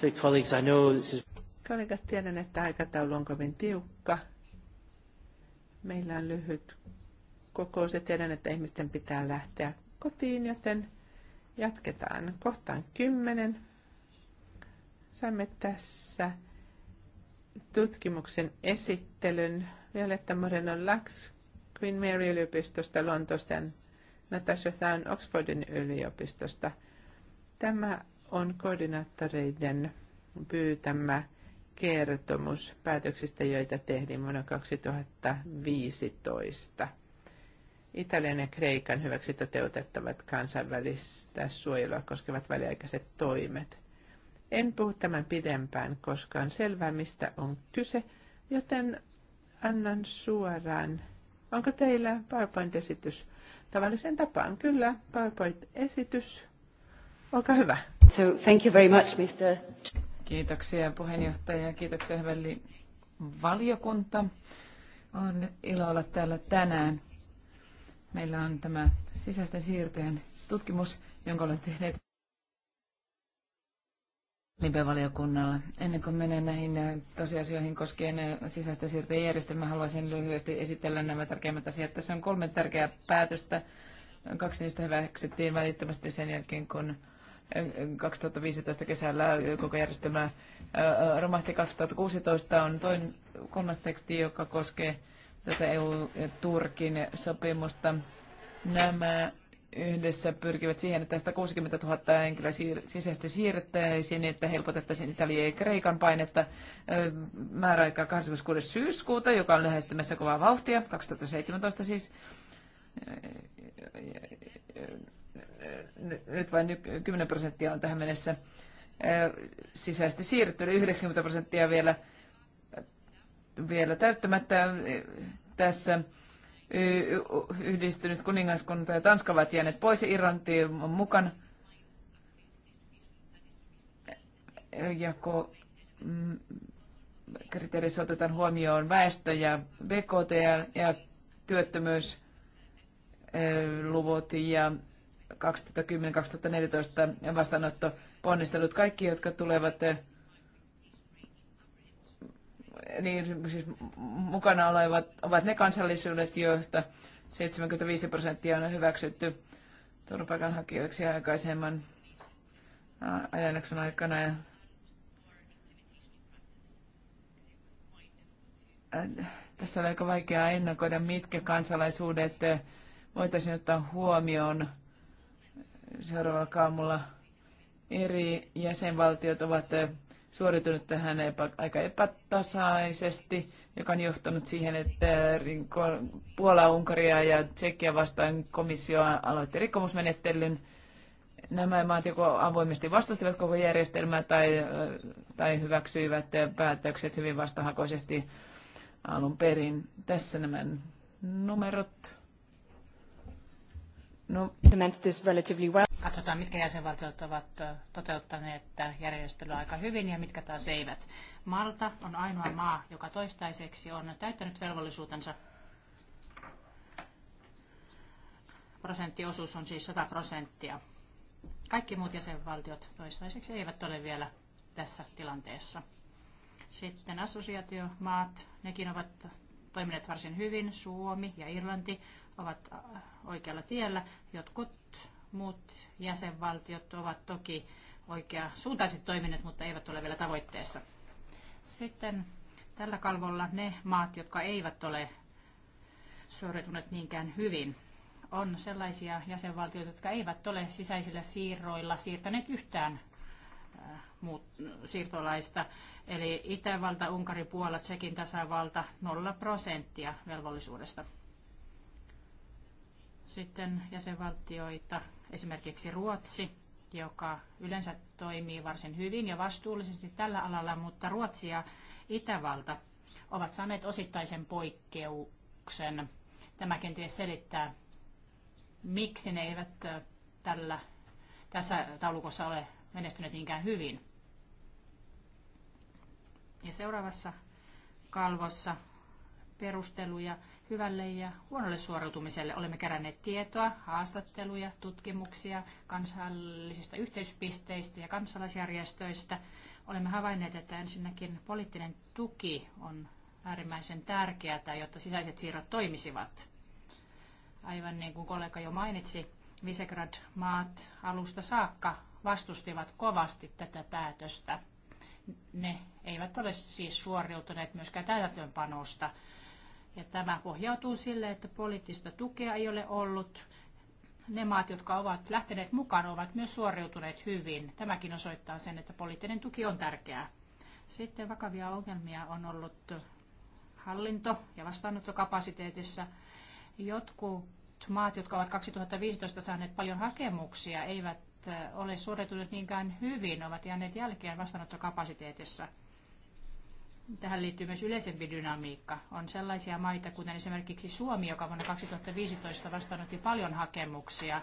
So colleagues, I know this is... Kollegat, tiedän, että aikataulu on kovin tiukka. Meillä on lyhyt kokous ja tiedän, että ihmisten pitää lähteä kotiin, joten jatketaan kohtaan kymmenen. Saamme tässä tutkimuksen esittelyn Violetta Moreno Lax Queen Mary yliopistosta Lontoosta ja Natasha Thun Oxfordin yliopistosta. Tämä on koordinaattoreiden pyytämä kertomus päätöksistä, joita tehtiin vuonna 2015. Italian ja Kreikan hyväksi toteutettavat kansainvälistä suojelua koskevat väliaikaiset toimet. En puhu tämän pidempään, koska on selvää, mistä on kyse, joten annan suoraan. Onko teillä PowerPoint-esitys? Tavalliseen tapaan kyllä, PowerPoint-esitys. Olkaa hyvä. So, thank you very much, Mr. Kiitoksia puheenjohtaja ja kiitoksia hyväli valiokunta. On ilo olla täällä tänään. Meillä on tämä sisäisten siirtojen tutkimus, jonka olen tehnyt libe Ennen kuin menen näihin äh, tosiasioihin koskien äh, sisäisten siirtojen järjestelmää, haluaisin lyhyesti esitellä nämä tärkeimmät asiat. Tässä on kolme tärkeää päätöstä. Kaksi niistä hyväksyttiin välittömästi sen jälkeen, kun 2015 kesällä koko järjestelmä romahti 2016 on toinen kolmas teksti, joka koskee tätä EU-Turkin sopimusta. Nämä yhdessä pyrkivät siihen, että 160 000 henkilöä sisäisesti siirrettäisiin, että helpotettaisiin Italian ja Kreikan painetta määräaikaa 26. syyskuuta, joka on lähestymässä kovaa vauhtia, 2017 siis nyt vain 10 prosenttia on tähän mennessä eh, sisäisesti eli 90 prosenttia vielä, vielä täyttämättä tässä eh, yhdistynyt kuningaskunta ja Tanska ovat jääneet pois Irlanti on mukana. Jako mm, kriteerissä otetaan huomioon väestö ja BKT ja työttömyysluvut ja eh, 2010-2014 vastaanottoponnistelut. Kaikki, jotka tulevat eh, niin, siis mukana olevat ovat ne kansallisuudet, joista 75 prosenttia on hyväksytty turvapaikanhakijoiksi aikaisemman ajanjakson aikana. Ja tässä oli aika vaikea ennakoida, mitkä kansalaisuudet eh, voitaisiin ottaa huomioon seuraavalla kaamulla eri jäsenvaltiot ovat eh, suoritunut tähän epä, aika epätasaisesti, joka on johtanut siihen, että eh, Puola, Unkaria ja Tsekkiä vastaan komissio aloitti rikkomusmenettelyn. Nämä maat joko avoimesti vastustivat koko järjestelmää tai, eh, tai hyväksyivät päätökset hyvin vastahakoisesti alun perin. Tässä nämä numerot. No. Katsotaan, mitkä jäsenvaltiot ovat toteuttaneet järjestelyä aika hyvin ja mitkä taas eivät. Malta on ainoa maa, joka toistaiseksi on täyttänyt velvollisuutensa. Prosenttiosuus on siis 100 prosenttia. Kaikki muut jäsenvaltiot toistaiseksi eivät ole vielä tässä tilanteessa. Sitten assosiaatiomaat, nekin ovat toimineet varsin hyvin, Suomi ja Irlanti ovat oikealla tiellä. Jotkut muut jäsenvaltiot ovat toki oikea suuntaiset toiminnot, mutta eivät ole vielä tavoitteessa. Sitten tällä kalvolla ne maat, jotka eivät ole suoriutuneet niinkään hyvin, on sellaisia jäsenvaltioita, jotka eivät ole sisäisillä siirroilla siirtäneet yhtään muut siirtolaista. Eli Itävalta, Unkari, Puola, Tsekin tasavalta 0 prosenttia velvollisuudesta. Sitten jäsenvaltioita, esimerkiksi Ruotsi, joka yleensä toimii varsin hyvin ja vastuullisesti tällä alalla, mutta Ruotsi ja Itävalta ovat saaneet osittaisen poikkeuksen. Tämä kenties selittää, miksi ne eivät tällä, tässä taulukossa ole menestyneet niinkään hyvin. Ja seuraavassa kalvossa perusteluja hyvälle ja huonolle suoriutumiselle. Olemme keränneet tietoa, haastatteluja, tutkimuksia kansallisista yhteyspisteistä ja kansalaisjärjestöistä. Olemme havainneet, että ensinnäkin poliittinen tuki on äärimmäisen tärkeää, jotta sisäiset siirrot toimisivat. Aivan niin kuin kollega jo mainitsi, Visegrad-maat alusta saakka vastustivat kovasti tätä päätöstä. Ne eivät ole siis suoriutuneet myöskään täytäntöönpanosta. Ja tämä pohjautuu sille, että poliittista tukea ei ole ollut. Ne maat, jotka ovat lähteneet mukaan, ovat myös suoriutuneet hyvin. Tämäkin osoittaa sen, että poliittinen tuki on tärkeää. Sitten vakavia ongelmia on ollut hallinto- ja vastaanottokapasiteetissa. Jotkut maat, jotka ovat 2015 saaneet paljon hakemuksia, eivät ole suoriutuneet niinkään hyvin, ovat jääneet jälkeen vastaanottokapasiteetissa – Tähän liittyy myös yleisempi dynamiikka. On sellaisia maita, kuten esimerkiksi Suomi, joka vuonna 2015 vastaanotti paljon hakemuksia.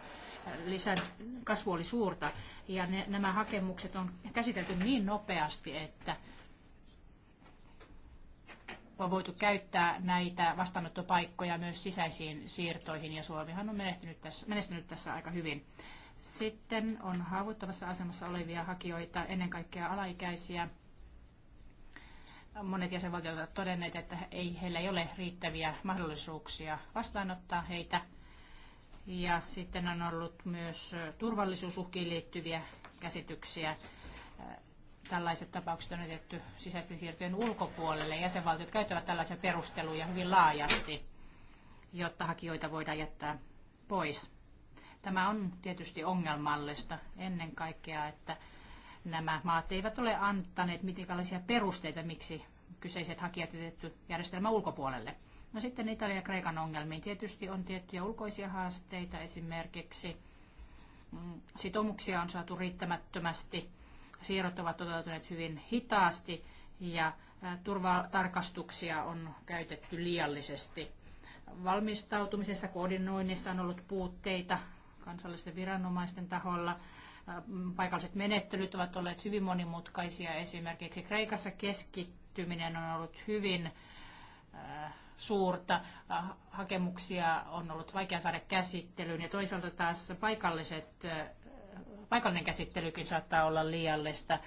Lisän kasvu oli suurta ja ne, nämä hakemukset on käsitelty niin nopeasti, että on voitu käyttää näitä vastaanottopaikkoja myös sisäisiin siirtoihin ja Suomihan on menestynyt tässä, menestynyt tässä aika hyvin. Sitten on haavoittavassa asemassa olevia hakijoita, ennen kaikkea alaikäisiä monet jäsenvaltiot ovat todenneet, että ei, heillä ei ole riittäviä mahdollisuuksia vastaanottaa heitä. Ja sitten on ollut myös turvallisuusuhkiin liittyviä käsityksiä. Tällaiset tapaukset on jätetty sisäisten siirtojen ulkopuolelle. Jäsenvaltiot käyttävät tällaisia perusteluja hyvin laajasti, jotta hakijoita voidaan jättää pois. Tämä on tietysti ongelmallista ennen kaikkea, että nämä maat eivät ole antaneet mitenkään perusteita, miksi kyseiset hakijat jätetty järjestelmän ulkopuolelle. No sitten Italia ja Kreikan ongelmiin tietysti on tiettyjä ulkoisia haasteita, esimerkiksi mm, sitoumuksia on saatu riittämättömästi, siirrot ovat toteutuneet hyvin hitaasti ja turvatarkastuksia on käytetty liiallisesti. Valmistautumisessa koordinoinnissa on ollut puutteita kansallisten viranomaisten taholla paikalliset menettelyt ovat olleet hyvin monimutkaisia. Esimerkiksi Kreikassa keskittyminen on ollut hyvin äh, suurta. Äh, hakemuksia on ollut vaikea saada käsittelyyn ja toisaalta taas paikalliset äh, paikallinen käsittelykin saattaa olla liiallista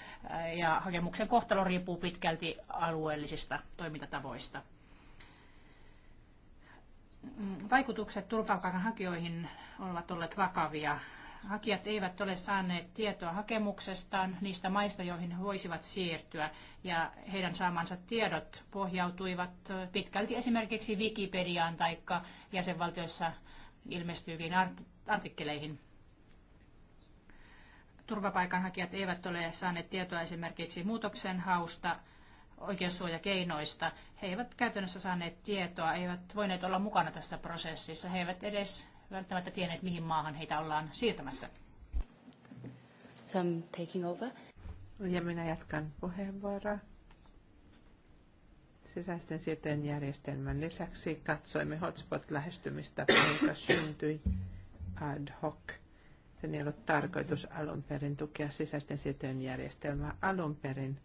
ja hakemuksen kohtalo riippuu pitkälti alueellisista toimintatavoista. Mm, vaikutukset turvapaikanhakijoihin ovat olleet vakavia hakijat eivät ole saaneet tietoa hakemuksestaan niistä maista, joihin he voisivat siirtyä. Ja heidän saamansa tiedot pohjautuivat pitkälti esimerkiksi Wikipediaan tai jäsenvaltioissa ilmestyviin artikkeleihin. Turvapaikanhakijat eivät ole saaneet tietoa esimerkiksi muutoksen hausta, oikeussuojakeinoista. He eivät käytännössä saaneet tietoa, eivät voineet olla mukana tässä prosessissa. He eivät edes välttämättä tienneet, mihin maahan heitä ollaan siirtämässä. So I'm taking over. Ja minä jatkan puheenvuoroa. Sisäisten siirtojen järjestelmän lisäksi katsoimme hotspot-lähestymistä, joka syntyi ad hoc. Sen ei ollut tarkoitus alun perin tukea sisäisten siirtojen järjestelmää. Alun perin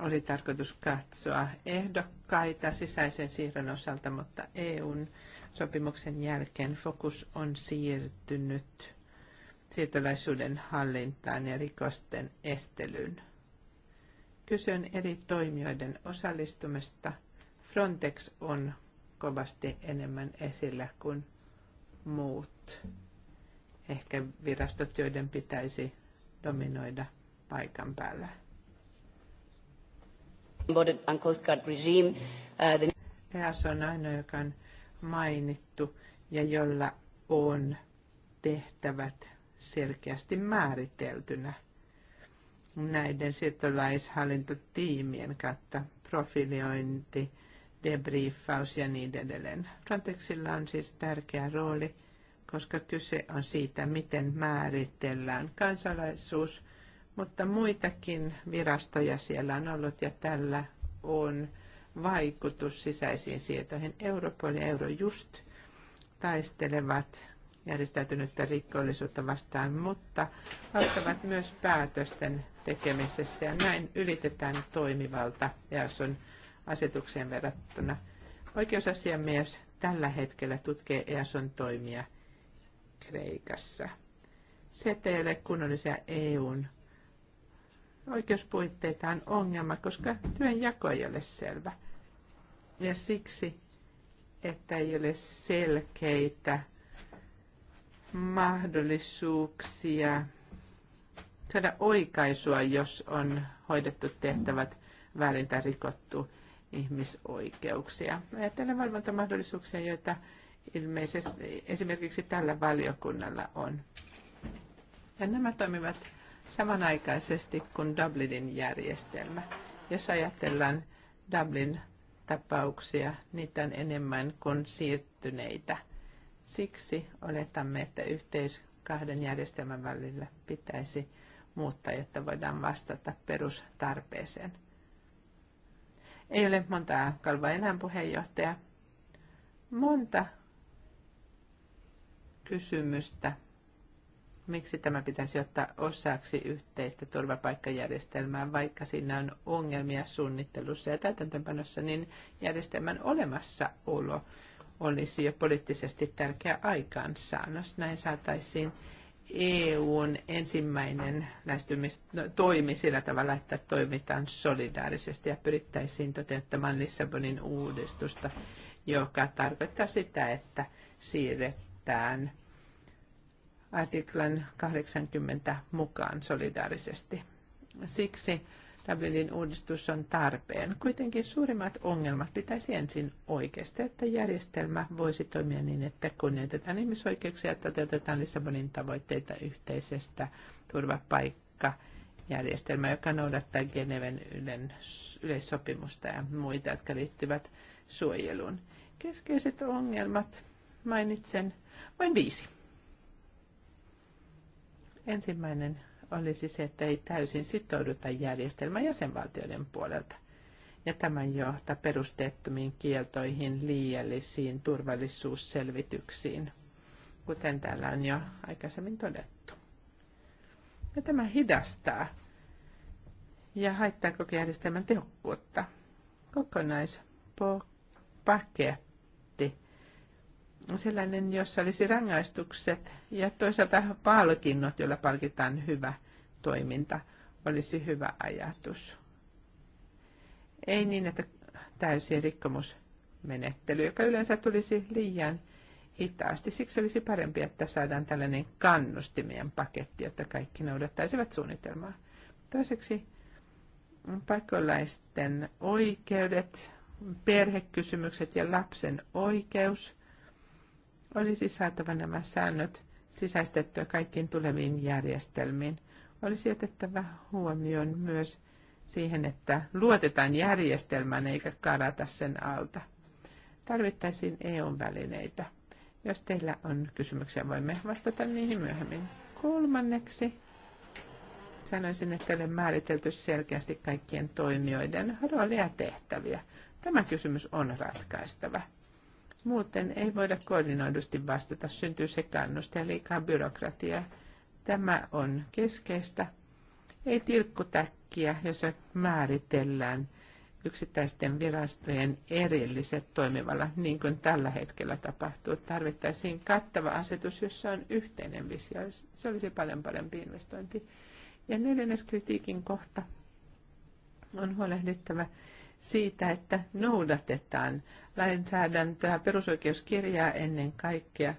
oli tarkoitus katsoa ehdokkaita sisäisen siirron osalta, mutta EUn sopimuksen jälkeen fokus on siirtynyt siirtolaisuuden hallintaan ja rikosten estelyyn. Kyse on eri toimijoiden osallistumista. Frontex on kovasti enemmän esillä kuin muut ehkä virastot, joiden pitäisi dominoida paikan päällä. EAS uh, e on ainoa, joka on mainittu ja jolla on tehtävät selkeästi määriteltynä näiden siirtolaishallintotiimien kautta profiliointi, debriefaus ja niin edelleen. Frontexilla on siis tärkeä rooli, koska kyse on siitä, miten määritellään kansalaisuus, mutta muitakin virastoja siellä on ollut ja tällä on vaikutus sisäisiin siirtoihin. Europol ja Eurojust taistelevat järjestäytynyttä rikollisuutta vastaan, mutta auttavat myös päätösten tekemisessä ja näin ylitetään toimivalta ja sun asetukseen verrattuna. Oikeusasiamies tällä hetkellä tutkee EASON toimia Kreikassa. Se, että ei ole kunnollisia EUn oikeuspuitteita on ongelma, koska työnjako ei ole selvä. Ja siksi, että ei ole selkeitä mahdollisuuksia saada oikaisua, jos on hoidettu tehtävät väärin tai rikottu ihmisoikeuksia. Ajattelen valvontamahdollisuuksia, joita ilmeisesti esimerkiksi tällä valiokunnalla on. Ja nämä toimivat samanaikaisesti kuin Dublinin järjestelmä. Jos ajatellaan Dublin tapauksia, niitä on enemmän kuin siirtyneitä. Siksi oletamme, että yhteis kahden järjestelmän välillä pitäisi muuttaa, jotta voidaan vastata perustarpeeseen. Ei ole montaa kalva enää puheenjohtaja. Monta kysymystä miksi tämä pitäisi ottaa osaksi yhteistä turvapaikkajärjestelmää, vaikka siinä on ongelmia suunnittelussa ja täytäntöönpanossa, niin järjestelmän olemassaolo olisi jo poliittisesti tärkeä aikaansaannos. Näin saataisiin EUn ensimmäinen no, toimi sillä tavalla, että toimitaan solidaarisesti ja pyrittäisiin toteuttamaan Lissabonin uudistusta, joka tarkoittaa sitä, että siirretään – artiklan 80 mukaan solidaarisesti. Siksi Dublinin uudistus on tarpeen. Kuitenkin suurimmat ongelmat pitäisi ensin oikeasti, että järjestelmä voisi toimia niin, että kunnioitetaan ihmisoikeuksia ja toteutetaan Lissabonin tavoitteita yhteisestä turvapaikkajärjestelmää, joka noudattaa Geneven yleissopimusta ja muita, jotka liittyvät suojeluun. Keskeiset ongelmat mainitsen vain viisi. Ensimmäinen olisi se, että ei täysin sitouduta järjestelmän jäsenvaltioiden puolelta. Ja tämän johta perusteettomiin kieltoihin, liiallisiin turvallisuusselvityksiin, kuten täällä on jo aikaisemmin todettu. Ja tämä hidastaa ja haittaa koko järjestelmän tehokkuutta. Kokonaispake sellainen, jossa olisi rangaistukset ja toisaalta palkinnot, joilla palkitaan hyvä toiminta, olisi hyvä ajatus. Ei niin, että täysi rikkomusmenettely, joka yleensä tulisi liian hitaasti. Siksi olisi parempi, että saadaan tällainen kannustimien paketti, jotta kaikki noudattaisivat suunnitelmaa. Toiseksi pakolaisten oikeudet, perhekysymykset ja lapsen oikeus olisi saatava nämä säännöt sisäistettyä kaikkiin tuleviin järjestelmiin. Olisi otettava huomioon myös siihen, että luotetaan järjestelmään eikä karata sen alta. Tarvittaisiin EU-välineitä. Jos teillä on kysymyksiä, voimme vastata niihin myöhemmin. Kolmanneksi sanoisin, että ei ole määritelty selkeästi kaikkien toimijoiden roolia ja tehtäviä. Tämä kysymys on ratkaistava. Muuten ei voida koordinoidusti vastata, syntyy sekannusta ja liikaa byrokratiaa. Tämä on keskeistä. Ei tilkkutäkkiä, jossa määritellään yksittäisten virastojen erilliset toimivalla, niin kuin tällä hetkellä tapahtuu. Tarvittaisiin kattava asetus, jossa on yhteinen visio. Se olisi paljon parempi investointi. Ja neljännes kritiikin kohta on huolehdittava siitä, että noudatetaan lainsäädäntöä, perusoikeuskirjaa ennen kaikkea.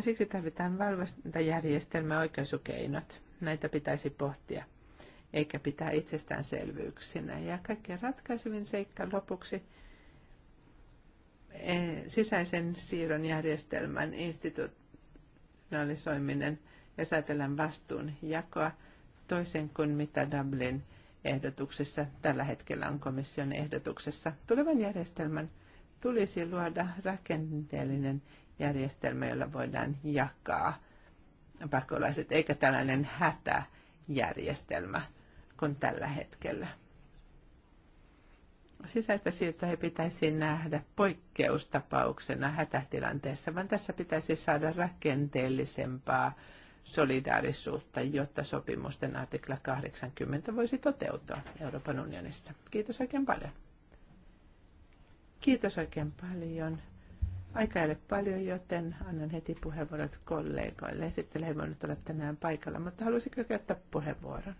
Siksi tarvitaan valvontajärjestelmä oikeusukeinot. Näitä pitäisi pohtia, eikä pitää itsestäänselvyyksinä. Ja kaikkein ratkaisevin seikka lopuksi e, sisäisen siirron järjestelmän institutionalisoiminen, ja ajatellaan vastuun jakoa, toisen kuin mitä Dublin – ehdotuksessa, tällä hetkellä on komission ehdotuksessa. Tulevan järjestelmän tulisi luoda rakenteellinen järjestelmä, jolla voidaan jakaa pakolaiset, eikä tällainen hätäjärjestelmä kuin tällä hetkellä. Sisäistä siirtoa ei pitäisi nähdä poikkeustapauksena hätätilanteessa, vaan tässä pitäisi saada rakenteellisempaa solidaarisuutta, jotta sopimusten artikla 80 voisi toteutua Euroopan unionissa. Kiitos oikein paljon. Kiitos oikein paljon. Aika ei ole paljon, joten annan heti puheenvuorot kollegoille. Sitten ei voinut olla tänään paikalla, mutta haluaisitko käyttää puheenvuoron?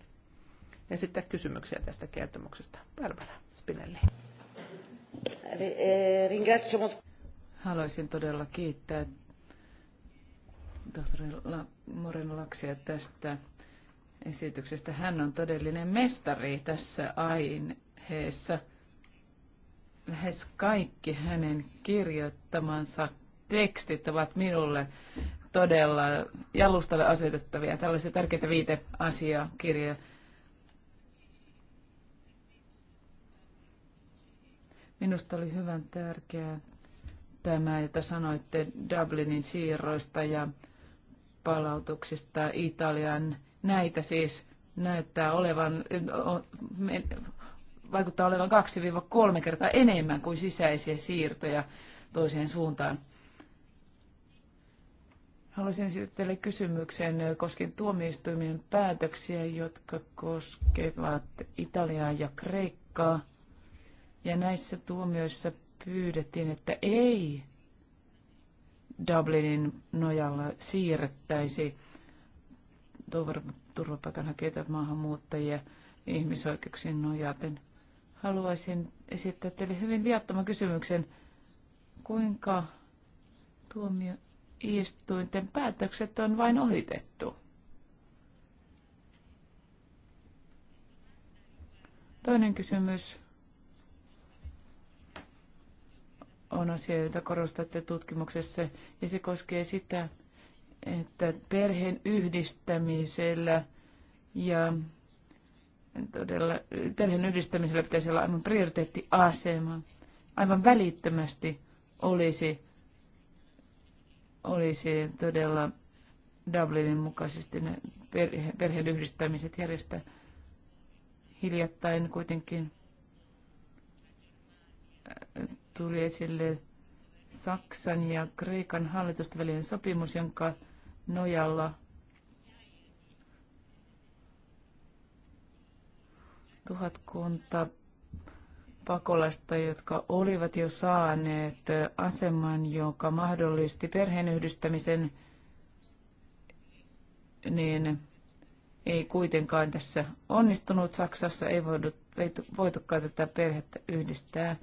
Ja sitten kysymyksiä tästä kertomuksesta. Barbara Spinelli. Eh, Haluaisin todella kiittää tohtori Moreno Laksia tästä esityksestä. Hän on todellinen mestari tässä aiheessa. Lähes kaikki hänen kirjoittamansa tekstit ovat minulle todella jalustalle asetettavia, tällaisia tärkeitä viiteasiakirjoja. Minusta oli hyvän tärkeää tämä, että sanoitte Dublinin siirroista ja palautuksista Italian Näitä siis näyttää olevan, vaikuttaa olevan 2-3 kertaa enemmän kuin sisäisiä siirtoja toiseen suuntaan. Haluaisin sitten teille kysymyksen koskien tuomioistuimien päätöksiä, jotka koskevat Italiaa ja Kreikkaa. Ja näissä tuomioissa pyydettiin, että ei Dublinin nojalla siirrettäisi turvapaikanhakijoita maahanmuuttajia ihmisoikeuksien nojaten. Haluaisin esittää teille hyvin viattoman kysymyksen. Kuinka tuomioistuinten päätökset on vain ohitettu? Toinen kysymys on asia, jota korostatte tutkimuksessa, ja se koskee sitä, että perheen yhdistämisellä ja todella perheen yhdistämisellä pitäisi olla aivan prioriteettiasema. Aivan välittömästi olisi, olisi todella Dublinin mukaisesti ne perhe, perheen yhdistämiset järjestää hiljattain kuitenkin tuli esille Saksan ja Kreikan hallitusten välinen sopimus, jonka nojalla tuhat kunta pakolaista, jotka olivat jo saaneet aseman, joka mahdollisti perheenyhdistämisen, niin ei kuitenkaan tässä onnistunut. Saksassa ei voitu, voitukaan tätä perhettä yhdistää.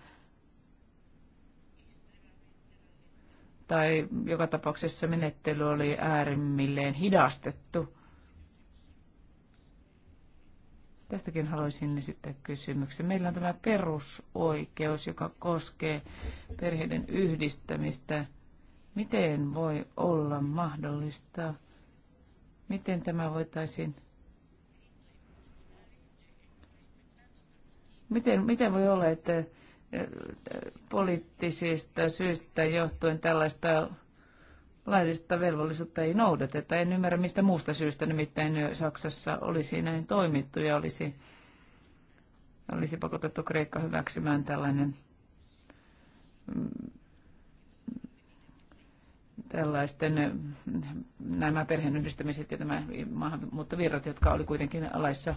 tai joka tapauksessa menettely oli äärimmilleen hidastettu. Tästäkin haluaisin esittää kysymyksen. Meillä on tämä perusoikeus, joka koskee perheiden yhdistämistä. Miten voi olla mahdollista? Miten tämä voitaisiin... Miten, miten voi olla, että poliittisista syistä johtuen tällaista laillista velvollisuutta ei noudateta. En ymmärrä mistä muusta syystä nimittäin Saksassa olisi näin toimittu ja olisi, olisi pakotettu Kreikka hyväksymään tällainen mm, tällaisten nämä perheenyhdistämiset ja nämä maahanmuuttovirrat, jotka oli kuitenkin alaissa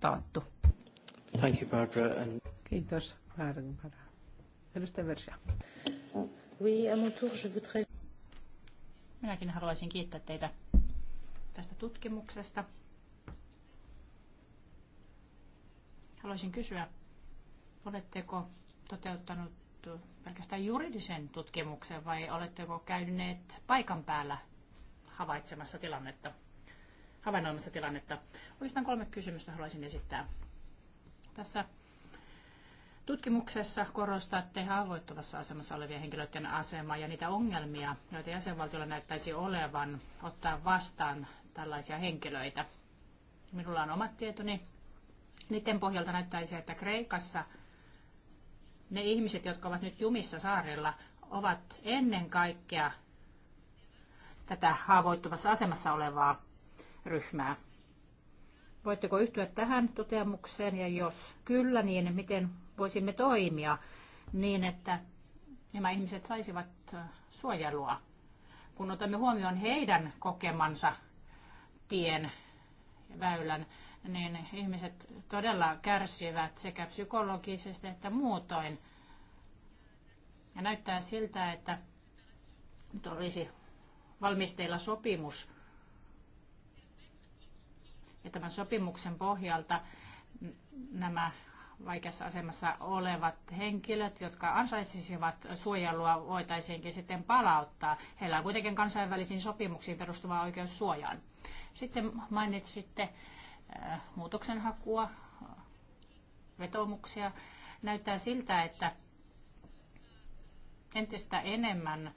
taattu. Thank you, Barbara. And... Kiitos. Barbara. Edustaja Versia. Oui, à mon tour, je voudrais... Minäkin haluaisin kiittää teitä tästä tutkimuksesta. Haluaisin kysyä, oletteko toteuttanut pelkästään juridisen tutkimuksen vai oletteko käyneet paikan päällä havaitsemassa tilannetta, havainnoimassa tilannetta? Oikeastaan kolme kysymystä haluaisin esittää. Tässä Tutkimuksessa korostatte haavoittuvassa asemassa olevien henkilöiden asemaa ja niitä ongelmia, joita jäsenvaltiolla näyttäisi olevan ottaa vastaan tällaisia henkilöitä. Minulla on omat tietoni. Niiden pohjalta näyttäisi, että Kreikassa ne ihmiset, jotka ovat nyt jumissa saarella, ovat ennen kaikkea tätä haavoittuvassa asemassa olevaa ryhmää. Voitteko yhtyä tähän toteamukseen ja jos kyllä, niin miten voisimme toimia niin, että nämä ihmiset saisivat suojelua, kun otamme huomioon heidän kokemansa tien väylän, niin ihmiset todella kärsivät sekä psykologisesti että muutoin. Ja näyttää siltä, että nyt olisi valmisteilla sopimus. Ja tämän sopimuksen pohjalta nämä vaikeassa asemassa olevat henkilöt, jotka ansaitsisivat suojelua, voitaisiinkin sitten palauttaa. Heillä on kuitenkin kansainvälisiin sopimuksiin perustuva oikeus suojaan. Sitten mainitsitte äh, muutoksenhakua, vetomuksia. Näyttää siltä, että entistä enemmän äh,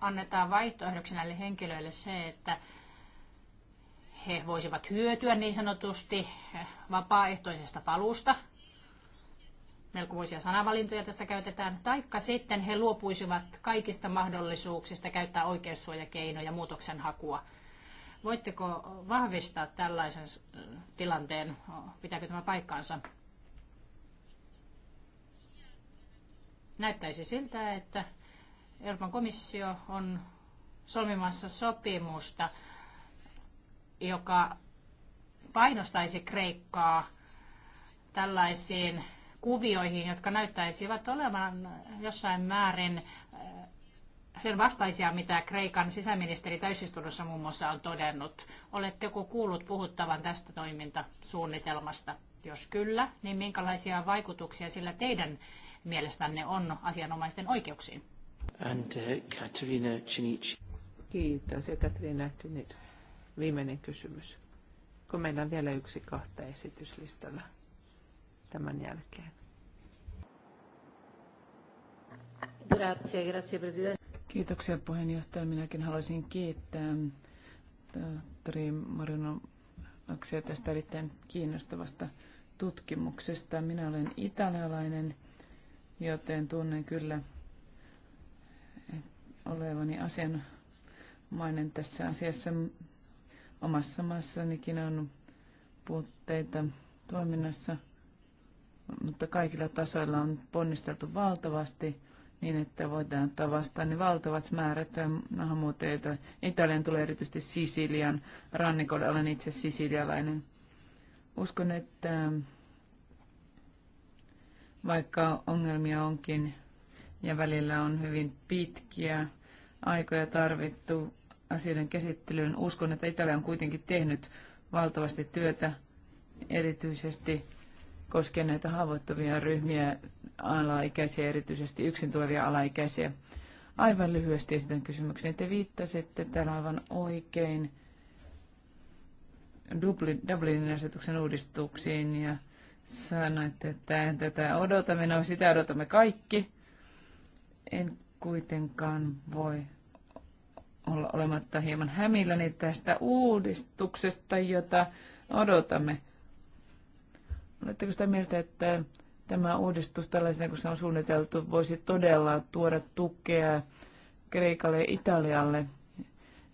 annetaan vaihtoehdoksi näille henkilöille se, että he voisivat hyötyä niin sanotusti vapaaehtoisesta paluusta. Melkoisia sanavalintoja tässä käytetään. Taikka sitten he luopuisivat kaikista mahdollisuuksista käyttää oikeussuojakeinoja hakua. Voitteko vahvistaa tällaisen tilanteen? Pitääkö tämä paikkaansa? Näyttäisi siltä, että Euroopan komissio on solmimassa sopimusta joka painostaisi Kreikkaa tällaisiin kuvioihin, jotka näyttäisivät olevan jossain määrin äh, sen vastaisia, mitä Kreikan sisäministeri täysistunnossa muun muassa on todennut. Oletteko kuullut puhuttavan tästä toimintasuunnitelmasta? Jos kyllä, niin minkälaisia vaikutuksia sillä teidän mielestänne on asianomaisten oikeuksiin? And, uh, Katerina Kiitos ja Katarina Chinichi viimeinen kysymys, kun meillä on vielä yksi kahta esityslistalla tämän jälkeen. Grazie, grazie presidente. Kiitoksia puheenjohtaja. Minäkin haluaisin kiittää Tori Marino Aksia tästä erittäin kiinnostavasta tutkimuksesta. Minä olen italialainen, joten tunnen kyllä olevani asianmainen tässä asiassa omassa maassanikin on puutteita toiminnassa, mutta kaikilla tasoilla on ponnisteltu valtavasti niin, että voidaan ottaa vastaan niin valtavat määrät maahanmuuttajia. Italian tulee erityisesti Sisilian rannikolle, olen itse sisilialainen. Uskon, että vaikka ongelmia onkin ja välillä on hyvin pitkiä aikoja tarvittu asioiden käsittelyyn. Uskon, että Italia on kuitenkin tehnyt valtavasti työtä erityisesti koskien näitä haavoittuvia ryhmiä, alaikäisiä, erityisesti yksin tulevia alaikäisiä. Aivan lyhyesti esitän kysymyksen. Te viittasitte täällä aivan oikein Dublinin asetuksen uudistuksiin ja sanoitte, että tätä odotamme, no sitä odotamme kaikki. En kuitenkaan voi olla olematta hieman hämilläni tästä uudistuksesta, jota odotamme. Oletteko sitä mieltä, että tämä uudistus tällaisena kuin se on suunniteltu voisi todella tuoda tukea Kreikalle ja Italialle,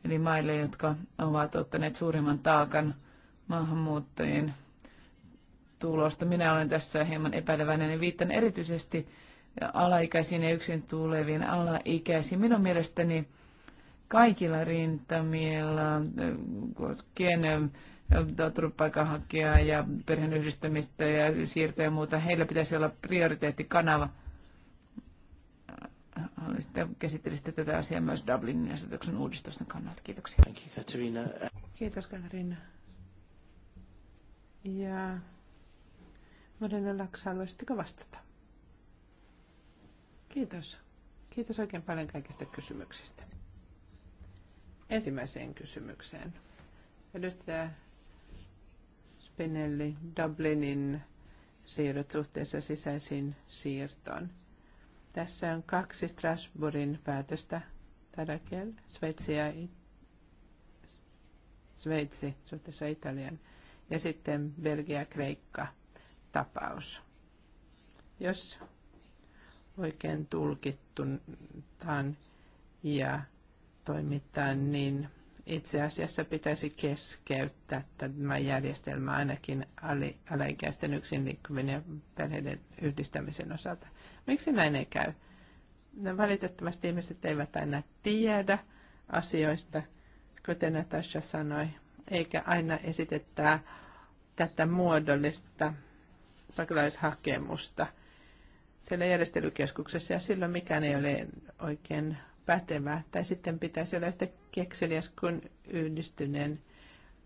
eli maille, jotka ovat ottaneet suurimman taakan maahanmuuttajien tulosta. Minä olen tässä hieman epäileväinen ja viittan erityisesti alaikäisiin ja yksin tuleviin alaikäisiin. Minun mielestäni kaikilla rintamilla koskien turvapaikanhakijaa ja perheenyhdistämistä ja siirtoja ja muuta. Heillä pitäisi olla prioriteettikanava. käsittelisitte tätä asiaa myös Dublinin asetuksen uudistusten kannalta. Kiitoksia. Kiitos, Katarina. Ja Moreno Laksa, haluaisitteko vastata? Kiitos. Kiitos oikein paljon kaikista kysymyksistä ensimmäiseen kysymykseen. Edustaja Spinelli Dublinin siirrot suhteessa sisäisiin siirtoon. Tässä on kaksi Strasbourgin päätöstä. Tadakel, Sveitsi ja It- Sveitsi suhteessa Italian. Ja sitten Belgia-Kreikka tapaus. Jos oikein tulkittu ja toimittaa, niin itse asiassa pitäisi keskeyttää tämä järjestelmä ainakin alaikäisten yksin liikkuminen ja perheiden yhdistämisen osalta. Miksi näin ei käy? No, valitettavasti ihmiset eivät aina tiedä asioista, kuten Natasha sanoi, eikä aina esitettää tätä muodollista pakolaishakemusta siellä järjestelykeskuksessa ja silloin mikään ei ole oikein pätevä tai sitten pitäisi olla yhtä kekseliäs kuin yhdistyneen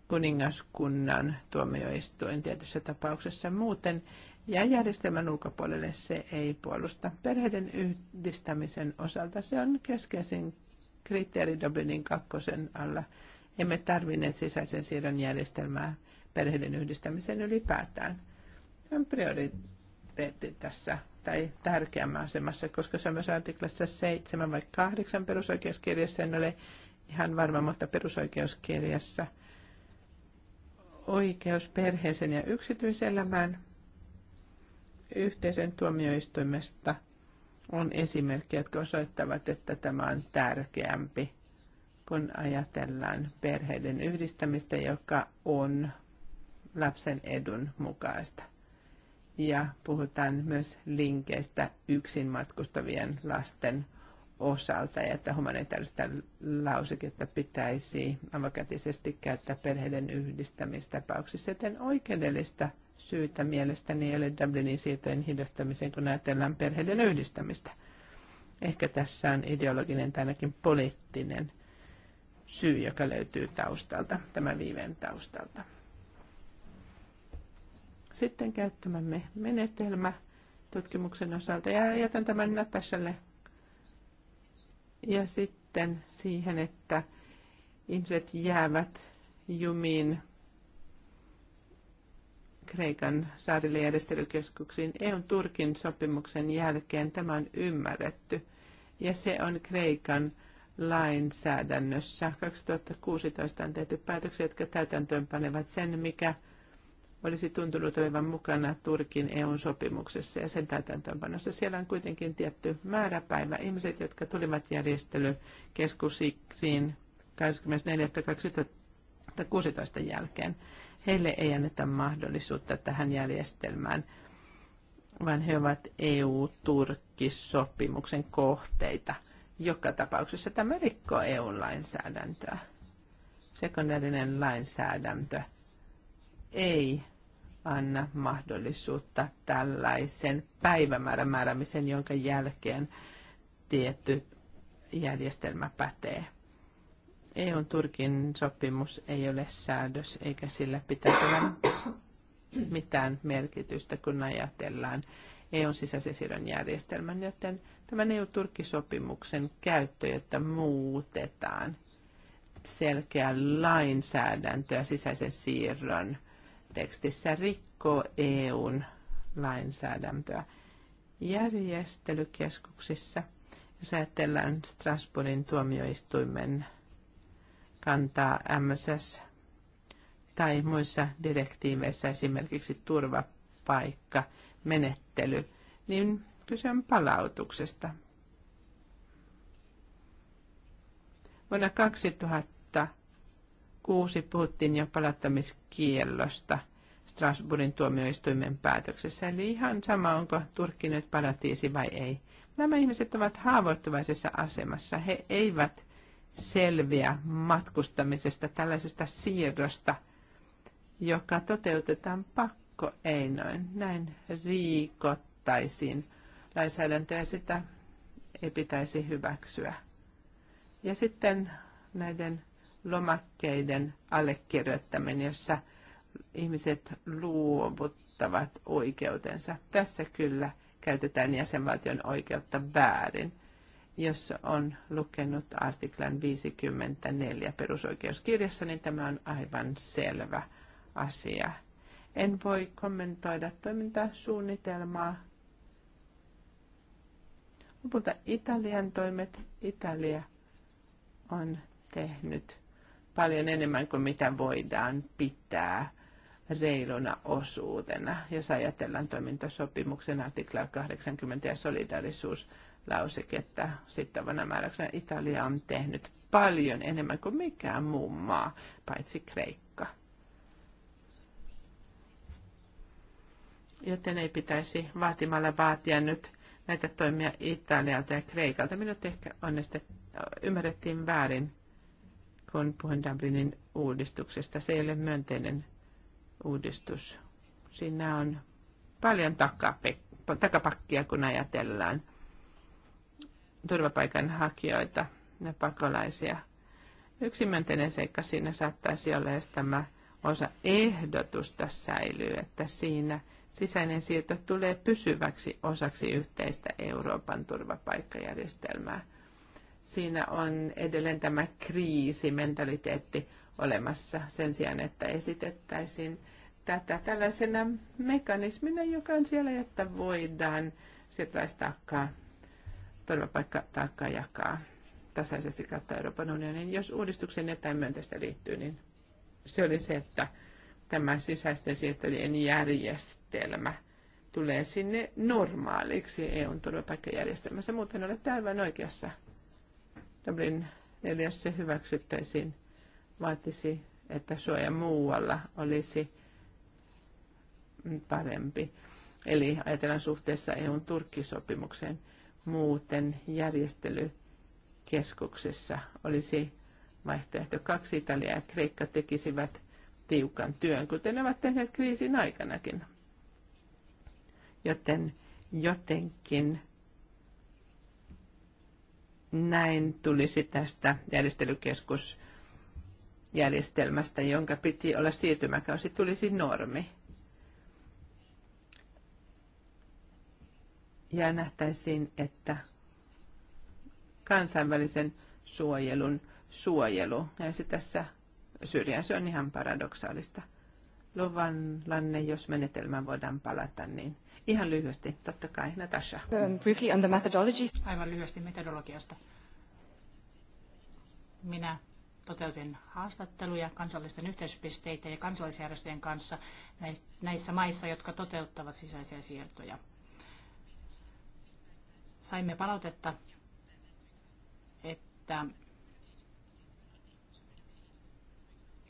kuningaskunnan tuomioistuin tietyssä tapauksessa. Muuten ja järjestelmän ulkopuolelle se ei puolusta. Perheiden yhdistämisen osalta se on keskeisin kriteeri Dublinin kakkosen alla. Emme tarvinneet sisäisen siirron järjestelmää perheiden yhdistämisen ylipäätään. Se on priori- prioriteetti tässä tai tärkeämmässä asemassa, koska samassa artiklassa 7 vai 8 perusoikeuskirjassa, en ole ihan varma, mutta perusoikeuskirjassa oikeus perheeseen ja yksityiselämään yhteisen tuomioistuimesta on esimerkki, jotka osoittavat, että tämä on tärkeämpi, kun ajatellaan perheiden yhdistämistä, joka on lapsen edun mukaista ja puhutaan myös linkeistä yksin matkustavien lasten osalta ja että humanitaarista lauseketta pitäisi avokätisesti käyttää perheiden yhdistämistapauksissa, joten oikeudellista syytä mielestäni ei ole Dublinin siirtojen hidastamiseen, kun ajatellaan perheiden yhdistämistä. Ehkä tässä on ideologinen tai ainakin poliittinen syy, joka löytyy taustalta, tämä viiveen taustalta. Sitten käyttämämme menetelmä tutkimuksen osalta ja jätän tämän Natashalle. Ja sitten siihen, että ihmiset jäävät jumiin Kreikan saarille järjestelykeskuksiin EUn Turkin sopimuksen jälkeen tämä on ymmärretty. Ja se on Kreikan lainsäädännössä. 2016 on tehty päätöksiä, jotka täytäntöönpanevat sen, mikä olisi tuntunut olevan mukana Turkin EU-sopimuksessa ja sen täytäntöönpanossa. Siellä on kuitenkin tietty määräpäivä. Ihmiset, jotka tulivat järjestelykeskuksiin 24.2016 jälkeen, heille ei anneta mahdollisuutta tähän järjestelmään, vaan he ovat EU-Turkki-sopimuksen kohteita. Joka tapauksessa tämä rikkoo EU-lainsäädäntöä. Sekundäärinen lainsäädäntö ei anna mahdollisuutta tällaisen päivämäärän määrämisen, jonka jälkeen tietty järjestelmä pätee. eu Turkin sopimus ei ole säädös, eikä sillä pitäisi olla mitään merkitystä, kun ajatellaan EUn sisäisen siirron järjestelmän, joten tämän eu sopimuksen käyttö, jotta muutetaan selkeää lainsäädäntöä sisäisen siirron – tekstissä rikkoo EUn lainsäädäntöä. Järjestelykeskuksissa, jos ajatellaan Strasbourgin tuomioistuimen kantaa MSS tai muissa direktiiveissä esimerkiksi turvapaikka, menettely, niin kyse on palautuksesta. Vuonna 2000 kuusi puhuttiin jo palauttamiskiellosta Strasbourgin tuomioistuimen päätöksessä. Eli ihan sama, onko Turkki nyt paratiisi vai ei. Nämä ihmiset ovat haavoittuvaisessa asemassa. He eivät selviä matkustamisesta, tällaisesta siirrosta, joka toteutetaan pakkoeinoin. Näin riikottaisiin lainsäädäntöä sitä ei pitäisi hyväksyä. Ja sitten näiden lomakkeiden allekirjoittaminen, jossa ihmiset luovuttavat oikeutensa. Tässä kyllä käytetään jäsenvaltion oikeutta väärin, jos on lukenut artiklan 54 perusoikeuskirjassa, niin tämä on aivan selvä asia. En voi kommentoida toimintasuunnitelmaa. Lopulta Italian toimet. Italia on tehnyt paljon enemmän kuin mitä voidaan pitää reiluna osuutena, jos ajatellaan toimintasopimuksen artikla 80 ja solidarisuuslauseketta sittavana määräksenä. Italia on tehnyt paljon enemmän kuin mikään muu maa, paitsi Kreikka. Joten ei pitäisi vaatimalla vaatia nyt näitä toimia Italialta ja Kreikalta. Minut ehkä onnistet, ymmärrettiin väärin kun puhun Dublinin uudistuksesta. Se ei ole myönteinen uudistus. Siinä on paljon takapakkia, kun ajatellaan turvapaikanhakijoita ja pakolaisia. Yksi myönteinen seikka siinä saattaisi olla, jos tämä osa ehdotusta säilyy, että siinä sisäinen siirto tulee pysyväksi osaksi yhteistä Euroopan turvapaikkajärjestelmää siinä on edelleen tämä kriisimentaliteetti olemassa sen sijaan, että esitettäisiin tätä tällaisena mekanismina, joka on siellä, että voidaan siirtolaistaakkaa, turvapaikkataakkaa jakaa tasaisesti kautta Euroopan unionin. Jos uudistuksen jotain myönteistä liittyy, niin se oli se, että tämä sisäisten siirtojen järjestelmä tulee sinne normaaliksi EUn turvapaikkajärjestelmässä. Muuten olette aivan oikeassa Dublin 4, jos se hyväksyttäisiin, vaatisi, että suoja muualla olisi parempi. Eli ajatellaan suhteessa EUn turkkisopimukseen muuten järjestelykeskuksessa olisi vaihtoehto kaksi Italiaa ja Kreikka tekisivät tiukan työn, kuten ne ovat tehneet kriisin aikanakin. Joten jotenkin näin tulisi tästä järjestelykeskusjärjestelmästä, jonka piti olla siirtymäkausi, tulisi normi. Ja nähtäisiin, että kansainvälisen suojelun suojelu jäisi tässä syrjään. Se on ihan paradoksaalista. lanne, jos menetelmään voidaan palata, niin – Ihan lyhyesti, totta kai, Natasha. Um, briefly on the methodologies. Aivan lyhyesti metodologiasta. Minä toteutin haastatteluja kansallisten yhteyspisteitä ja kansallisjärjestöjen kanssa näissä maissa, jotka toteuttavat sisäisiä siirtoja. Saimme palautetta, että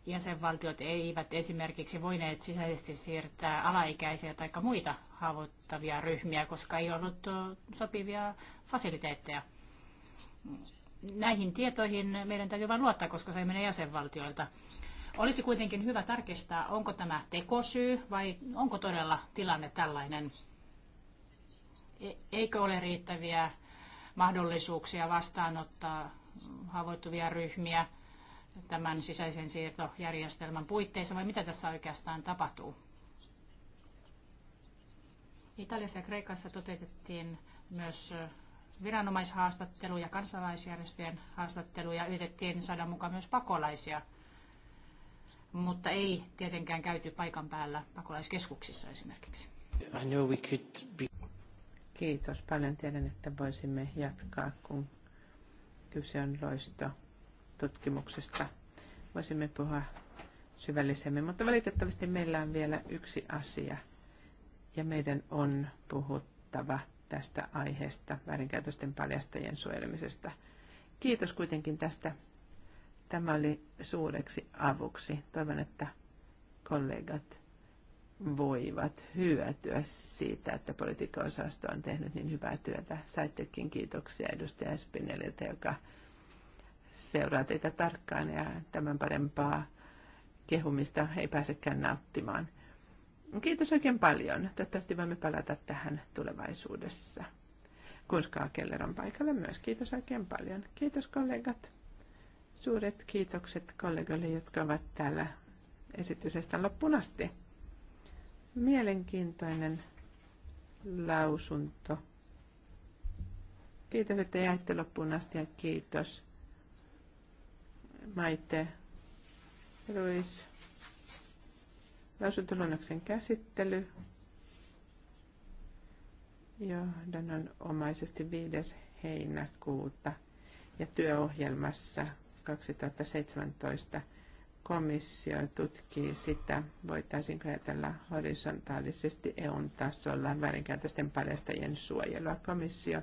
jäsenvaltiot eivät esimerkiksi voineet sisäisesti siirtää alaikäisiä tai muita haavoittavia ryhmiä, koska ei ollut sopivia fasiliteetteja. Näihin tietoihin meidän täytyy vain luottaa, koska se mene jäsenvaltioilta. Olisi kuitenkin hyvä tarkistaa, onko tämä tekosyy vai onko todella tilanne tällainen. E, eikö ole riittäviä mahdollisuuksia vastaanottaa haavoittuvia ryhmiä? tämän sisäisen siirtojärjestelmän puitteissa vai mitä tässä oikeastaan tapahtuu? Italiassa ja Kreikassa toteutettiin myös viranomaishaastatteluja, kansalaisjärjestöjen haastatteluja, yritettiin saada mukaan myös pakolaisia, mutta ei tietenkään käyty paikan päällä pakolaiskeskuksissa esimerkiksi. Be... Kiitos paljon. Tiedän, että voisimme jatkaa, kun kyse on loisto tutkimuksesta voisimme puhua syvällisemmin, mutta valitettavasti meillä on vielä yksi asia ja meidän on puhuttava tästä aiheesta, väärinkäytösten paljastajien suojelemisesta. Kiitos kuitenkin tästä. Tämä oli suureksi avuksi. Toivon, että kollegat voivat hyötyä siitä, että politiikkaosasto on tehnyt niin hyvää työtä. Saittekin kiitoksia edustaja Espineliltä, joka seuraa teitä tarkkaan ja tämän parempaa kehumista ei pääsekään nauttimaan. Kiitos oikein paljon. Toivottavasti voimme palata tähän tulevaisuudessa. Kunskaa Keller on paikalla myös. Kiitos oikein paljon. Kiitos kollegat. Suuret kiitokset kollegoille, jotka ovat täällä esityksestä loppuun asti. Mielenkiintoinen lausunto. Kiitos, että jäitte loppuun asti ja kiitos Maite Ruis. Lausuntoluonnoksen käsittely. on omaisesti 5. heinäkuuta ja työohjelmassa 2017 komissio tutkii sitä, voitaisiinko ajatella horisontaalisesti EUn tasolla väärinkäytösten paljastajien suojelua. Komissio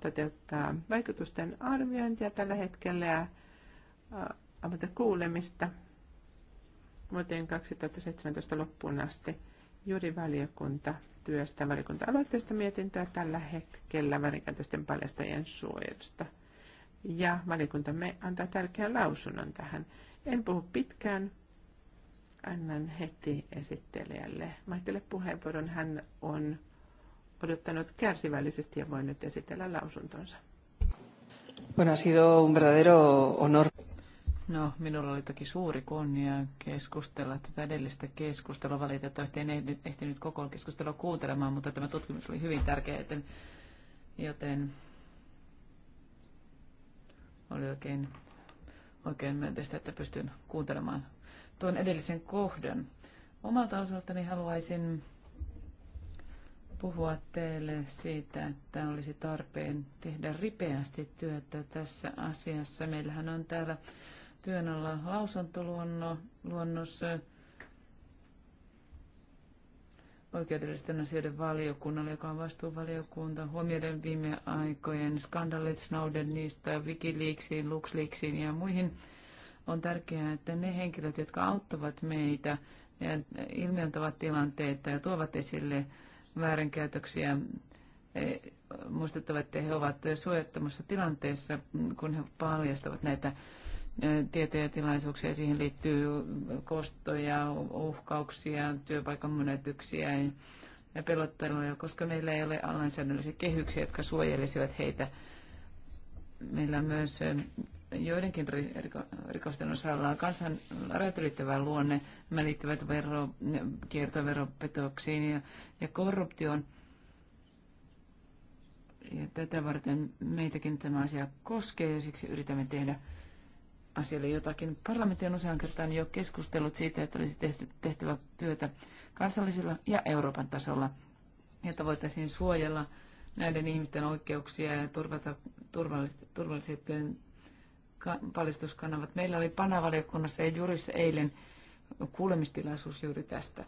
toteuttaa vaikutusten arviointia tällä hetkellä ja avata kuulemista vuoteen 2017 loppuun asti. Juuri valiokunta työstää valiokunta-aloitteista mietintöä tällä hetkellä välikäytösten paljastajien suojelusta. Ja valiokuntamme antaa tärkeän lausunnon tähän. En puhu pitkään. Annan heti esittelijälle Maitelle puheenvuoron. Hän on odottanut kärsivällisesti ja voinut nyt esitellä lausuntonsa. Bueno, ha sido un verdadero honor. No, minulla oli toki suuri kunnia keskustella tätä edellistä keskustelua. Valitettavasti en ehtinyt koko keskustelua kuuntelemaan, mutta tämä tutkimus oli hyvin tärkeä, joten, joten oli oikein, oikein myönteistä, että pystyn kuuntelemaan tuon edellisen kohdan. Omalta osaltani haluaisin puhua teille siitä, että olisi tarpeen tehdä ripeästi työtä tässä asiassa. Meillähän on täällä työn alla lausuntoluonnos oikeudellisten asioiden valiokunnalle, joka on vastuuvaliokunta, huomioiden viime aikojen skandaalit Snowden niistä Wikileaksiin, LuxLeaksiin ja muihin. On tärkeää, että ne henkilöt, jotka auttavat meitä ja ilmiöntävät tilanteita ja tuovat esille väärinkäytöksiä, e, muistettava, että he ovat suojattomassa tilanteessa, kun he paljastavat näitä tietoja ja tilaisuuksia. Siihen liittyy kostoja, uhkauksia, työpaikan menetyksiä ja pelottelua, koska meillä ei ole lainsäädännöllisiä kehyksiä, jotka suojelisivat heitä. Meillä on myös joidenkin rikosten osalla on kansan rajatylittävä luonne. Nämä liittyvät vero, kiertoveropetoksiin ja, ja korruptioon. Ja tätä varten meitäkin tämä asia koskee ja siksi yritämme tehdä asialle jotakin. Parlamentti on usean kertaan jo keskustellut siitä, että olisi tehty, tehtävä työtä kansallisella ja Euroopan tasolla, jotta voitaisiin suojella näiden ihmisten oikeuksia ja turvata turvalliset, turvalliset paljastuskanavat. Meillä oli panavaliokunnassa ja jurissa eilen kuulemistilaisuus juuri tästä.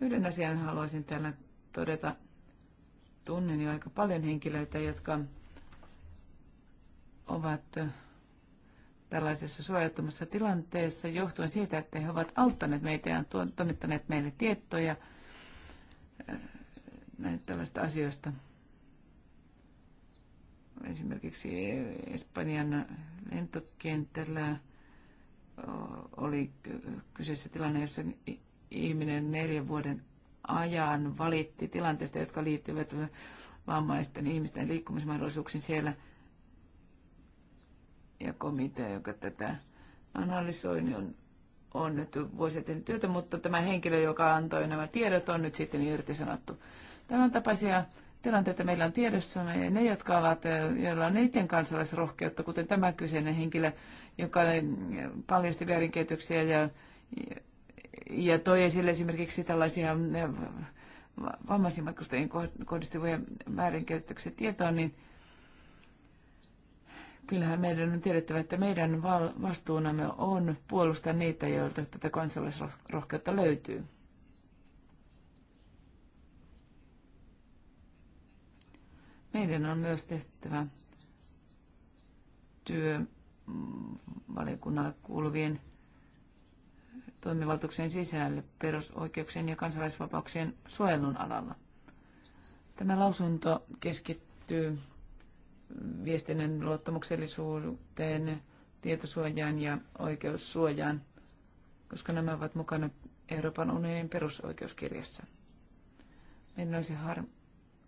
Yhden asian haluaisin täällä todeta. Tunnen jo aika paljon henkilöitä, jotka ovat tällaisessa suojattomassa tilanteessa johtuen siitä, että he ovat auttaneet meitä ja toimittaneet meille tietoja äh, näitä tällaista asioista. Esimerkiksi Espanjan lentokentällä oli kyseessä tilanne, jossa ihminen neljän vuoden ajan valitti tilanteesta, jotka liittyvät vammaisten ihmisten liikkumismahdollisuuksiin siellä – ja komitea, joka tätä analysoi, niin on, on nyt vuosia tehnyt työtä, mutta tämä henkilö, joka antoi nämä tiedot, on nyt sitten irtisanottu. Tämän tapaisia tilanteita meillä on tiedossa ja ne, jotka ovat, joilla on eniten kansalaisrohkeutta, kuten tämä kyseinen henkilö, joka paljasti väärinkäytöksiä ja, ja toi esille esimerkiksi tällaisia äh, vammaisimmat matkustajien kohdistuvia väärinkäytöksiä tietoon, niin kyllähän meidän on tiedettävä, että meidän vastuunamme on puolustaa niitä, joilta tätä kansallisrohkeutta löytyy. Meidän on myös tehtävä työvaliokunnalle kuuluvien toimivaltuuksien sisälle perusoikeuksien ja kansalaisvapauksien suojelun alalla. Tämä lausunto keskittyy viestinnän luottamuksellisuuteen, tietosuojaan ja oikeussuojaan, koska nämä ovat mukana Euroopan unionin perusoikeuskirjassa. Meidän olisi har-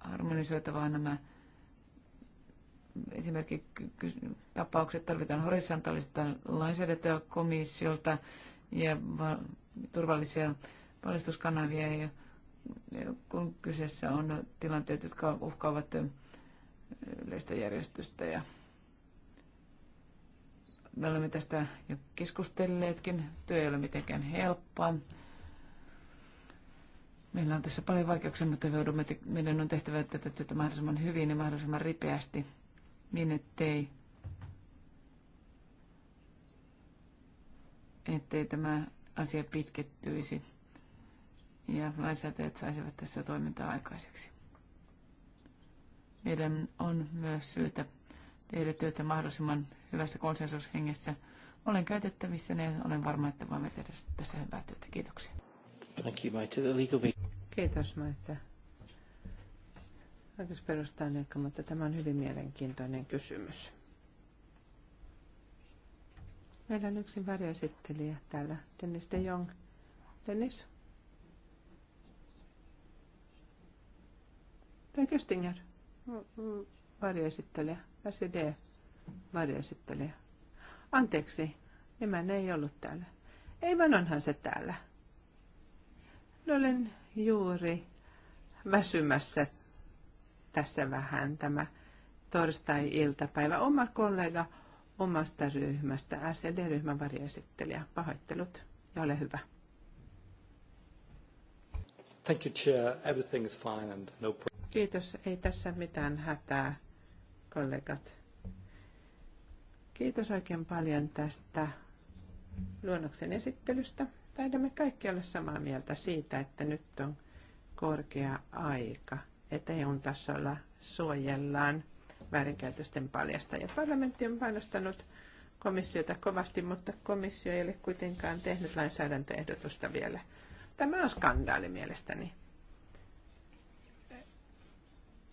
harmonisoitavaa nämä esimerkiksi tapaukset tarvitaan horisontaalista lainsäädäntöä komissiolta ja turvallisia valistuskanavia, ja kun kyseessä on tilanteet, jotka uhkaavat yleistä järjestystä. Ja me olemme tästä jo keskustelleetkin. Työ ei ole mitenkään helppoa. Meillä on tässä paljon vaikeuksia, mutta joudumme meidän on tehtävä tätä työtä mahdollisimman hyvin ja mahdollisimman ripeästi niin, ettei, ettei tämä asia pitkettyisi ja lainsäätäjät saisivat tässä toimintaa aikaiseksi. Meidän on myös syytä tehdä työtä mahdollisimman hyvässä konsensushengessä. Olen käytettävissä ja olen varma, että voimme tehdä tässä hyvää työtä. Kiitoksia. Thank you, Maite. The legal... Kiitos, Maite. Oikeusperustaan ehkä, mutta tämä on hyvin mielenkiintoinen kysymys. Meillä on yksi väriesittelijä täällä, Dennis de Jong. Dennis? Tai Köstinger? varjoesittelijä, SD varjoesittelijä. Anteeksi, nimeni ei ollut täällä. Ei vaan onhan se täällä. No olen juuri väsymässä tässä vähän tämä torstai-iltapäivä. Oma kollega omasta ryhmästä, SED-ryhmän varjoesittelijä. Pahoittelut ja ole hyvä. Thank you, Chair. Everything is fine and no problem. Kiitos, ei tässä mitään hätää, kollegat. Kiitos oikein paljon tästä luonnoksen esittelystä. Taidamme kaikki olla samaa mieltä siitä, että nyt on korkea aika, että EUn tasolla suojellaan väärinkäytösten paljasta. Ja parlamentti on painostanut komissiota kovasti, mutta komissio ei ole kuitenkaan tehnyt lainsäädäntöehdotusta vielä. Tämä on skandaali mielestäni.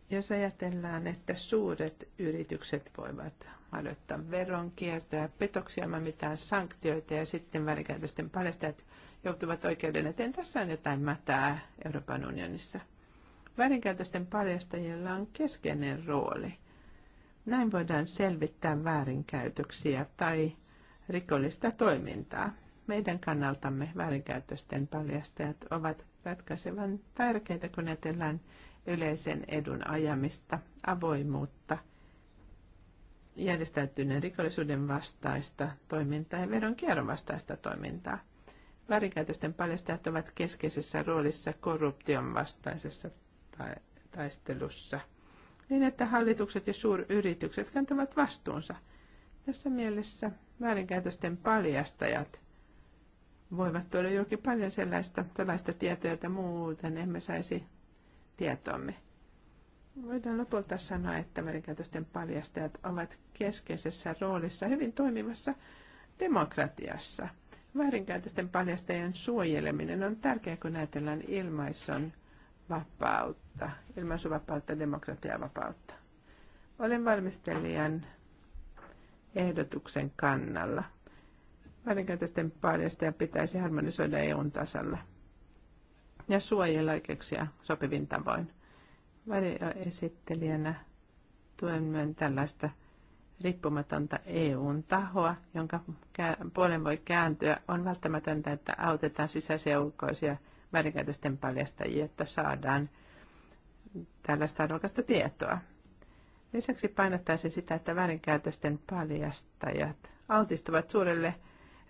Jos ajatellaan, että suuret yritykset voivat aloittaa veronkiertoa ja petoksia ilman mitään sanktioita ja sitten välikäytösten paljastajat joutuvat oikeuden eteen. Tässä on jotain mätää Euroopan unionissa. Väärinkäytösten paljastajilla on keskeinen rooli. Näin voidaan selvittää väärinkäytöksiä tai rikollista toimintaa. Meidän kannaltamme väärinkäytösten paljastajat ovat ratkaisevan tärkeitä, kun ajatellaan yleisen edun ajamista, avoimuutta, järjestäytyneen rikollisuuden vastaista toimintaa ja veronkierron vastaista toimintaa. Värikäytösten paljastajat ovat keskeisessä roolissa korruption vastaisessa taistelussa, niin että hallitukset ja suuryritykset kantavat vastuunsa. Tässä mielessä väärinkäytösten paljastajat voivat tuoda julki paljon sellaista, sellaista tietoa, jota muuten emme saisi tietoamme. Voidaan lopulta sanoa, että merikäytösten paljastajat ovat keskeisessä roolissa hyvin toimivassa demokratiassa. Väärinkäytösten paljastajien suojeleminen on tärkeää, kun ajatellaan ilmaisun vapautta, ilmaisuvapautta, demokratiavapautta. Olen valmistelijan ehdotuksen kannalla. Väärinkäytösten paljastaja pitäisi harmonisoida EUn tasalla – ja suojella oikeuksia sopivin tavoin. Varjoesittelijänä tuen myön tällaista riippumatonta EUn tahoa, jonka puolen voi kääntyä. On välttämätöntä, että autetaan sisäisiä ulkoisia väärinkäytösten paljastajia, että saadaan tällaista arvokasta tietoa. Lisäksi painottaisi sitä, että väärinkäytösten paljastajat altistuvat suurelle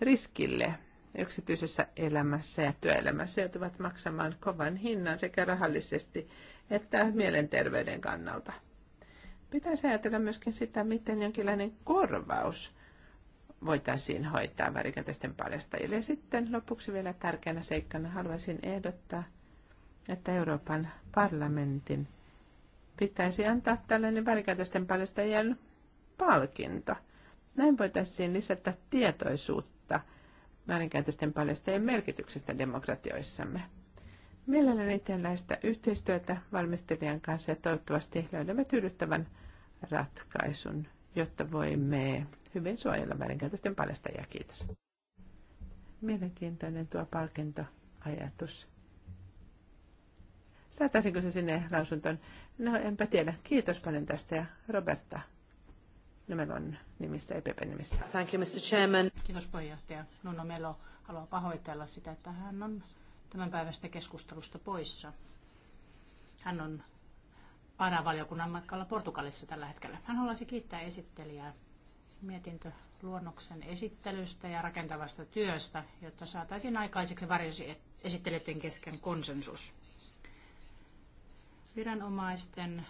riskille yksityisessä elämässä ja työelämässä joutuvat maksamaan kovan hinnan sekä rahallisesti että mielenterveyden kannalta. Pitäisi ajatella myöskin sitä, miten jonkinlainen korvaus voitaisiin hoitaa värikätesten paljastajille. Ja sitten lopuksi vielä tärkeänä seikkana haluaisin ehdottaa, että Euroopan parlamentin pitäisi antaa tällainen värikätesten paljastajien palkinto. Näin voitaisiin lisätä tietoisuutta väärinkäytösten paljastajien merkityksestä demokratioissamme. Mielelläni teen näistä yhteistyötä valmistelijan kanssa ja toivottavasti löydämme tyydyttävän ratkaisun, jotta voimme hyvin suojella väärinkäytösten paljastajia. Kiitos. Mielenkiintoinen tuo palkintoajatus. Saataisinko se sinne lausuntoon? No enpä tiedä. Kiitos paljon tästä ja Roberta Numelon nimissä, EPPn nimissä. Thank you, Mr. Chairman. Kiitos puheenjohtaja. Nuno Melo haluaa pahoitella sitä, että hän on tämän päivästä keskustelusta poissa. Hän on varavaliokunnan matkalla Portugalissa tällä hetkellä. Hän haluaisi kiittää esittelijää mietintöluonnoksen esittelystä ja rakentavasta työstä, jotta saataisiin aikaiseksi varjosi esittelijöiden kesken konsensus. Viranomaisten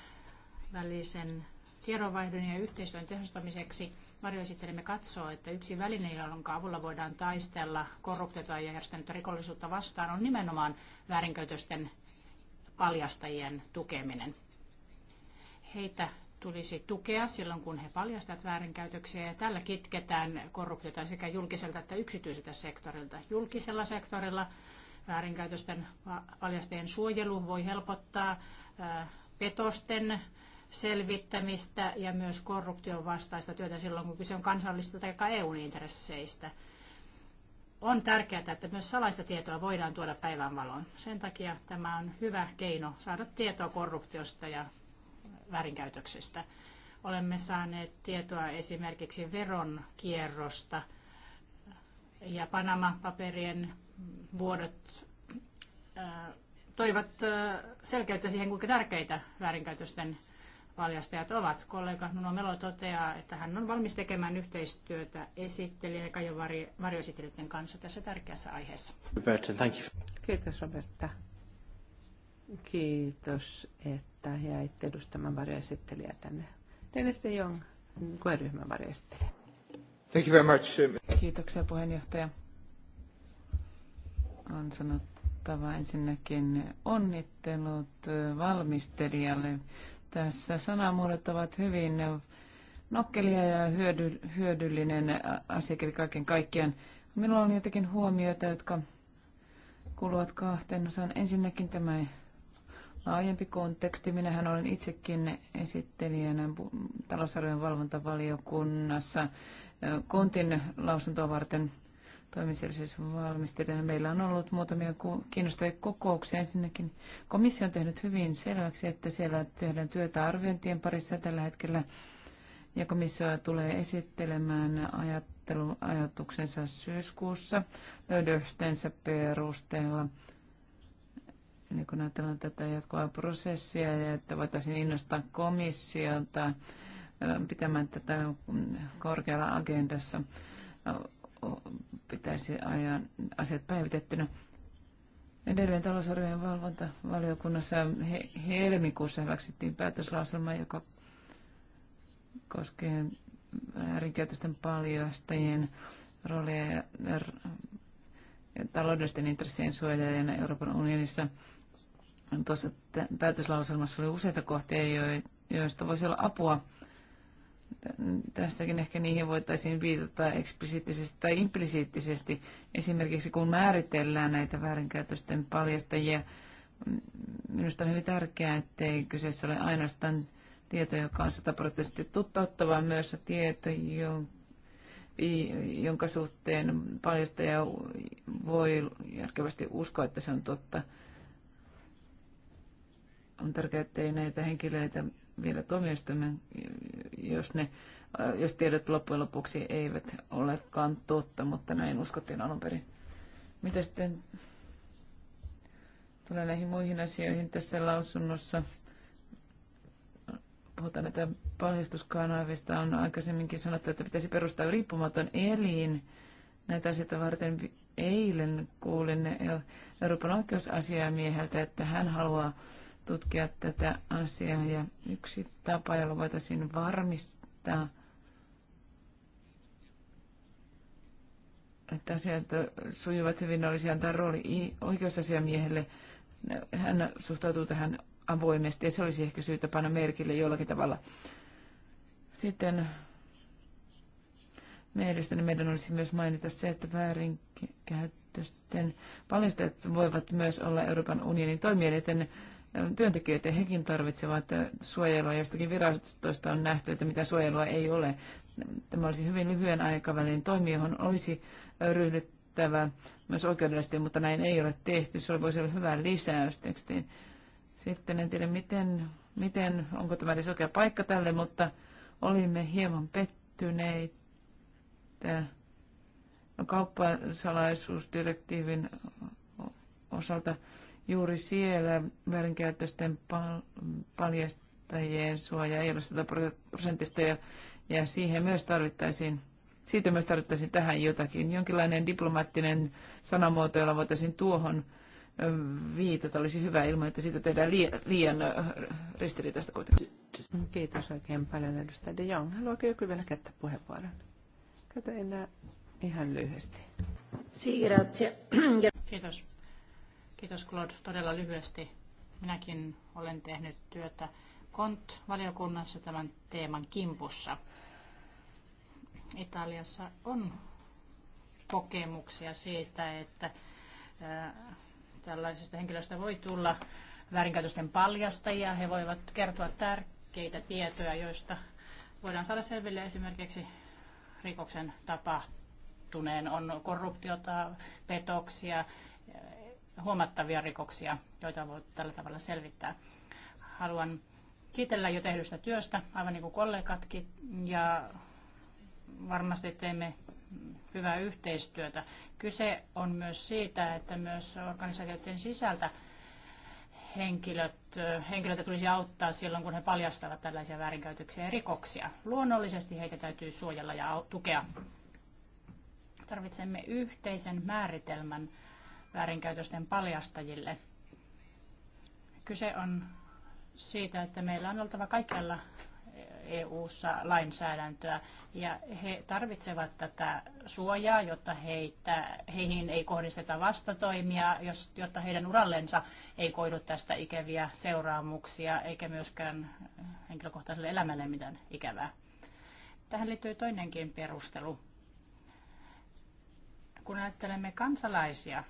välisen tiedonvaihdon ja yhteistyön tehostamiseksi varjoesittelemme katsoo, että yksi väline, jonka avulla voidaan taistella korruptiota ja järjestänyt rikollisuutta vastaan, on nimenomaan väärinkäytösten paljastajien tukeminen. Heitä tulisi tukea silloin, kun he paljastavat väärinkäytöksiä. Ja tällä kitketään korruptiota sekä julkiselta että yksityiseltä sektorilta. Julkisella sektorilla väärinkäytösten paljastajien suojelu voi helpottaa petosten selvittämistä ja myös korruption vastaista työtä silloin, kun kyse on kansallista tai eu intresseistä. On tärkeää, että myös salaista tietoa voidaan tuoda päivänvaloon. Sen takia tämä on hyvä keino saada tietoa korruptiosta ja väärinkäytöksestä. Olemme saaneet tietoa esimerkiksi veronkierrosta ja Panama-paperien vuodot äh, toivat äh, selkeyttä siihen, kuinka tärkeitä väärinkäytösten valjastajat ovat. Kollega Nuno Melo toteaa, että hän on valmis tekemään yhteistyötä esittelijä ja varjoesittelijöiden kanssa tässä tärkeässä aiheessa. Roberta, thank you. Kiitos Roberta. Kiitos, että jäit edustamaan varjoesittelijää tänne. Dennis de Jong, koeryhmän varjoesittelijä. Thank you very much. Um, Kiitoksia puheenjohtaja. On sanottava ensinnäkin onnittelut valmistelijalle tässä sanamuodot ovat hyvin nokkelia ja hyödy, hyödyllinen asiakirja kaiken kaikkiaan. Minulla on jotakin huomioita, jotka kuuluvat kahteen osaan. Ensinnäkin tämä laajempi konteksti. Minähän olen itsekin esittelijänä talousarvion valvontavaliokunnassa kontin lausuntoa varten – valmistelijana. Meillä on ollut muutamia kiinnostavia kokouksia. Ensinnäkin komissio on tehnyt hyvin selväksi, että siellä tehdään työtä arviointien parissa tällä hetkellä. Ja komissio tulee esittelemään ajattelu, ajatuksensa syyskuussa löydöstensä perusteella. Niin kun ajatellaan tätä jatkuvaa prosessia ja että voitaisiin innostaa komissiota pitämään tätä korkealla agendassa pitäisi ajan asiat päivitettynä. Edelleen talousarvojen valiokunnassa he, helmikuussa hyväksyttiin päätöslauselma, joka koskee väärinkäytösten paljastajien roolia ja, ja taloudellisten intressien suojaajana Euroopan unionissa. Tuossa päätöslauselmassa oli useita kohtia, joista voisi olla apua tässäkin ehkä niihin voitaisiin viitata eksplisiittisesti tai implisiittisesti. Esimerkiksi kun määritellään näitä väärinkäytösten paljastajia, minusta on hyvin tärkeää, ettei kyseessä ole ainoastaan tieto, joka on sataprosenttisesti tuttautta, vaan myös tieto, jonka suhteen paljastaja voi järkevästi uskoa, että se on totta. On tärkeää, ettei näitä henkilöitä vielä tuomioistuimen, jos, ne, jos tiedot loppujen lopuksi eivät olekaan totta, mutta näin uskottiin alun perin. Mitä sitten tulee näihin muihin asioihin tässä lausunnossa? Puhutaan näitä paljastuskanavista. On aikaisemminkin sanottu, että pitäisi perustaa riippumaton elin näitä asioita varten. Eilen kuulin Euroopan oikeusasiamieheltä, että hän haluaa tutkia tätä asiaa. Ja yksi tapa, jolla voitaisiin varmistaa, että asiat sujuvat hyvin, olisi antaa rooli oikeusasiamiehelle. Hän suhtautuu tähän avoimesti ja se olisi ehkä syytä panna merkille jollakin tavalla. Sitten mielestäni meidän olisi myös mainita se, että väärinkäyttöisten paljastajat voivat myös olla Euroopan unionin toimielinten työntekijöitä. Hekin tarvitsevat suojelua. Jostakin virastoista on nähty, että mitä suojelua ei ole. Tämä olisi hyvin lyhyen aikavälin toimi, johon olisi ryhdyttävä myös oikeudellisesti, mutta näin ei ole tehty. Se voisi olla hyvä lisäys tekstiin. Sitten en tiedä, miten, miten onko tämä edes oikea paikka tälle, mutta olimme hieman pettyneitä no, kauppasalaisuusdirektiivin osalta juuri siellä väärinkäytösten paljastajien suoja ei ole 100 prosentista ja, ja siihen myös tarvittaisiin siitä myös tarvittaisiin tähän jotakin. Jonkinlainen diplomaattinen sanamuoto, jolla voitaisiin tuohon viitata, olisi hyvä ilman, että siitä tehdään liian ristiriitaista kuitenkin. Kiitos oikein paljon edustaja De Jong. Haluaako joku vielä käyttää puheenvuoron? Kato enää ihan lyhyesti. Kiitos. Kiitos Claude. Todella lyhyesti. Minäkin olen tehnyt työtä KONT-valiokunnassa tämän teeman kimpussa. Italiassa on kokemuksia siitä, että tällaisista henkilöistä voi tulla väärinkäytösten paljastajia. He voivat kertoa tärkeitä tietoja, joista voidaan saada selville esimerkiksi rikoksen tapahtuneen. On korruptiota, petoksia, huomattavia rikoksia, joita voi tällä tavalla selvittää. Haluan kiitellä jo tehdystä työstä, aivan niin kuin kollegatkin, ja varmasti teemme hyvää yhteistyötä. Kyse on myös siitä, että myös organisaatioiden sisältä henkilöt, henkilöitä tulisi auttaa silloin, kun he paljastavat tällaisia väärinkäytöksiä ja rikoksia. Luonnollisesti heitä täytyy suojella ja tukea. Tarvitsemme yhteisen määritelmän väärinkäytösten paljastajille. Kyse on siitä, että meillä on oltava kaikkialla EU-ssa lainsäädäntöä ja he tarvitsevat tätä suojaa, jotta heitä, heihin ei kohdisteta vastatoimia, jos, jotta heidän urallensa ei koidu tästä ikäviä seuraamuksia eikä myöskään henkilökohtaiselle elämälle mitään ikävää. Tähän liittyy toinenkin perustelu. Kun ajattelemme kansalaisia,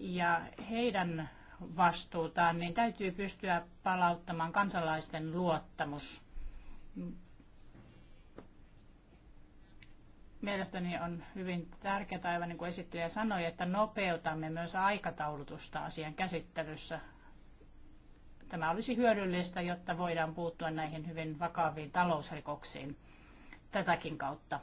ja heidän vastuutaan, niin täytyy pystyä palauttamaan kansalaisten luottamus. Mielestäni on hyvin tärkeää, aivan niin kuin esittelijä sanoi, että nopeutamme myös aikataulutusta asian käsittelyssä. Tämä olisi hyödyllistä, jotta voidaan puuttua näihin hyvin vakaviin talousrikoksiin tätäkin kautta.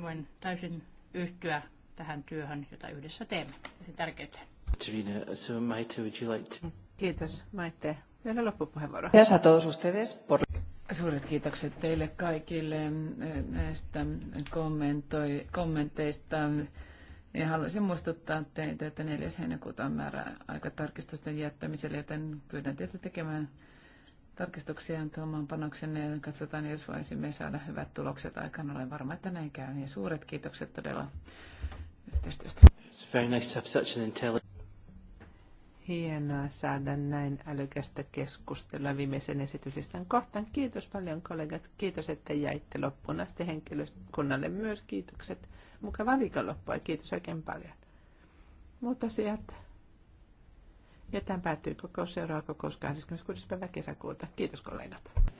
Voin täysin yhtyä tähän työhön, jota yhdessä teemme ja sen tärkeyteen. Trina, so Maite, would you like to... Kiitos, Maite. Vielä loppupuheenvuoro. Ja a todos por... Suuret kiitokset teille kaikille eh, näistä kommenteista. Ja haluaisin muistuttaa teitä, että 4. heinäkuuta on määrä aika tarkistusten jättämiselle, joten pyydän teitä tekemään tarkistuksia tuomaan panoksenne ja katsotaan, jos voisimme saada hyvät tulokset aikaan. Olen varma, että näin käy. Ja suuret kiitokset todella yhteistyöstä. Hienoa saada näin älykästä keskustelua viimeisen esityslistan kohtaan. Kiitos paljon kollegat. Kiitos, että jäitte loppuun asti henkilökunnalle myös. Kiitokset. Mukavaa viikonloppua. Kiitos oikein paljon. Muut asiat. tämän päättyy kokous. Seuraava kokous 26. päivä kesäkuuta. Kiitos kollegat.